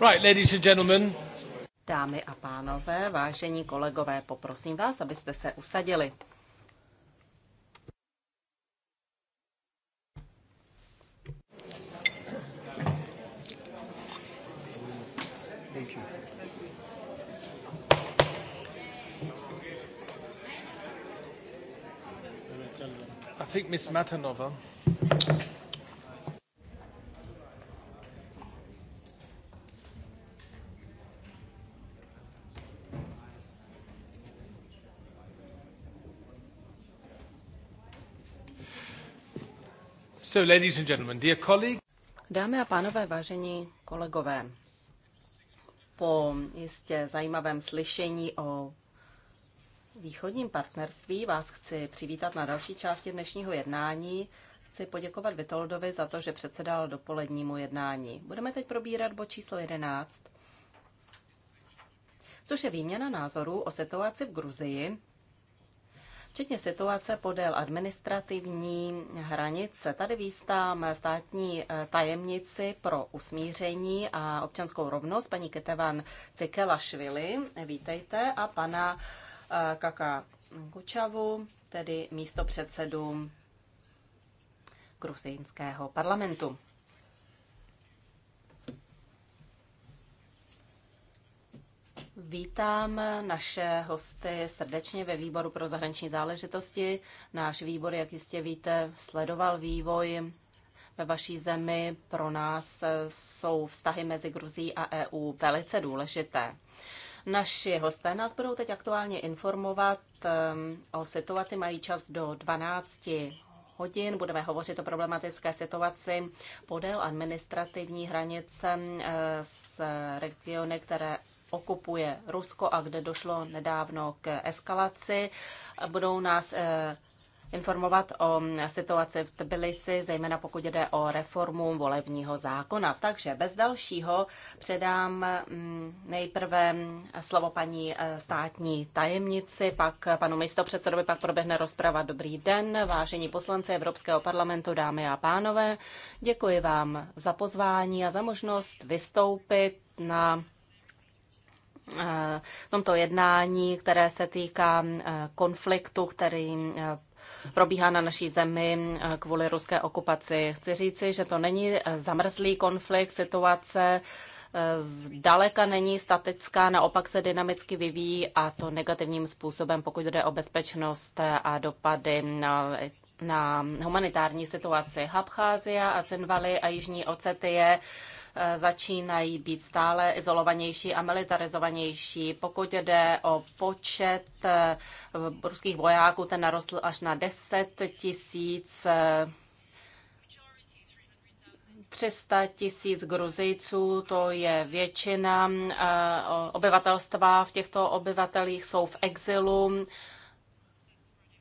Right, ladies and gentlemen. Dámy a pánové, vážení kolegové, poprosím vás, abyste se usadili. Dámy a pánové, vážení kolegové, po jistě zajímavém slyšení o východním partnerství vás chci přivítat na další části dnešního jednání. Chci poděkovat Vitoldovi za to, že předsedal dopolednímu jednání. Budeme teď probírat bod číslo 11, což je výměna názorů o situaci v Gruzii, včetně situace podél administrativní hranice. Tady výstám státní eh, tajemnici pro usmíření a občanskou rovnost, paní Ketevan Švili. vítejte, a pana Eh, Kaka Kučavu, tedy místo předsedu gruzínského parlamentu. Vítám naše hosty srdečně ve výboru pro zahraniční záležitosti. Náš výbor, jak jistě víte, sledoval vývoj ve vaší zemi. Pro nás jsou vztahy mezi Gruzí a EU velice důležité. Naši hosté nás budou teď aktuálně informovat ehm, o situaci, mají čas do 12 hodin. Budeme hovořit o problematické situaci podél administrativní hranice eh, s regiony, které okupuje Rusko a kde došlo nedávno k eskalaci. Budou nás eh, informovat o situaci v Tbilisi, zejména pokud jde o reformu volebního zákona. Takže bez dalšího předám mm, nejprve slovo paní eh, státní tajemnici, pak panu místopředsedovi, pak proběhne rozprava. Dobrý den, vážení poslanci Evropského parlamentu, dámy a pánové. Děkuji vám za pozvání a za možnost vystoupit na eh, tomto jednání, které se týká eh, konfliktu, který probíhá na naší zemi eh, kvůli ruské okupaci. Chci říci, že to není eh, zamrzlý konflikt, situace eh, zdaleka není statická, naopak se dynamicky vyvíjí a to negativním způsobem, pokud jde o bezpečnost a dopady na na humanitární situaci. Habcházia a Cenvaly a Jižní Ocetie začínají být stále izolovanější a militarizovanější. Pokud jde o počet eh, ruských vojáků, ten narostl až na 10 tisíc 300 tisíc Gruzijců, to je většina eh, obyvatelstva. V těchto obyvatelích jsou v exilu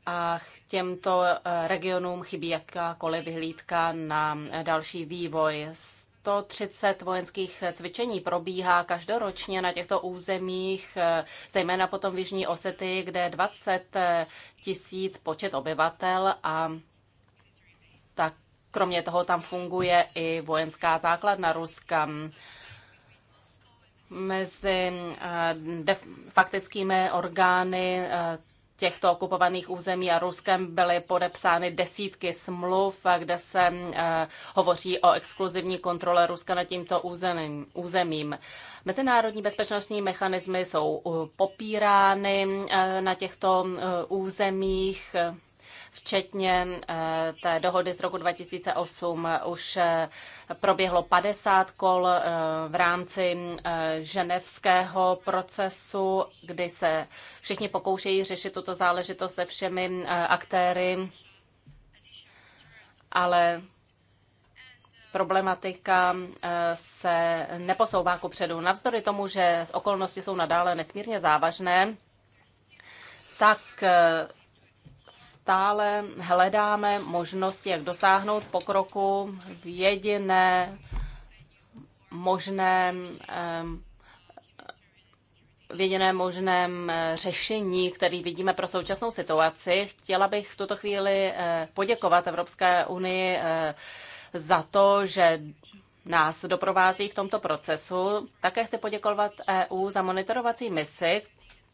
a těmto eh, regionům chybí jakákoliv vyhlídka na další vývoj. 130 vojenských cvičení probíhá každoročně na těchto územích, eh, zejména potom v Jižní Osety, kde 20 eh, tisíc počet obyvatel a tak kromě toho tam funguje i vojenská základna Ruska mezi eh, faktickými orgány těchto okupovaných území a Ruskem byly podepsány desítky smluv, kde se eh, hovoří o exkluzivní kontrole Ruska nad tímto územím. Mezinárodní bezpečnostní mechanismy jsou eh, popírány eh, na těchto územích včetně eh, té dohody z roku 2008, eh, už eh, proběhlo 50 kol v rámci ženevského procesu, kdy se všichni pokoušejí řešit tuto záležitost se všemi aktéry, ale problematika se neposouvá ku předu. Navzdory tomu, že okolnosti jsou nadále nesmírně závažné, tak stále hledáme možnosti, jak dosáhnout pokroku v jediné možném, v jediném možném eh, řešení, který vidíme pro současnou situaci. Chtěla bych v tuto chvíli eh, poděkovat Evropské unii eh, za to, že nás doprovází v tomto procesu. Také chci poděkovat EU za monitorovací misi,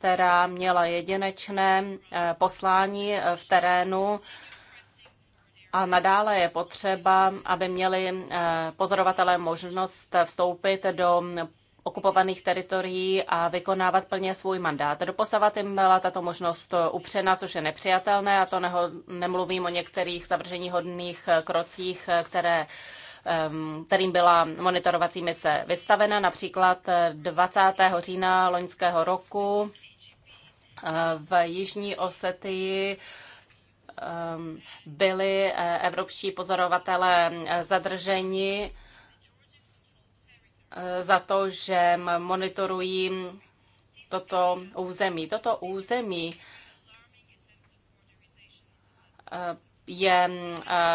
která měla jedinečné eh, poslání eh, v terénu a nadále je potřeba, aby měli eh, pozorovatelé možnost vstoupit do okupovaných teritorií a vykonávat plně svůj mandát. Doposavat jim byla tato možnost upřena, což je nepřijatelné a to neho, nemluvím o některých zavrženíhodných krocích, které ehm, kterým byla monitorovací mise vystavena, například 20. října loňského roku Eh, v Jižní Osetii ehm, byli eh, evropští pozorovatelé eh, zadrženi za to, že monitorují toto území. Toto území je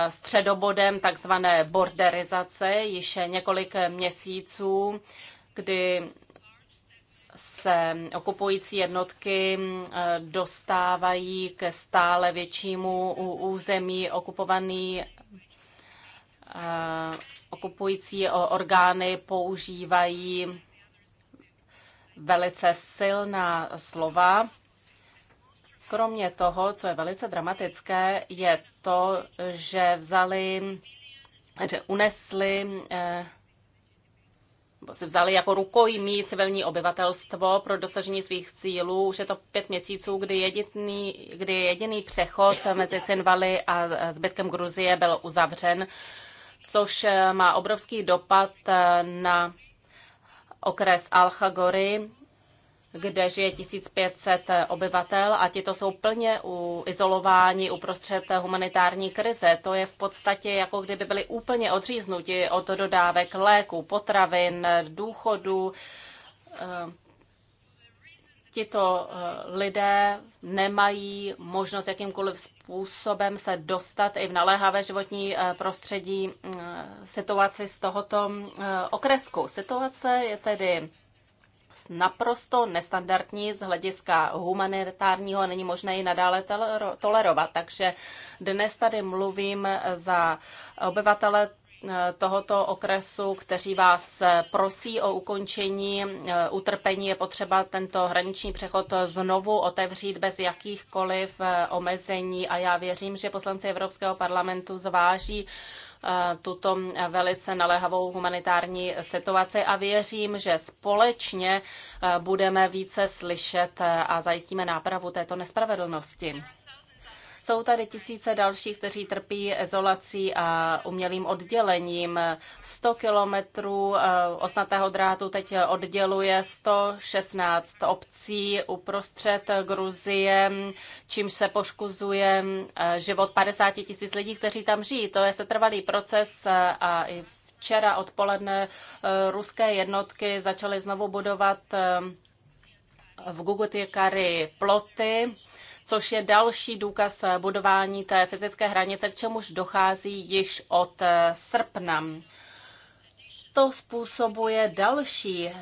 středobodem takzvané borderizace již několik měsíců, kdy se okupující jednotky mm, eh, dostávají ke stále většímu území okupovaný eh, okupující orgány používají velice silná slova. Kromě toho, co je velice dramatické, je to, že vzali, že unesli eh, se vzali jako rukojmí civilní obyvatelstvo pro dosažení svých cílů. Už je to pět měsíců, kdy jediný, kdy jediný přechod mezi Cinvali a zbytkem Gruzie byl uzavřen, což má obrovský dopad na okres Alchagory, kde žije 1500 obyvatel a tito jsou plně u izolováni uprostřed humanitární krize. To je v podstatě jako kdyby byli úplně odříznuti od dodávek léků, potravin, důchodů. Eh, tito eh, lidé nemají možnost jakýmkoliv způsobem se dostat i v naléhavé životní eh, prostředí mm, situaci z tohoto mm, okresku. Situace je tedy naprosto nestandardní z hlediska humanitárního a není možné ji nadále tolerovat. Takže dnes tady mluvím za obyvatele eh, tohoto okresu, kteří vás prosí o ukončení eh, utrpení, je potřeba tento hraniční přechod znovu otevřít bez jakýchkoliv eh, omezení a já věřím, že poslanci Evropského parlamentu zváží Eh, tuto velice naléhavou humanitární situaci a věřím, že společně eh, budeme více slyšet eh, a zajistíme nápravu této nespravedlnosti. Jsou tady tisíce dalších, kteří trpí izolací a umělým oddělením. 100 kilometrů eh, osnatého drátu teď odděluje 116 obcí uprostřed Gruzie, čímž se poškozuje eh, život 50 tisíc lidí, kteří tam žijí. To je setrvalý proces eh, a i včera odpoledne ruské jednotky začaly znovu budovat v Gugutikary ploty což je další důkaz eh, budování té fyzické hranice, k čemuž dochází již od eh, srpna. To způsobuje další eh,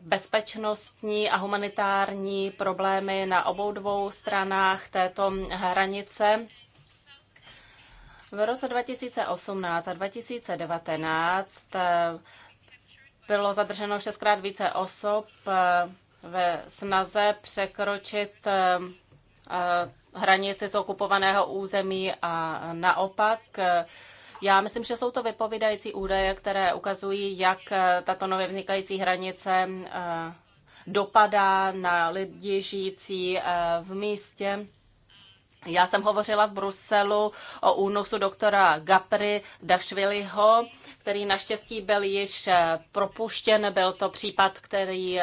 bezpečnostní a humanitární problémy na obou dvou stranách této hranice. V roce 2018 a 2019 bylo zadrženo šestkrát více osob ve snaze překročit Eh, hranici z okupovaného území a naopak. Eh, já myslím, že jsou to vypovídající údaje, které ukazují, jak eh, tato nově vznikající hranice dopadá na lidi žijící v místě. Já jsem hovořila v Bruselu o únosu doktora Gapry Dašviliho, který naštěstí byl již propuštěn. Byl to případ, který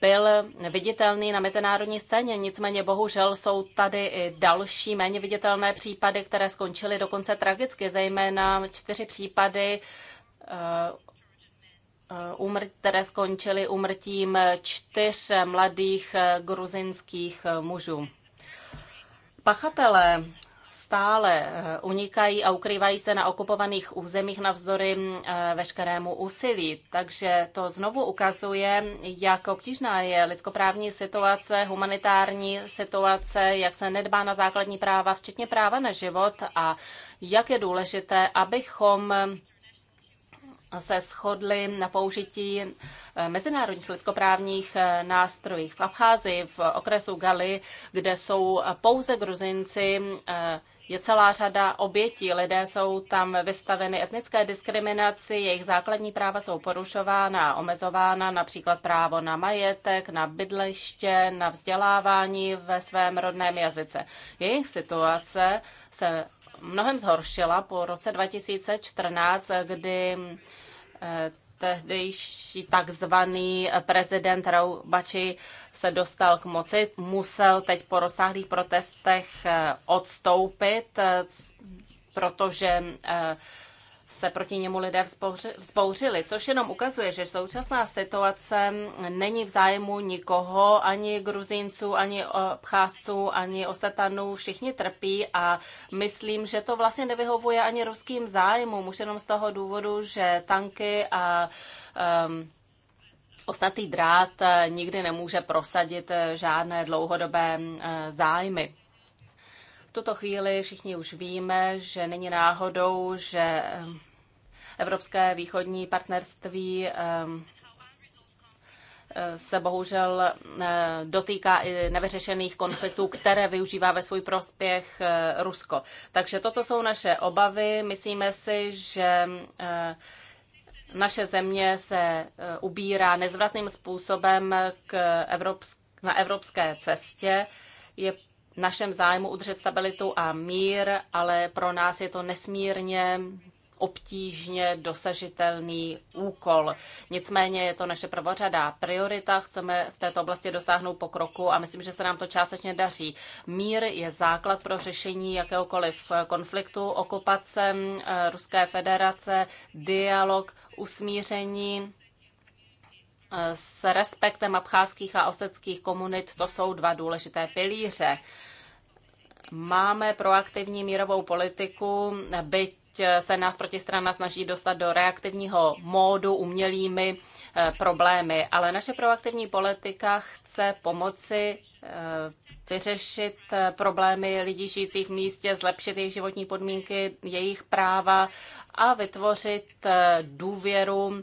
byl viditelný na mezinárodní scéně. Nicméně bohužel jsou tady i další méně viditelné případy, které skončily dokonce tragicky, zejména čtyři případy eh, eh, které skončily umrtím čtyř mladých eh, gruzinských mužů. Pachatelé stále eh, unikají a ukrývají se na okupovaných územích navzdory eh, veškerému úsilí. Takže to znovu ukazuje, jak obtížná je lidskoprávní situace, humanitární situace, jak se nedbá na základní práva, včetně práva na život a jak je důležité, abychom se shodli na použití eh, mezinárodních lidskoprávních nástrojů. V Abcházii, v okresu Gali, kde jsou pouze gruzinci, je celá řada obětí. Lidé jsou tam vystaveni etnické diskriminaci, jejich základní práva jsou porušována a omezována, například právo na majetek, na bydliště, na vzdělávání ve svém rodném jazyce. Jejich situace se mnohem zhoršila po roce 2014, kdy eh, tehdejší takzvaný prezident Raubači se dostal k moci, musel teď po rozsáhlých protestech eh, odstoupit, eh, protože eh, se proti němu lidé vzpouřili, což jenom ukazuje, že současná situace není v zájmu nikoho, ani gruzínců, ani obcházců, ani Osetanů. Všichni trpí a myslím, že to vlastně nevyhovuje ani ruským zájmům, už jenom z toho důvodu, že tanky a um, ostatý drát eh, nikdy nemůže prosadit eh, žádné dlouhodobé eh, zájmy. V tuto chvíli všichni už víme, že není náhodou, že Evropské východní partnerství ehm, eh, se bohužel eh, dotýká i nevyřešených konfliktů, které využívá ve svůj prospěch eh, Rusko. Takže toto jsou naše obavy. Myslíme si, že naše země se ubírá nezvratným způsobem k evropsk- na evropské cestě. Je v našem zájmu udržet stabilitu a mír, ale pro nás je to nesmírně obtížně dosažitelný úkol. Nicméně je to naše prvořadá priorita, chceme v této oblasti dosáhnout pokroku a myslím, že se nám to částečně daří. Mír je základ pro řešení jakéhokoliv konfliktu, okupace eh, Ruské federace, dialog, usmíření, eh, s respektem abcházských a oseckých komunit, to jsou dva důležité pilíře. Máme proaktivní mírovou politiku, byť se nás protistrana snaží dostat do reaktivního módu umělými eh, problémy, ale naše proaktivní politika chce pomoci eh, vyřešit eh, problémy lidí žijících v místě, zlepšit jejich životní podmínky, jejich práva a vytvořit důvěru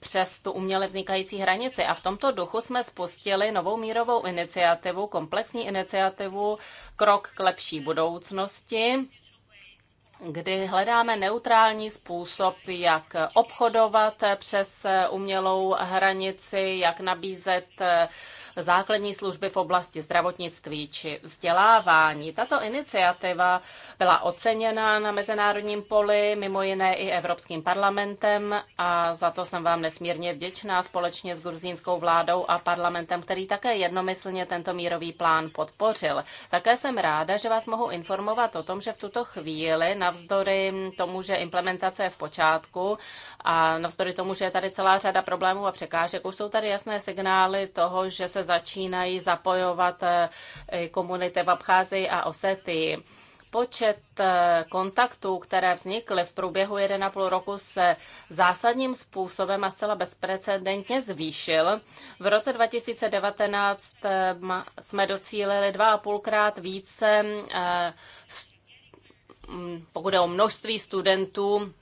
přes tu uměle vznikající hranici. A v tomto duchu jsme spustili novou mírovou iniciativu, komplexní iniciativu Krok k lepší budoucnosti kdy hledáme neutrální způsob, jak obchodovat přes umělou hranici, jak nabízet základní služby v oblasti zdravotnictví či vzdělávání. Tato iniciativa byla oceněna na mezinárodním poli, mimo jiné i Evropským parlamentem a za to jsem vám nesmírně vděčná společně s gruzínskou vládou a parlamentem, který také jednomyslně tento mírový plán podpořil. Také jsem ráda, že vás mohu informovat o tom, že v tuto chvíli navzdory tomu, že implementace je v počátku a navzdory tomu, že je tady celá řada problémů a překážek, už jsou tady jasné signály toho, že se začínají zapojovat eh, komunity v Abcházii a Osetii. Počet eh, kontaktů, které vznikly v průběhu 1,5 roku, se zásadním způsobem a zcela bezprecedentně zvýšil. V roce 2019 eh, jsme docílili 2,5 krát více, mm, pokud je o množství studentů,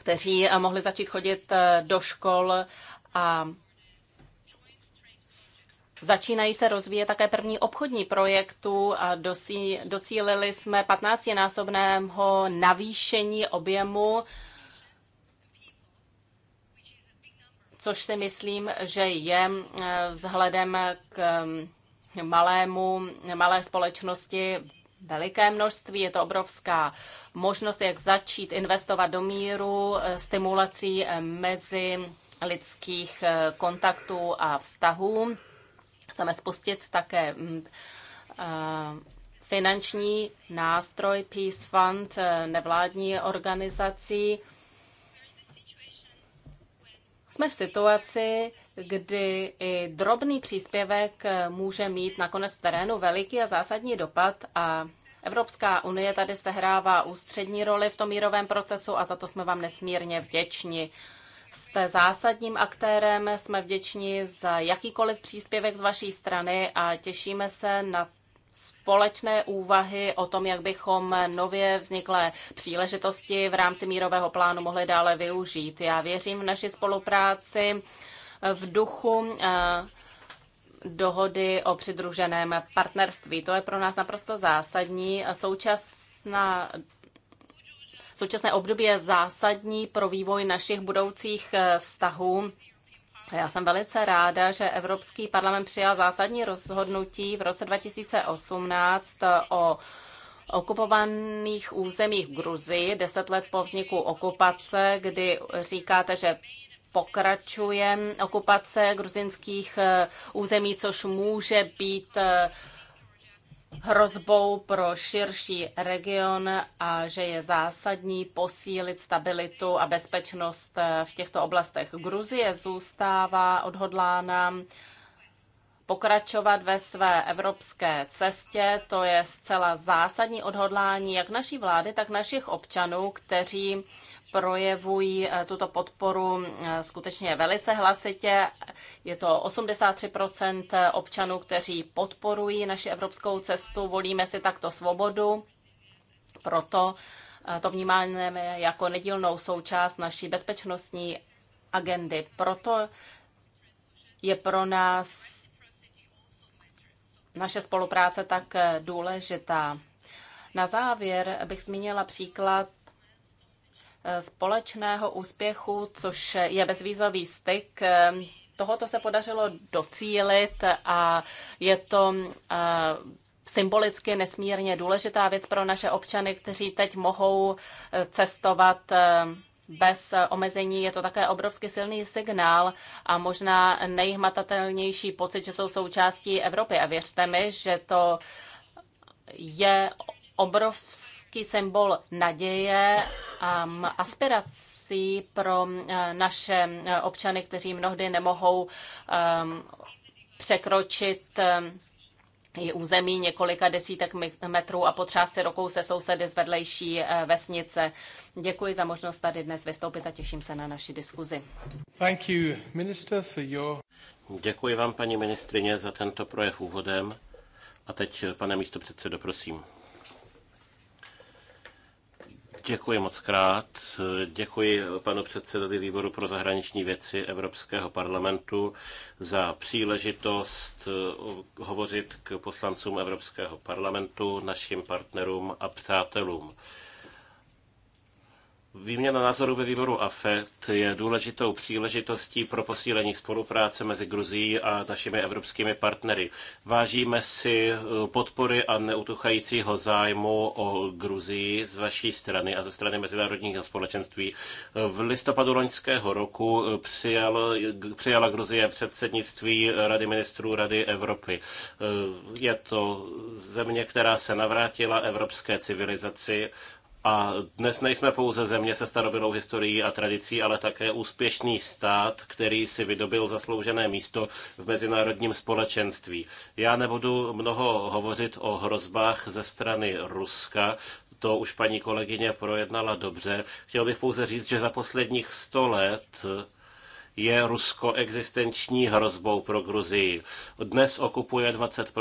kteří mohli začít chodit do škol a Začínají se rozvíjet také první obchodní projektu a dosí, docílili jsme 15-násobného navýšení objemu, což si myslím, že je eh, vzhledem k eh, malému, malé společnosti veliké množství, je to obrovská možnost, jak začít investovat do míru, eh, stimulací mezi lidských kontaktů a vztahů. Chceme spustit také mm, finanční nástroj Peace Fund e, nevládní organizací. Jsme v situaci, kdy i drobný příspěvek e, může mít nakonec v terénu veliký a zásadní dopad a Evropská unie tady sehrává ústřední roli v tom mírovém procesu a za to jsme vám nesmírně vděční. Jste zásadním aktérem, jsme vděční za jakýkoliv příspěvek z vaší strany a těšíme se na společné úvahy o tom, jak bychom nově vzniklé příležitosti v rámci mírového plánu mohli dále využít. Já věřím v naši spolupráci v duchu eh, dohody o přidruženém partnerství. To je pro nás naprosto zásadní. Současná současné období je zásadní pro vývoj našich budoucích eh, vztahů. Já jsem velice ráda, že Evropský parlament přijal zásadní rozhodnutí v roce 2018 eh, o okupovaných územích Gruzii, deset let po vzniku okupace, kdy říkáte, že pokračuje okupace gruzinských eh, území, což může být hrozbou pro širší region a že je zásadní posílit stabilitu a bezpečnost eh, v těchto oblastech. Gruzie zůstává odhodlána pokračovat ve své evropské cestě. To je zcela zásadní odhodlání jak naší vlády, tak našich občanů, kteří projevují eh, tuto podporu eh, skutečně velice hlasitě. Je to 83 eh, občanů, kteří podporují naši evropskou cestu, volíme si takto svobodu, proto to vnímáme jako nedílnou součást naší bezpečnostní agendy. Proto je pro nás naše spolupráce tak důležitá. Na závěr bych zmínila příklad společného úspěchu, což je bezvýzový styk. Tohoto se podařilo docílit a je to eh, symbolicky nesmírně důležitá věc pro naše občany, kteří teď mohou eh, cestovat eh, bez omezení. Je to také obrovsky silný signál a možná nejhmatatelnější pocit, že jsou součástí Evropy. A věřte mi, že to je obrovský obrovský symbol naděje a aspirací pro e, naše e, občany, kteří mnohdy nemohou e, překročit i území několika desítek metrů a potřásy si rokou se sousedy z vedlejší vesnice. Děkuji za možnost tady dnes vystoupit a těším se na naši diskuzi. Thank you, minister, for your... Děkuji vám, paní ministrině, za tento projev úvodem. A teď, pane místo předsedo, prosím. Děkuji moc krát. Děkuji panu předsedovi výboru pro zahraniční věci Evropského parlamentu za příležitost hovořit k poslancům Evropského parlamentu, našim partnerům a přátelům. Výměna názorů ve výboru AFET je důležitou příležitostí pro posílení spolupráce mezi Gruzií a našimi evropskými partnery. Vážíme si eh, podpory a neutuchajícího zájmu o Gruzii z vaší strany a ze strany mezinárodního společenství. Eh, v listopadu loňského roku eh, přijal, přijala Gruzie předsednictví Rady ministrů Rady Evropy. Je to země, která se navrátila evropské civilizaci a dnes nejsme pouze země se starobylou historií a tradicí, ale také úspěšný stát, který si vydobil zasloužené místo v mezinárodním společenství. Já nebudu mnoho hovořit o hrozbách ze strany Ruska, to už paní kolegyně projednala dobře. Chtěl bych pouze říct, že za posledních sto let je Rusko existenční hrozbou pro Gruzii. Dnes okupuje 20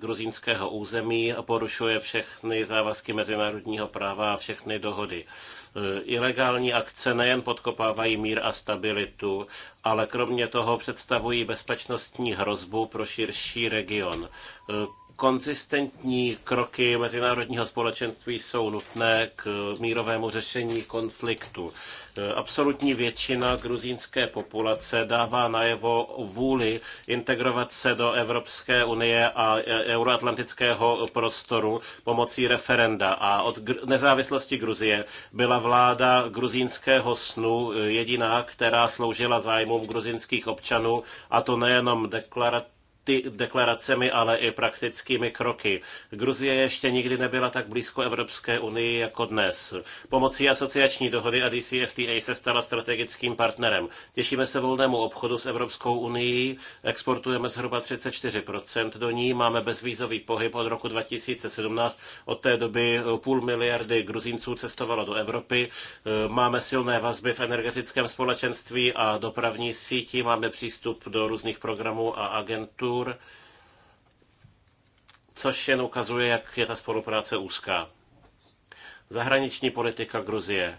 gruzínského území a porušuje všechny závazky mezinárodního práva a všechny dohody. E, ilegální akce nejen podkopávají mír a stabilitu, ale kromě toho představují bezpečnostní hrozbu pro širší region. E, Konzistentní kroky mezinárodního společenství jsou nutné k mírovému řešení konfliktu. Absolutní většina gruzínské populace dává najevo vůli integrovat se do Evropské unie a euroatlantického prostoru pomocí referenda. A od nezávislosti Gruzie byla vláda gruzínského snu jediná, která sloužila zájmům gruzínských občanů, a to nejenom deklarativně, ty deklaracemi, ale i praktickými kroky. Gruzie ještě nikdy nebyla tak blízko Evropské unii jako dnes. Pomocí asociační dohody a DCFTA se stala strategickým partnerem. Těšíme se volnému obchodu s Evropskou unii, exportujeme zhruba 34% do ní, máme bezvízový pohyb od roku 2017. Od té doby půl miliardy Gruzínců cestovalo do Evropy. Máme silné vazby v energetickém společenství a dopravní síti, máme přístup do různých programů a agentů Tour, což jen ukazuje, jak je ta spolupráce úzká. Zahraniční politika Gruzie.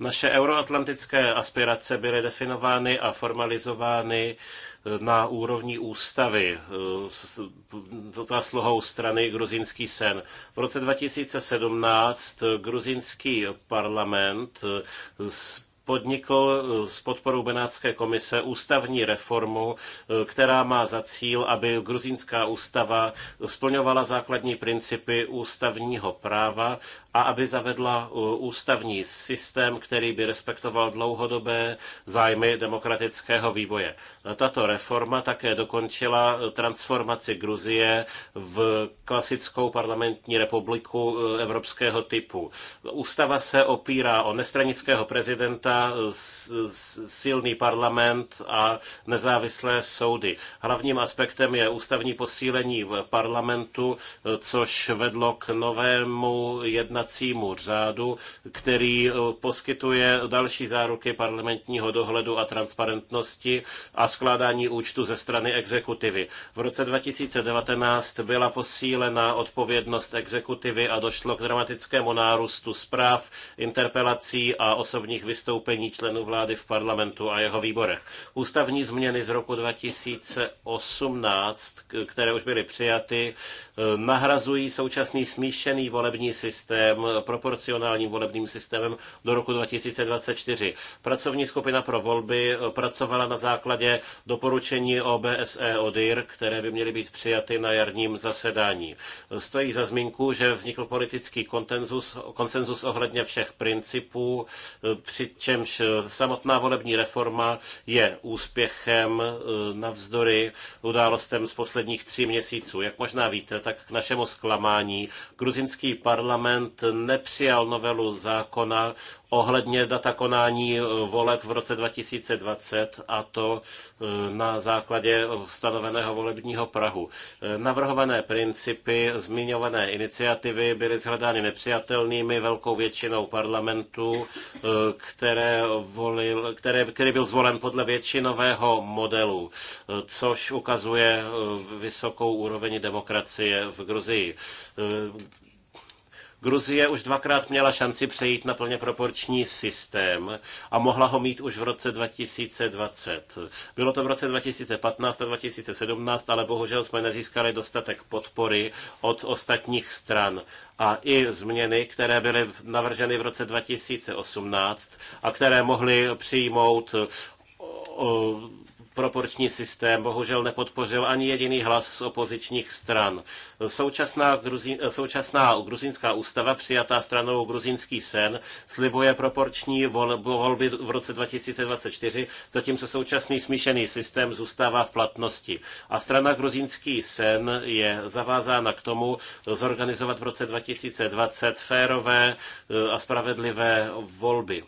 Naše euroatlantické aspirace byly definovány a formalizovány eh, na úrovni ústavy eh, s zásluhou strany Gruzínský sen. V roce 2017 eh, gruzínský parlament podnikl eh, s podporou Benátské komise ústavní reformu, eh, která má za cíl, aby gruzínská ústava splňovala základní principy ústavního práva a aby zavedla eh, ústavní systém, který by respektoval dlouhodobé zájmy demokratického vývoje. Tato reforma také dokončila transformaci Gruzie v klasickou parlamentní republiku evropského typu. Ústava se opírá o nestranického prezidenta, místa eh, silný parlament a nezávislé soudy. Hlavním aspektem je ústavní posílení parlamentu, eh, což vedlo k novému jednacímu řádu, který eh, poskytuje další záruky parlamentního dohledu a transparentnosti a skládání účtu ze strany exekutivy. V roce 2019 byla posílena odpovědnost exekutivy a došlo k dramatickému nárůstu zpráv, interpelací a osobních vystoupení zastoupení členů vlády v parlamentu a jeho výborech. Ústavní změny z roku 2018, které už byly přijaty, eh, nahrazují současný smíšený volební systém proporcionálním volebním systémem do roku 2024. Pracovní skupina pro volby eh, pracovala na základě doporučení OBSE ODIR, které by měly být přijaty na jarním zasedání. Stojí za zmínku, že vznikl politický konsenzus, ohledně všech principů, eh, přičemž přičemž eh, samotná volební reforma je úspěchem eh, navzdory událostem z posledních tří měsíců. Jak možná víte, tak k našemu zklamání gruzinský parlament nepřijal novelu zákona ohledně data konání eh, voleb v roce 2020 a to eh, na základě stanoveného volebního Prahu. Eh, navrhované principy zmiňované iniciativy byly shledány nepřijatelnými velkou většinou parlamentu, které, volil, které, který byl zvolen podle většinového modelu, což ukazuje vysokou úroveň demokracie v Gruzii. Gruzie už dvakrát měla šanci přejít na plně proporční systém a mohla ho mít už v roce 2020. Bylo to v roce 2015 a 2017, ale bohužel jsme nezískali dostatek podpory od ostatních stran. A i změny, které byly navrženy v roce 2018 a které mohly přijmout proporční systém bohužel nepodpořil ani jediný hlas z opozičních stran. Současná, gruzín, současná gruzínská ústava, přijatá stranou Gruzínský sen, slibuje proporční volby v roce 2024, zatímco současný smíšený systém zůstává v platnosti. A strana Gruzínský sen je zavázána k tomu zorganizovat v roce 2020 férové e, a spravedlivé volby.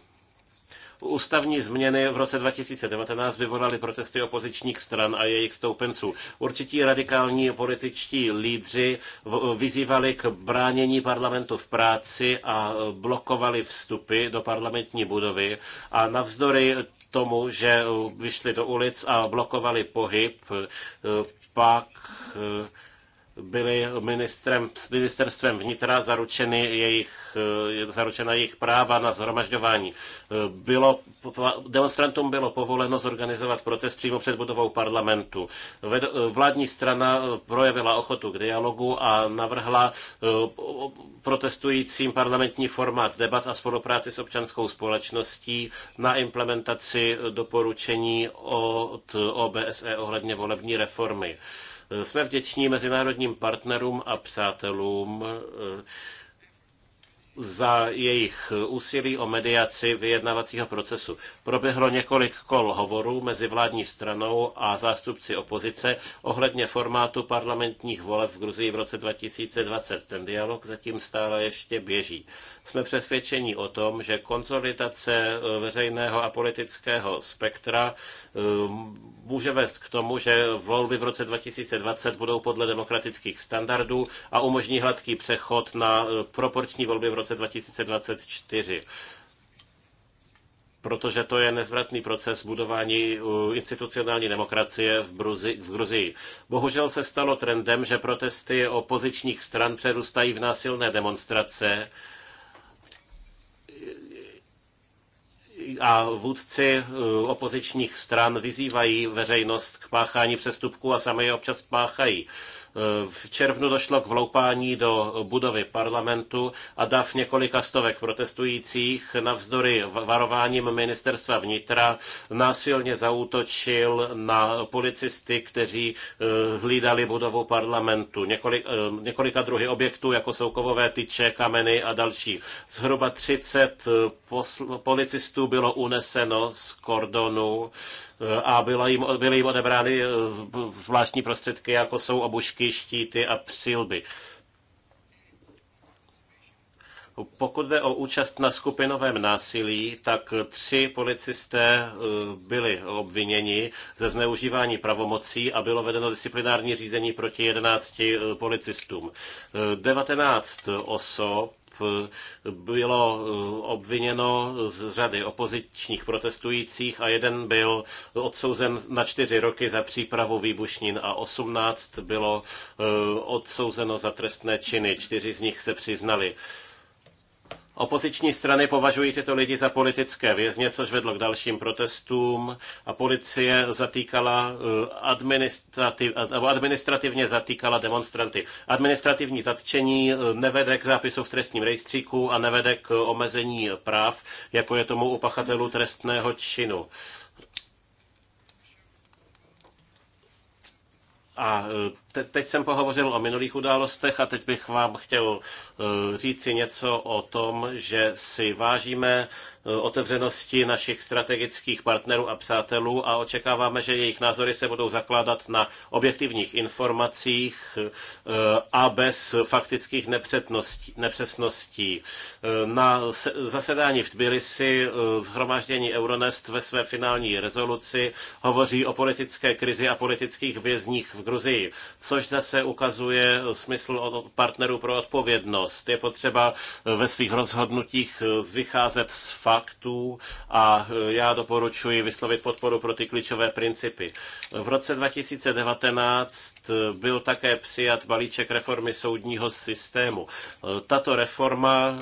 Ústavní změny v roce 2019 vyvolaly protesty opozičních stran a jejich stoupenců. Určití radikální političtí lídři vyzývali k bránění parlamentu v práci a blokovali vstupy do parlamentní budovy a navzdory tomu, že vyšli do ulic a blokovali pohyb, eh, pak eh, byly ministrem, ministerstvem vnitra zaručeny jejich, eh, zaručena jejich práva na zhromažďování. Eh, bylo, demonstrantům bylo povoleno zorganizovat proces přímo před budovou parlamentu. Eh, vládní strana projevila ochotu k dialogu a navrhla protestujícím parlamentní formát debat a spolupráci s občanskou společností na implementaci doporučení od OBSE ohledně volební reformy. Jsme vděční mezinárodním partnerům a přátelům eh, za jejich úsilí o mediaci vyjednavacího procesu. Proběhlo několik kol hovorů mezi vládní stranou a zástupci opozice ohledně formátu parlamentních voleb v Gruzii v roce 2020. Ten dialog zatím stále ještě běží. Jsme přesvědčeni o tom, že konsolidace eh, veřejného a politického spektra eh, může vést k tomu, že volby v roce 2020 budou podle demokratických standardů a umožní hladký přechod na e, proporční volby v roce 2024 protože to je nezvratný proces budování e, institucionální demokracie v, Bruzi, v Gruzii. Bohužel se stalo trendem, že protesty opozičních stran přerůstají v násilné demonstrace, a vůdci eh, opozičních stran vyzývají veřejnost k páchání přestupků a sami je občas páchají. V červnu došlo k vloupání do budovy parlamentu a dav několika stovek protestujících navzdory varováním ministerstva vnitra násilně zaútočil na policisty, kteří eh, hlídali budovu parlamentu. Několik, eh, několika druhy objektů, jako jsou kovové tyče, kameny a další. Zhruba 30 eh, policistů bylo uneseno z kordonu Eh, a byla jim, byly jim odebrány eh, zvláštní prostředky, jako jsou obušky, štíty a přilby. Pokud jde o účast na skupinovém násilí, tak tři policisté eh, byli obviněni ze zneužívání pravomocí a bylo vedeno disciplinární řízení proti 11 policistům. 19 osob Eh, bylo eh, obviněno z řady opozičních protestujících a jeden byl odsouzen na čtyři roky za přípravu výbušnin a osmnáct bylo eh, odsouzeno za trestné činy. Čtyři z nich se přiznali. Opoziční strany považují tyto lidi za politické vězně, což vedlo k dalším protestům a policie zatýkala eh, administrativ, administrativně zatýkala demonstranty. Administrativní zatčení eh, nevede k zápisu v trestním rejstříku a nevede k omezení práv, jako je tomu u pachatelů trestného činu. A eh, te, teď jsem pohovořil o minulých událostech a teď bych vám chtěl eh, říci něco o tom, že si vážíme eh, otevřenosti našich strategických partnerů a přátelů a očekáváme, že jejich názory se budou zakládat na objektivních informacích eh, a bez faktických nepřesností. Na zasedání v Tbilisi zhromáždění Euronest ve své finální rezoluci hovoří o politické krizi a politických vězních v Gruzii což zase ukazuje smysl od partnerů pro odpovědnost. Je potřeba eh, ve svých rozhodnutích eh, vycházet z faktů a eh, já doporučuji vyslovit podporu pro ty klíčové principy. V roce 2019 byl také přijat balíček reformy soudního systému. Tato reforma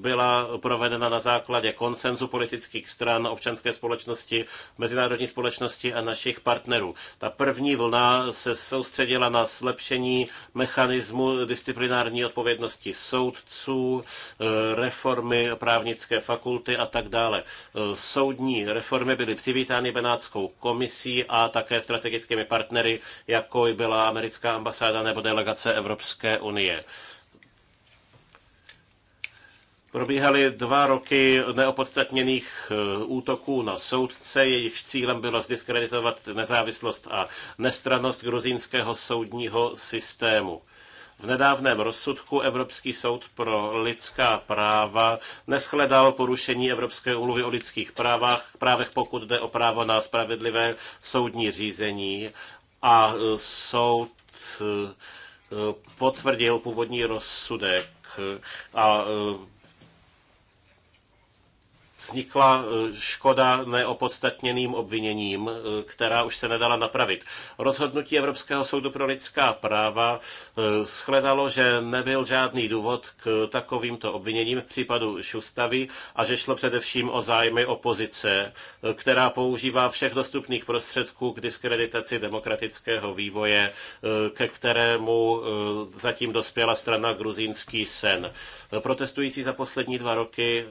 byla provedena na základě konsenzu politických stran, občanské společnosti, mezinárodní společnosti a našich partnerů. Ta první vlna se soustředila na za zlepšení mechanismu disciplinární odpovědnosti soudců, eh, reformy právnické fakulty a tak dále. Eh, soudní reformy byly přivítány Benátskou komisí a také strategickými partnery, jako byla americká ambasáda nebo delegace Evropské unie. Probíhaly dva roky neopodstatněných eh, útoků na soudce, jejichž cílem bylo zdiskreditovat nezávislost a nestranost gruzínského soudního systému. V nedávném rozsudku Evropský soud pro lidská práva neschledal porušení Evropské úmluvy o lidských právách, právech pokud jde o právo na spravedlivé soudní řízení a eh, soud eh, potvrdil původní rozsudek a vznikla eh, škoda neopodstatněným obviněním, eh, která už se nedala napravit. Rozhodnutí Evropského soudu pro lidská práva eh, shledalo, že nebyl žádný důvod k takovýmto obviněním v případu Šustavy a že šlo především o zájmy opozice, která používá všech dostupných prostředků k diskreditaci demokratického vývoje, ke kterému zatím dospěla strana gruzínský sen. Protestující za poslední dva roky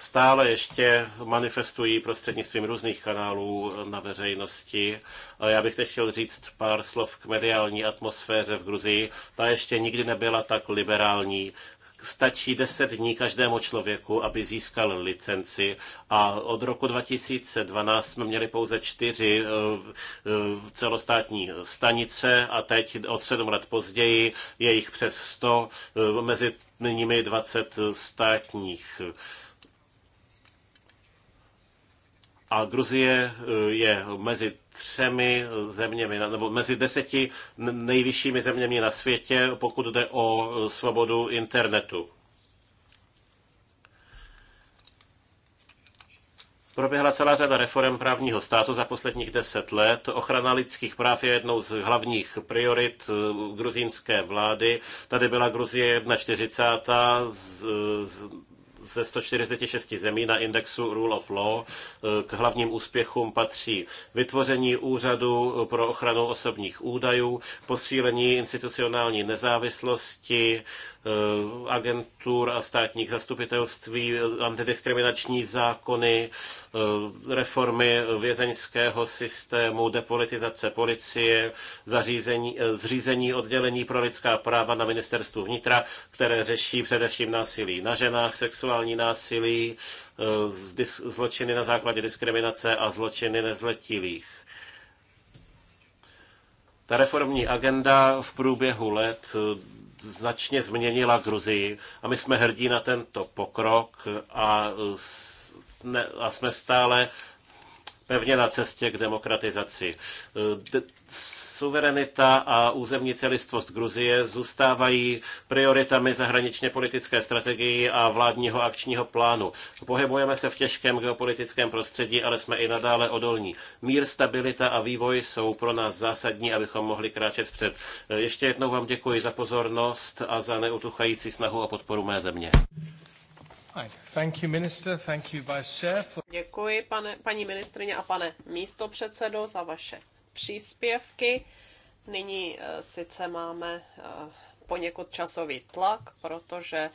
stále ještě manifestují prostřednictvím různých kanálů na veřejnosti. Já bych teď chtěl říct pár slov k mediální atmosféře v Gruzii. Ta ještě nikdy nebyla tak liberální. Stačí 10 dní každému člověku, aby získal licenci a od roku 2012 jsme měli pouze čtyři eh, eh, celostátní stanice a teď od 7 let později je jich přes 100, eh, mezi nimi 20 státních a Gruzie eh, je mezi třemi eh, zeměmi, nebo mezi deseti nejvyššími zeměmi na světě, pokud jde o eh, svobodu internetu. Proběhla celá řada reform právního státu za posledních deset let. Ochrana lidských práv je jednou z hlavních priorit gruzínské vlády. Tady byla Gruzie 1,40, z, z, ze 146 zemí na indexu Rule of Law. Eh, k hlavním úspěchům patří vytvoření úřadu pro ochranu osobních údajů, posílení institucionální nezávislosti, Eh, agentur a státních zastupitelství, antidiskriminační zákony, eh, reformy vězeňského systému, depolitizace policie, zařízení, eh, zřízení oddělení pro lidská práva na ministerstvu vnitra, které řeší především násilí na ženách, sexuální násilí, zločiny na základě diskriminace a zločiny nezletilých. Ta reformní agenda v průběhu let značně změnila Gruzii a my jsme hrdí na tento pokrok a, ne, a jsme stále pevně na cestě k demokratizaci. E, suverenita a územní celistvost Gruzie zůstávají prioritami zahraničně politické strategii a vládního akčního plánu. Pohybujeme se v těžkém geopolitickém prostředí, ale jsme i nadále odolní. Mír, stabilita a vývoj jsou pro nás zásadní, abychom mohli kráčet vpřed. E, ještě jednou vám děkuji za pozornost a za neutuchající snahu o podporu mé země. Děkuji, pane, paní ministrině a pane místopředsedo, za vaše příspěvky. Nyní eh, sice máme eh, poněkud časový tlak, protože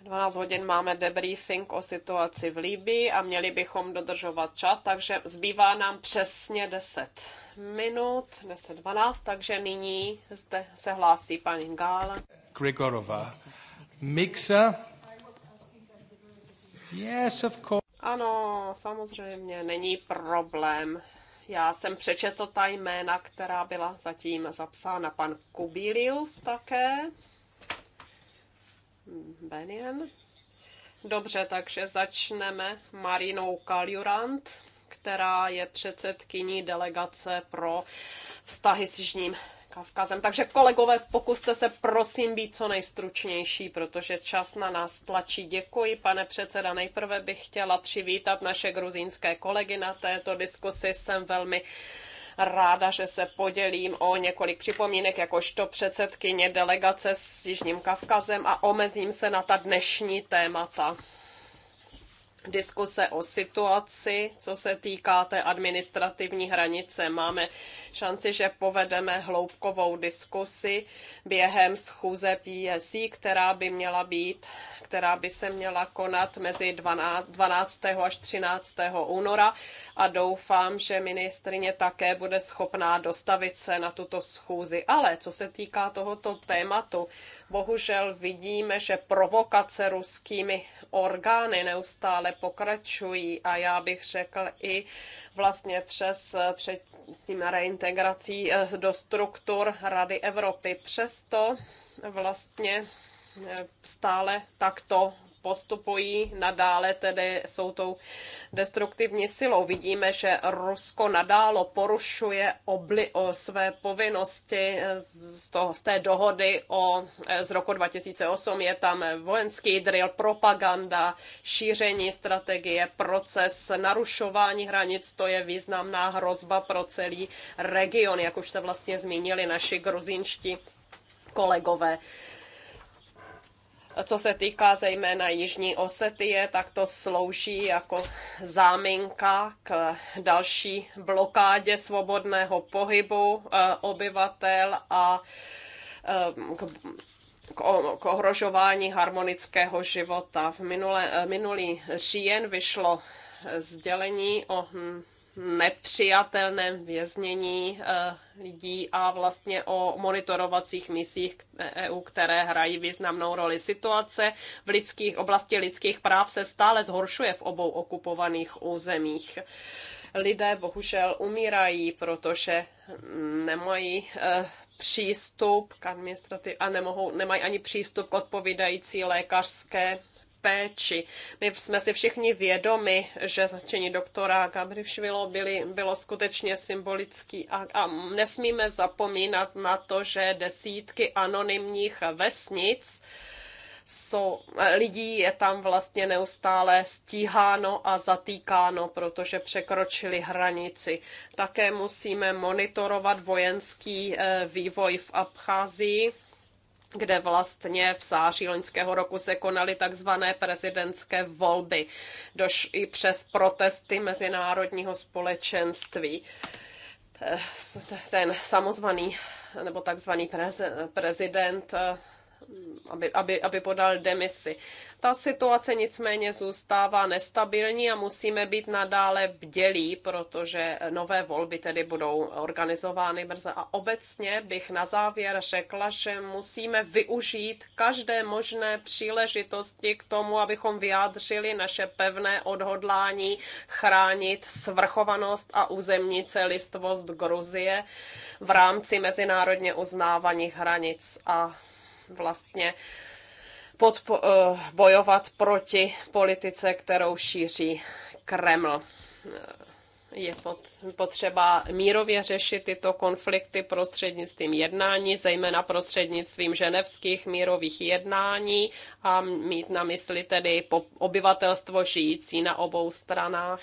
12 hodin máme debriefing o situaci v Libii a měli bychom dodržovat čas, takže zbývá nám přesně 10 minut, 10-12, takže nyní zde se hlásí paní Gála. Gregorová, mixer. Yes, of course. Ano, samozřejmě, není problém. Já jsem přečetl ta jména, která byla zatím zapsána. Pan Kubilius také. Benjen. Dobře, takže začneme Marinou Kaljurant, která je předsedkyní delegace pro vztahy s Jižním Kavkazem. Takže kolegové, pokuste se prosím být co nejstručnější, protože čas na nás tlačí. Děkuji, pane předseda. Nejprve bych chtěla přivítat naše gruzínské kolegy na této diskusi. Jsem velmi ráda, že se podělím o několik připomínek jakožto předsedkyně delegace s Jižním Kavkazem a omezím se na ta dnešní témata diskuse o situaci, co se týká té administrativní hranice. Máme šanci, že povedeme hloubkovou diskusi během schůze PSI, která by měla být, která by se měla konat mezi 12, 12. až 13. února a doufám, že ministrině také bude schopná dostavit se na tuto schůzi. Ale co se týká tohoto tématu, Bohužel vidíme, že provokace ruskými orgány neustále pokračují a já bych řekl i vlastně přes před tím reintegrací eh, do struktur Rady Evropy. Přesto vlastně eh, stále takto postupují nadále, tedy jsou tou destruktivní silou. Vidíme, že Rusko nadálo porušuje obli- o své povinnosti z, toho, z té dohody o, z roku 2008. Je tam vojenský drill, propaganda, šíření strategie, proces narušování hranic. To je významná hrozba pro celý region, jak už se vlastně zmínili naši gruzinští kolegové co se týká zejména Jižní Osetie, tak to slouží jako záminka k další blokádě svobodného pohybu eh, obyvatel a eh, k ohrožování harmonického života. V eh, minulý říjen vyšlo sdělení o hm, nepřijatelném věznění eh, lidí a vlastně o monitorovacích misích EU, které hrají významnou roli. Situace v lidských, oblasti lidských práv se stále zhoršuje v obou okupovaných územích. Lidé bohužel umírají, protože nemají eh, přístup k administrativě a nemohou, nemají ani přístup k odpovídající lékařské péči. My jsme si všichni vědomi, že začení doktora Gabrišvilo byly, bylo skutečně symbolický a, a nesmíme zapomínat na to, že desítky anonymních vesnic jsou, lidí je tam vlastně neustále stíháno a zatýkáno, protože překročili hranici. Také musíme monitorovat vojenský eh, vývoj v Abcházii kde vlastně v září loňského roku se konaly takzvané prezidentské volby, doš i přes protesty mezinárodního společenství. Eh, ten samozvaný nebo takzvaný prezident eh, aby, aby, aby podal demisi. Ta situace nicméně zůstává nestabilní a musíme být nadále bdělí, protože nové volby tedy budou organizovány brze. A obecně bych na závěr řekla, že musíme využít každé možné příležitosti k tomu, abychom vyjádřili naše pevné odhodlání chránit svrchovanost a územní celistvost Gruzie v rámci mezinárodně uznávaných hranic a vlastně podpo- eh, bojovat proti politice, kterou šíří Kreml eh, je potřeba mírově řešit tyto konflikty prostřednictvím jednání, zejména prostřednictvím ženevských mírových jednání a mít na mysli tedy obyvatelstvo žijící na obou stranách,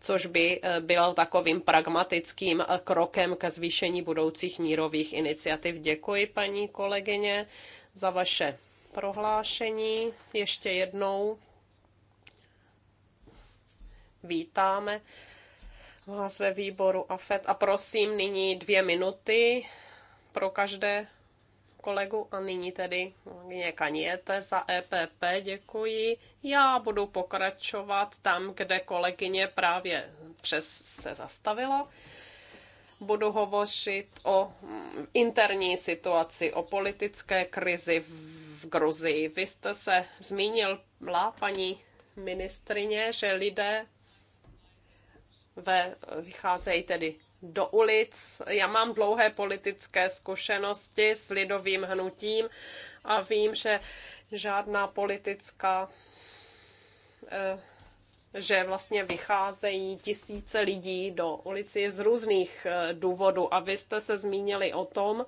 což by eh, bylo takovým pragmatickým krokem ke zvýšení budoucích mírových iniciativ. Děkuji, paní kolegyně za vaše prohlášení. Ještě jednou vítáme vás ve výboru AFET a prosím nyní dvě minuty pro každé kolegu a nyní tedy mě kaněte za EPP, děkuji. Já budu pokračovat tam, kde kolegyně právě přes se zastavila budu hovořit o interní situaci, o politické krizi v Gruzii. Vy jste se zmínil, paní ministrině, že lidé ve, vycházejí tedy do ulic. Já mám dlouhé politické zkušenosti s lidovým hnutím a vím, že žádná politická eh, že vlastně vycházejí tisíce lidí do ulici z různých eh, důvodů. A vy jste se zmínili o tom,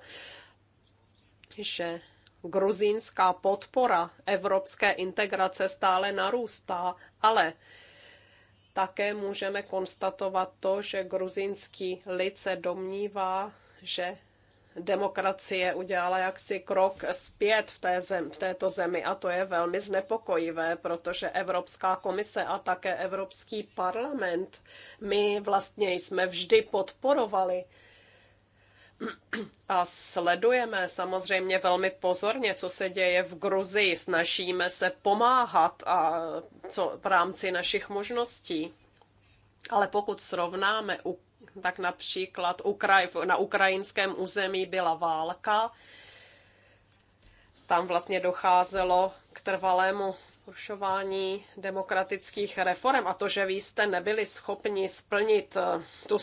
že gruzínská podpora evropské integrace stále narůstá, ale také můžeme konstatovat to, že gruzínský lid se domnívá, že demokracie udělala jaksi krok zpět v, té zem, v této zemi a to je velmi znepokojivé, protože Evropská komise a také Evropský parlament, my vlastně jsme vždy podporovali a sledujeme samozřejmě velmi pozorně, co se děje v Gruzii. Snažíme se pomáhat a co v rámci našich možností. Ale pokud srovnáme u tak například na ukrajinském území byla válka, tam vlastně docházelo k trvalému porušování demokratických reform a to, že vy jste nebyli schopni splnit eh, tu,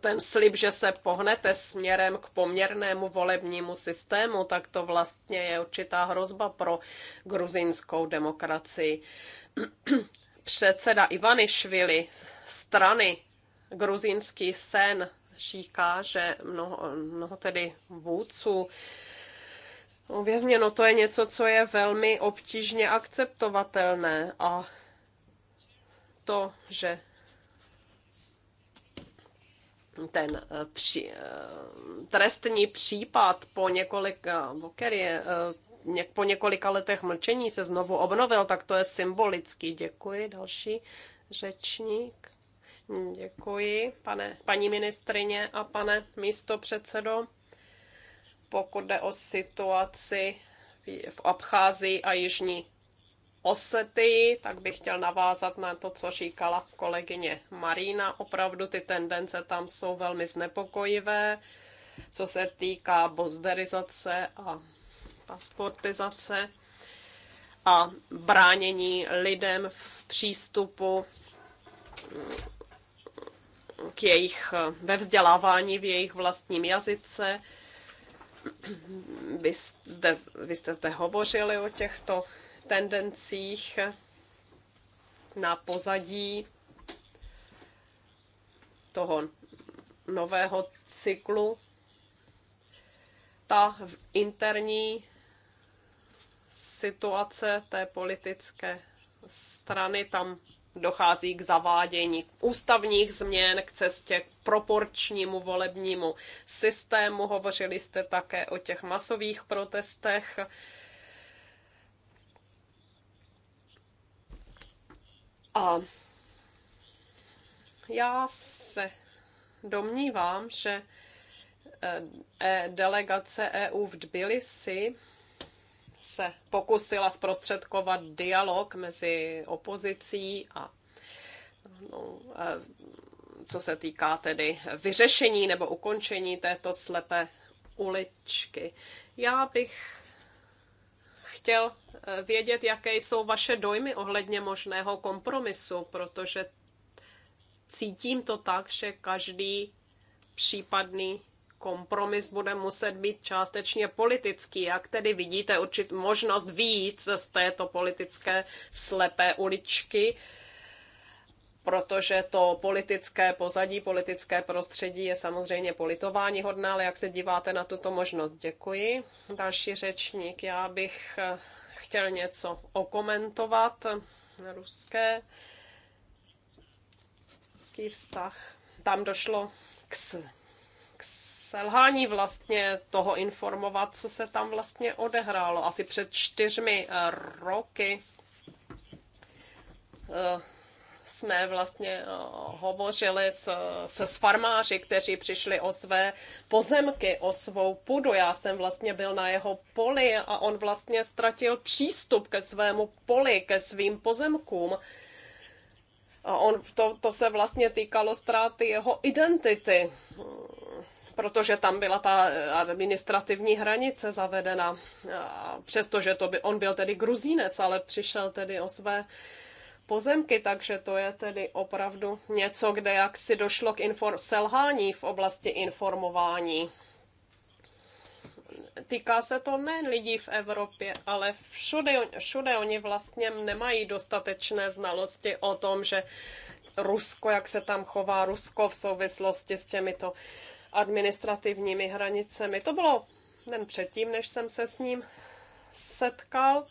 ten slib, že se pohnete směrem k poměrnému volebnímu systému, tak to vlastně je určitá hrozba pro gruzinskou demokracii. [clears throat] Předseda Ivanišvili strany gruzínský sen říká, že mnoho, mnoho tedy vůdců uvězněno, to je něco, co je velmi obtížně akceptovatelné a to, že ten eh, při, eh, trestní případ po několika, eh, je, po několika letech mlčení se znovu obnovil, tak to je symbolický. Děkuji. Další řečník. Děkuji, pane, paní ministrině a pane místopředsedo. Pokud jde o situaci v Abcházii a Jižní Osety, tak bych chtěl navázat na to, co říkala kolegyně Marína. Opravdu ty tendence tam jsou velmi znepokojivé, co se týká bozderizace a pasportizace a bránění lidem v přístupu k jejich, eh, ve vzdělávání v jejich vlastním jazyce. Vy zde, vy jste zde hovořili o těchto tendencích na pozadí toho nového cyklu. Ta interní situace té politické strany tam dochází k zavádění ústavních změn, k cestě k proporčnímu volebnímu systému. Hovořili jste také o těch masových protestech. A já se domnívám, že eh, delegace EU v Tbilisi se pokusila zprostředkovat dialog mezi opozicí a no, co se týká tedy vyřešení nebo ukončení této slepé uličky. Já bych chtěl e, vědět, jaké jsou vaše dojmy ohledně možného kompromisu, protože cítím to tak, že každý případný kompromis bude muset být částečně politický. Jak tedy vidíte určit možnost výjít z této politické slepé uličky? protože to politické pozadí, politické prostředí je samozřejmě politování hodná, ale jak se díváte na tuto možnost? Děkuji. Další řečník, já bych eh, chtěl něco okomentovat na ruské ruský vztah. Tam došlo k selhání vlastně toho informovat, co se tam vlastně odehrálo. Asi před čtyřmi eh, roky eh, jsme vlastně eh, hovořili se s farmáři, kteří přišli o své pozemky, o svou půdu. Já jsem vlastně byl na jeho poli a on vlastně ztratil přístup ke svému poli, ke svým pozemkům. A on, to, to se vlastně týkalo ztráty jeho identity protože tam byla ta eh, administrativní hranice zavedena. Přestože to by, on byl tedy gruzínec, ale přišel tedy o své pozemky, takže to je tedy opravdu něco, kde jak si došlo k selhání v oblasti informování. Týká se to ne lidí v Evropě, ale všude, všude oni vlastně nemají dostatečné znalosti o tom, že Rusko, jak se tam chová Rusko v souvislosti s těmito administrativními hranicemi. To bylo den předtím, než jsem se s ním setkal.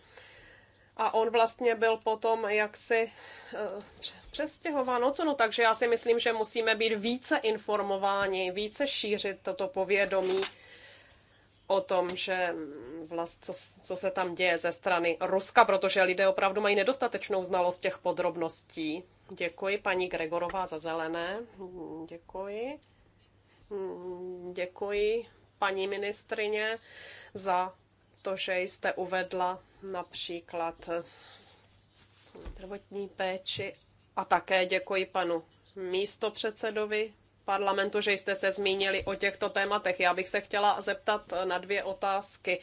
A on vlastně byl potom jaksi eh, přestěhován. No co no, takže já si myslím, že musíme být více informováni, více šířit toto povědomí o tom, že mm, vlast, co, co se tam děje ze strany Ruska, protože lidé opravdu mají nedostatečnou znalost těch podrobností. Děkuji paní Gregorová za zelené. Děkuji. Mm, děkuji, paní ministrině, za to, že jste uvedla například zdravotní péči a také děkuji panu místopředsedovi parlamentu, že jste se zmínili o těchto tématech. Já bych se chtěla zeptat na dvě otázky.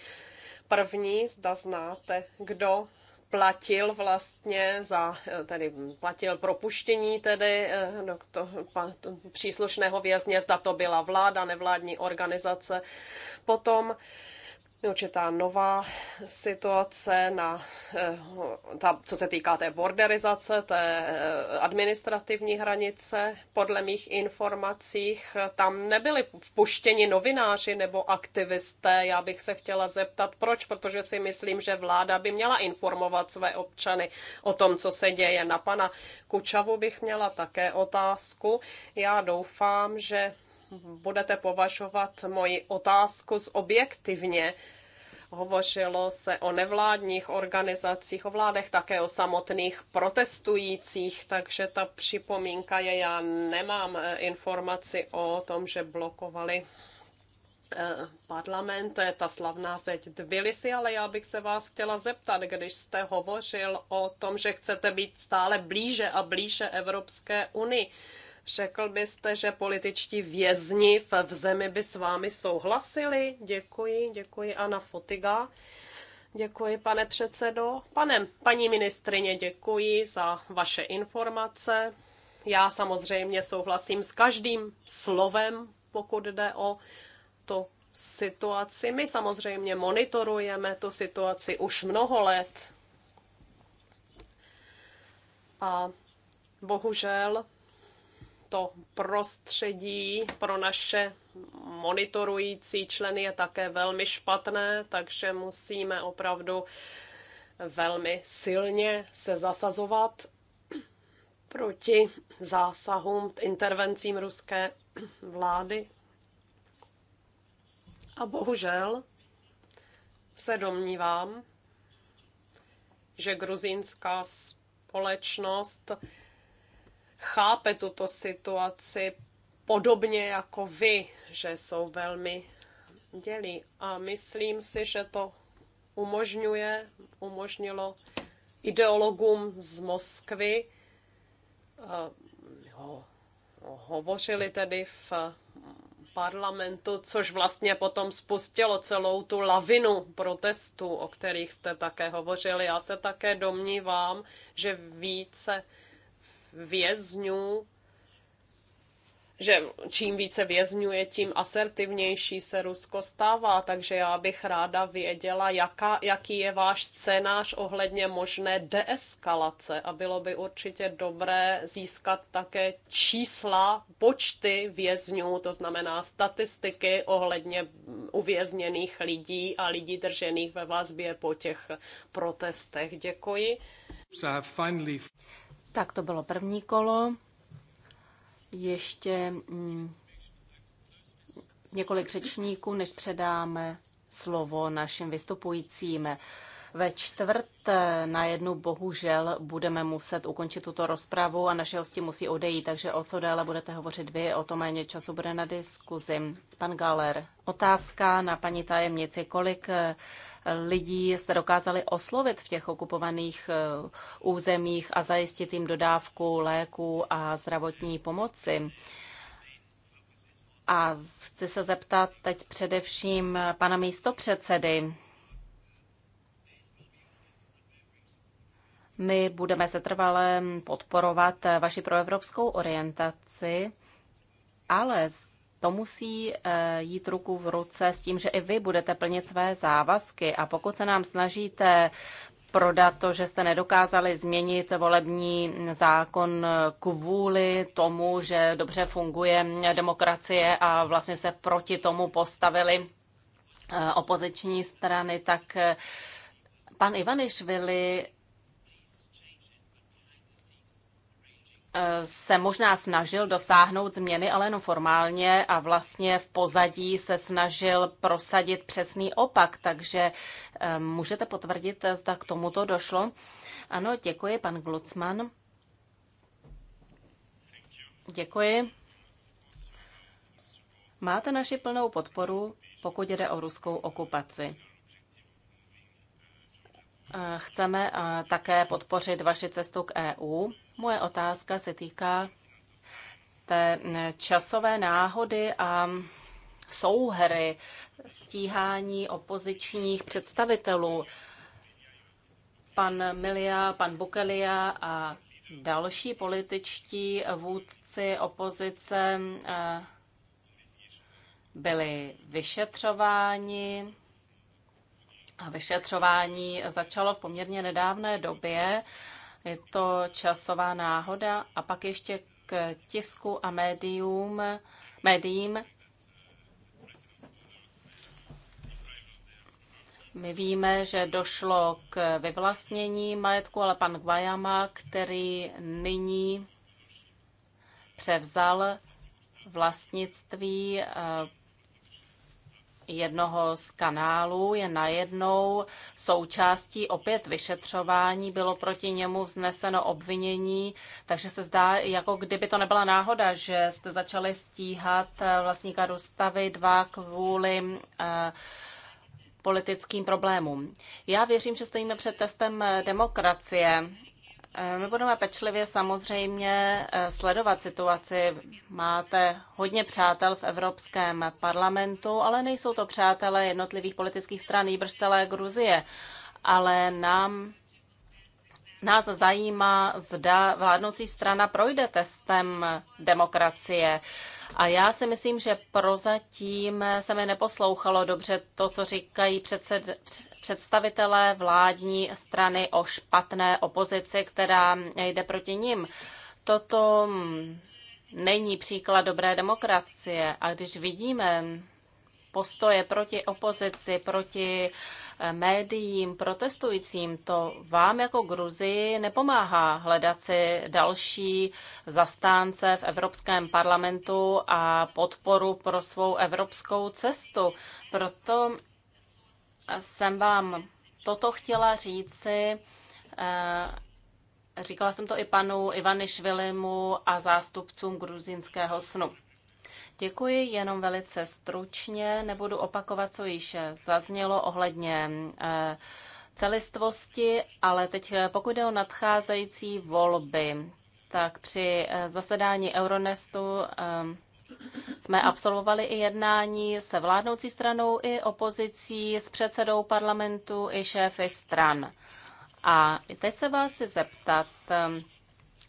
První, zda znáte, kdo platil vlastně za, eh, tedy platil propuštění tedy eh, no, to, pa, to, příslušného vězně, zda to byla vláda, nevládní organizace. Potom určitá nová situace, na, eh, ta, co se týká té borderizace, té eh, administrativní hranice. Podle mých informacích eh, tam nebyli vpuštěni novináři nebo aktivisté. Já bych se chtěla zeptat, proč, protože si myslím, že vláda by měla informovat své občany o tom, co se děje. Na pana Kučavu bych měla také otázku. Já doufám, že budete považovat moji otázku z objektivně, Hovořilo se o nevládních organizacích, o vládech, také o samotných protestujících, takže ta připomínka je, já nemám eh, informaci o tom, že blokovali eh, parlament, to je ta slavná zeď Tbilisi, ale já bych se vás chtěla zeptat, když jste hovořil o tom, že chcete být stále blíže a blíže Evropské unii, Řekl byste, že političtí vězni v zemi by s vámi souhlasili? Děkuji, děkuji Ana Fotiga. Děkuji, pane předsedo. Pane, paní ministrině, děkuji za vaše informace. Já samozřejmě souhlasím s každým slovem, pokud jde o to situaci. My samozřejmě monitorujeme tu situaci už mnoho let. A bohužel to prostředí pro naše monitorující členy je také velmi špatné, takže musíme opravdu velmi silně se zasazovat proti zásahům, intervencím ruské vlády. A bohužel se domnívám, že gruzínská společnost chápe tuto situaci podobně jako vy, že jsou velmi dělí. A myslím si, že to umožňuje, umožnilo ideologům z Moskvy, eh, ho, hovořili tedy v parlamentu, což vlastně potom spustilo celou tu lavinu protestů, o kterých jste také hovořili. Já se také domnívám, že více vězňů, že čím více vězňů je, tím asertivnější se Rusko stává, takže já bych ráda věděla, jaká, jaký je váš scénář ohledně možné deeskalace a bylo by určitě dobré získat také čísla, počty vězňů, to znamená statistiky ohledně uvězněných lidí a lidí držených ve vazbě po těch protestech. Děkuji. So tak to bylo první kolo. Ještě mm, několik řečníků, než předáme slovo našim vystupujícím. Ve čtvrt na jednu bohužel budeme muset ukončit tuto rozpravu a naše hosti musí odejít, takže o co déle budete hovořit vy, o to méně času bude na diskuzi. Pan Galer, otázka na paní tajemnici, kolik eh, lidí jste dokázali oslovit v těch okupovaných eh, územích a zajistit jim dodávku léků a zdravotní pomoci? A chci se zeptat teď především pana místopředsedy. My budeme setrvale podporovat vaši proevropskou orientaci, ale to musí eh, jít ruku v ruce s tím, že i vy budete plnit své závazky. A pokud se nám snažíte prodat to, že jste nedokázali změnit volební zákon eh, kvůli tomu, že dobře funguje demokracie a vlastně se proti tomu postavili eh, opoziční strany, tak pan Ivanišvili se možná snažil dosáhnout změny, ale jenom formálně a vlastně v pozadí se snažil prosadit přesný opak. Takže eh, můžete potvrdit, eh, zda k tomuto došlo? Ano, děkuji, pan Glucman. Děkuji. Máte naši plnou podporu, pokud jde o ruskou okupaci. Eh, chceme také podpořit vaši cestu k EU Moje otázka se týká té časové náhody a souhry, stíhání opozičních představitelů. Pan Milia, pan Bukelia a další političtí vůdci opozice eh, byli vyšetřováni. A vyšetřování začalo v poměrně nedávné době je to časová náhoda. A pak ještě k tisku a médium, médiím. My víme, že došlo k vyvlastnění majetku, ale pan Guayama, který nyní převzal vlastnictví eh, jednoho z kanálů je najednou součástí opět vyšetřování, bylo proti němu vzneseno obvinění, takže se zdá, jako kdyby to nebyla náhoda, že jste začali stíhat eh, vlastníka Rustavy dva kvůli eh, politickým problémům. Já věřím, že stojíme před testem eh, demokracie Eh, my budeme pečlivě samozřejmě eh, sledovat situaci. Máte hodně přátel v Evropském parlamentu, ale nejsou to přátelé jednotlivých politických stran, nýbrž celé Gruzie. Ale nám Nás zajímá, zda vládnoucí strana projde testem demokracie. A já si myslím, že prozatím se mi neposlouchalo dobře to, co říkají předsed, představitelé vládní strany o špatné opozici, která jde proti ním. Toto mm, není příklad dobré demokracie. A když vidíme postoje proti opozici, proti uh, médiím protestujícím, to vám jako Gruzii nepomáhá hledat si další zastánce v Evropském parlamentu a podporu pro svou evropskou cestu. Proto jsem vám toto chtěla říci. Eh, říkala jsem to i panu Ivanišvilimu a zástupcům gruzinského snu. Děkuji jenom velice stručně. Nebudu opakovat, co již zaznělo ohledně eh, celistvosti, ale teď eh, pokud jde o nadcházející volby, tak při eh, zasedání Euronestu jsme absolvovali i jednání se vládnoucí stranou i opozicí, s předsedou parlamentu i šéfy stran. A teď se vás chci zeptat,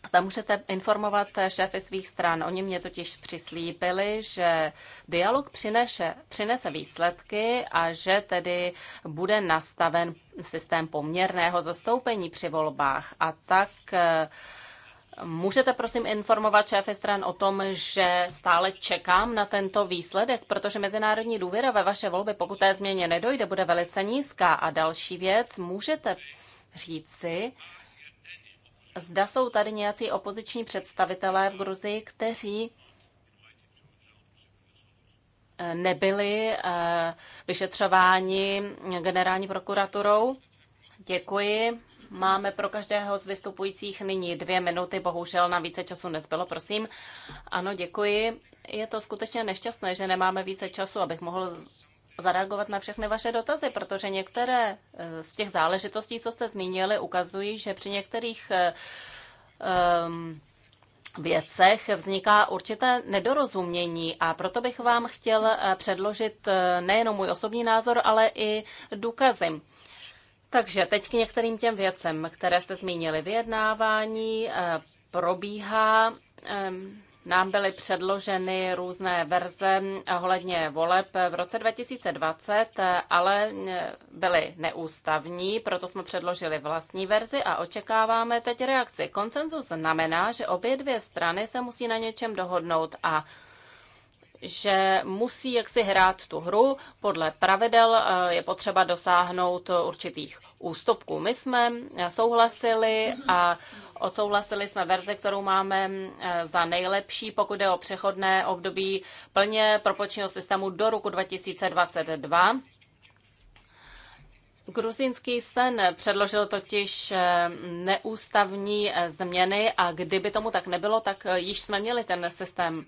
Zda můžete informovat šéfy svých stran. Oni mě totiž přislíbili, že dialog přinese, přinese výsledky a že tedy bude nastaven systém poměrného zastoupení při volbách. A tak eh, můžete prosím informovat šéfy stran o tom, že stále čekám na tento výsledek, protože mezinárodní důvěra ve vaše volby, pokud té změně nedojde, bude velice nízká. A další věc, můžete říci, zda jsou tady nějací opoziční představitelé v Gruzii, kteří eh, nebyli eh, vyšetřováni generální prokuraturou. Děkuji. Máme pro každého z vystupujících nyní dvě minuty, bohužel na více času nezbylo, prosím. Ano, děkuji. Je to skutečně nešťastné, že nemáme více času, abych mohl zareagovat na všechny vaše dotazy, protože některé eh, z těch záležitostí, co jste zmínili, ukazují, že při některých um, věcech vzniká určité nedorozumění a proto bych vám chtěl eh, předložit nejenom můj osobní názor, ale i důkazy. Takže teď k některým těm věcem, které jste zmínili. Vyjednávání probíhá. Ehm, nám byly předloženy různé verze ohledně voleb v roce 2020, eh, ale eh, byly neústavní, proto jsme předložili vlastní verzi a očekáváme teď reakci. Konsenzus znamená, že obě dvě strany se musí na něčem dohodnout a že musí jaksi hrát tu hru. Podle pravidel eh, je potřeba dosáhnout určitých ústupků. My jsme souhlasili a Odsouhlasili jsme verze, kterou máme eh, za nejlepší, pokud je o přechodné období plně propočního systému do roku 2022. Gruzínský sen předložil totiž eh, neústavní eh, změny a kdyby tomu tak nebylo, tak již jsme měli ten systém.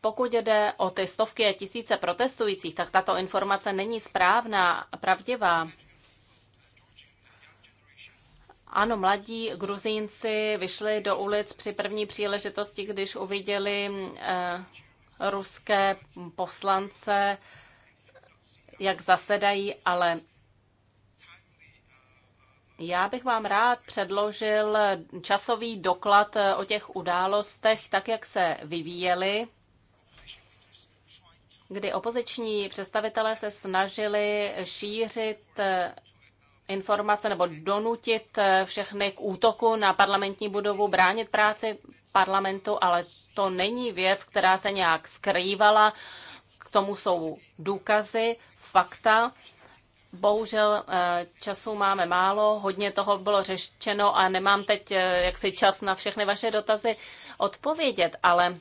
Pokud jde o ty stovky a tisíce protestujících, tak tato informace není správná a pravdivá. Ano, mladí gruzínci vyšli do ulic při první příležitosti, když uviděli eh, ruské poslance, jak zasedají, ale já bych vám rád předložil časový doklad eh, o těch událostech, tak jak se vyvíjely, kdy opoziční představitelé se snažili šířit eh, informace nebo donutit eh, všechny k útoku na parlamentní budovu, bránit práci parlamentu, ale to není věc, která se nějak skrývala. K tomu jsou důkazy, fakta. Bohužel eh, času máme málo, hodně toho bylo řešeno a nemám teď eh, jaksi čas na všechny vaše dotazy odpovědět, ale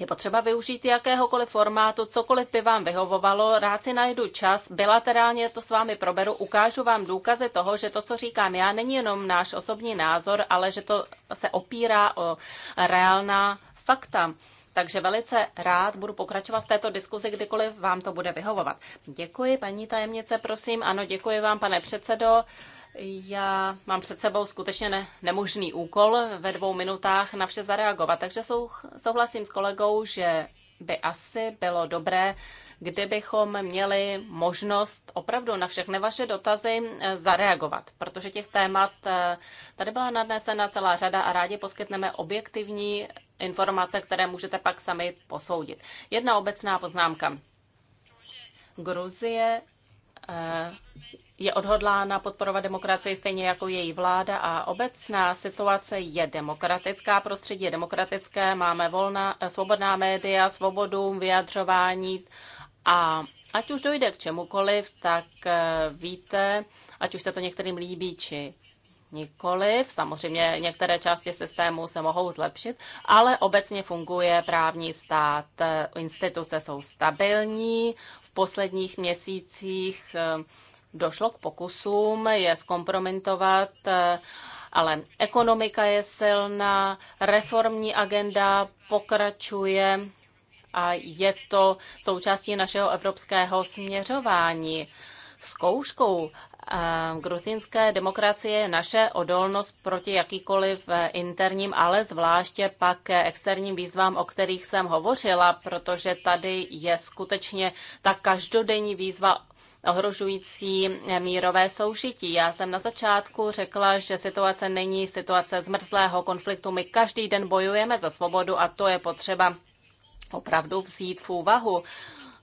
je potřeba využít jakéhokoliv formátu, cokoliv by vám vyhovovalo, rád si najdu čas, bilaterálně to s vámi proberu, ukážu vám důkazy toho, že to, co říkám já, není jenom náš osobní názor, ale že to se opírá o reálná fakta. Takže velice rád budu pokračovat v této diskuzi, kdykoliv vám to bude vyhovovat. Děkuji, paní tajemnice, prosím. Ano, děkuji vám, pane předsedo. Já mám před sebou skutečně ne, nemožný úkol ve dvou minutách na vše zareagovat, takže sou, souhlasím s kolegou, že by asi bylo dobré, kdybychom měli možnost opravdu na všechny vaše dotazy eh, zareagovat, protože těch témat eh, tady byla nadnesena celá řada a rádi poskytneme objektivní informace, které můžete pak sami posoudit. Jedna obecná poznámka. Gruzie eh, je odhodlána podporovat demokracii stejně jako její vláda a obecná situace je demokratická, prostředí je demokratické, máme volná, svobodná média, svobodu vyjadřování a ať už dojde k čemukoliv, tak eh, víte, ať už se to některým líbí či nikoliv, samozřejmě některé části systému se mohou zlepšit, ale obecně funguje právní stát, eh, instituce jsou stabilní, v posledních měsících eh, došlo k pokusům je zkompromitovat, eh, ale ekonomika je silná, reformní agenda pokračuje a je to součástí našeho evropského směřování. Zkouškou eh, gruzinské demokracie je naše odolnost proti jakýkoliv eh, interním, ale zvláště pak externím výzvám, o kterých jsem hovořila, protože tady je skutečně ta každodenní výzva ohrožující eh, mírové soužití. Já jsem na začátku řekla, že situace není situace zmrzlého konfliktu. My každý den bojujeme za svobodu a to je potřeba opravdu vzít v úvahu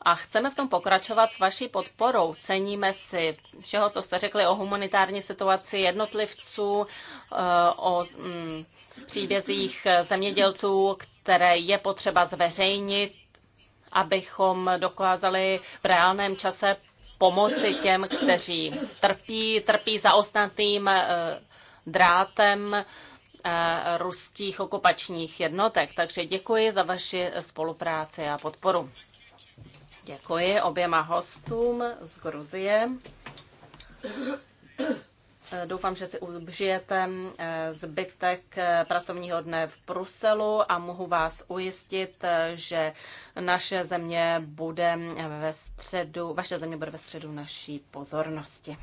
a chceme v tom pokračovat s vaší podporou. Ceníme si všeho, co jste řekli o humanitární situaci jednotlivců, eh, o mm, příbězích zemědělců, které je potřeba zveřejnit abychom dokázali v reálném čase pomoci těm, kteří trpí, trpí za ostatným eh, drátem eh, ruských okupačních jednotek. Takže děkuji za vaši spolupráci a podporu. Děkuji oběma hostům z Gruzie. Eh, doufám, že si užijete eh, zbytek eh, pracovního dne v Bruselu a mohu vás ujistit, že naše země bude ve středu, vaše země bude ve středu naší pozornosti.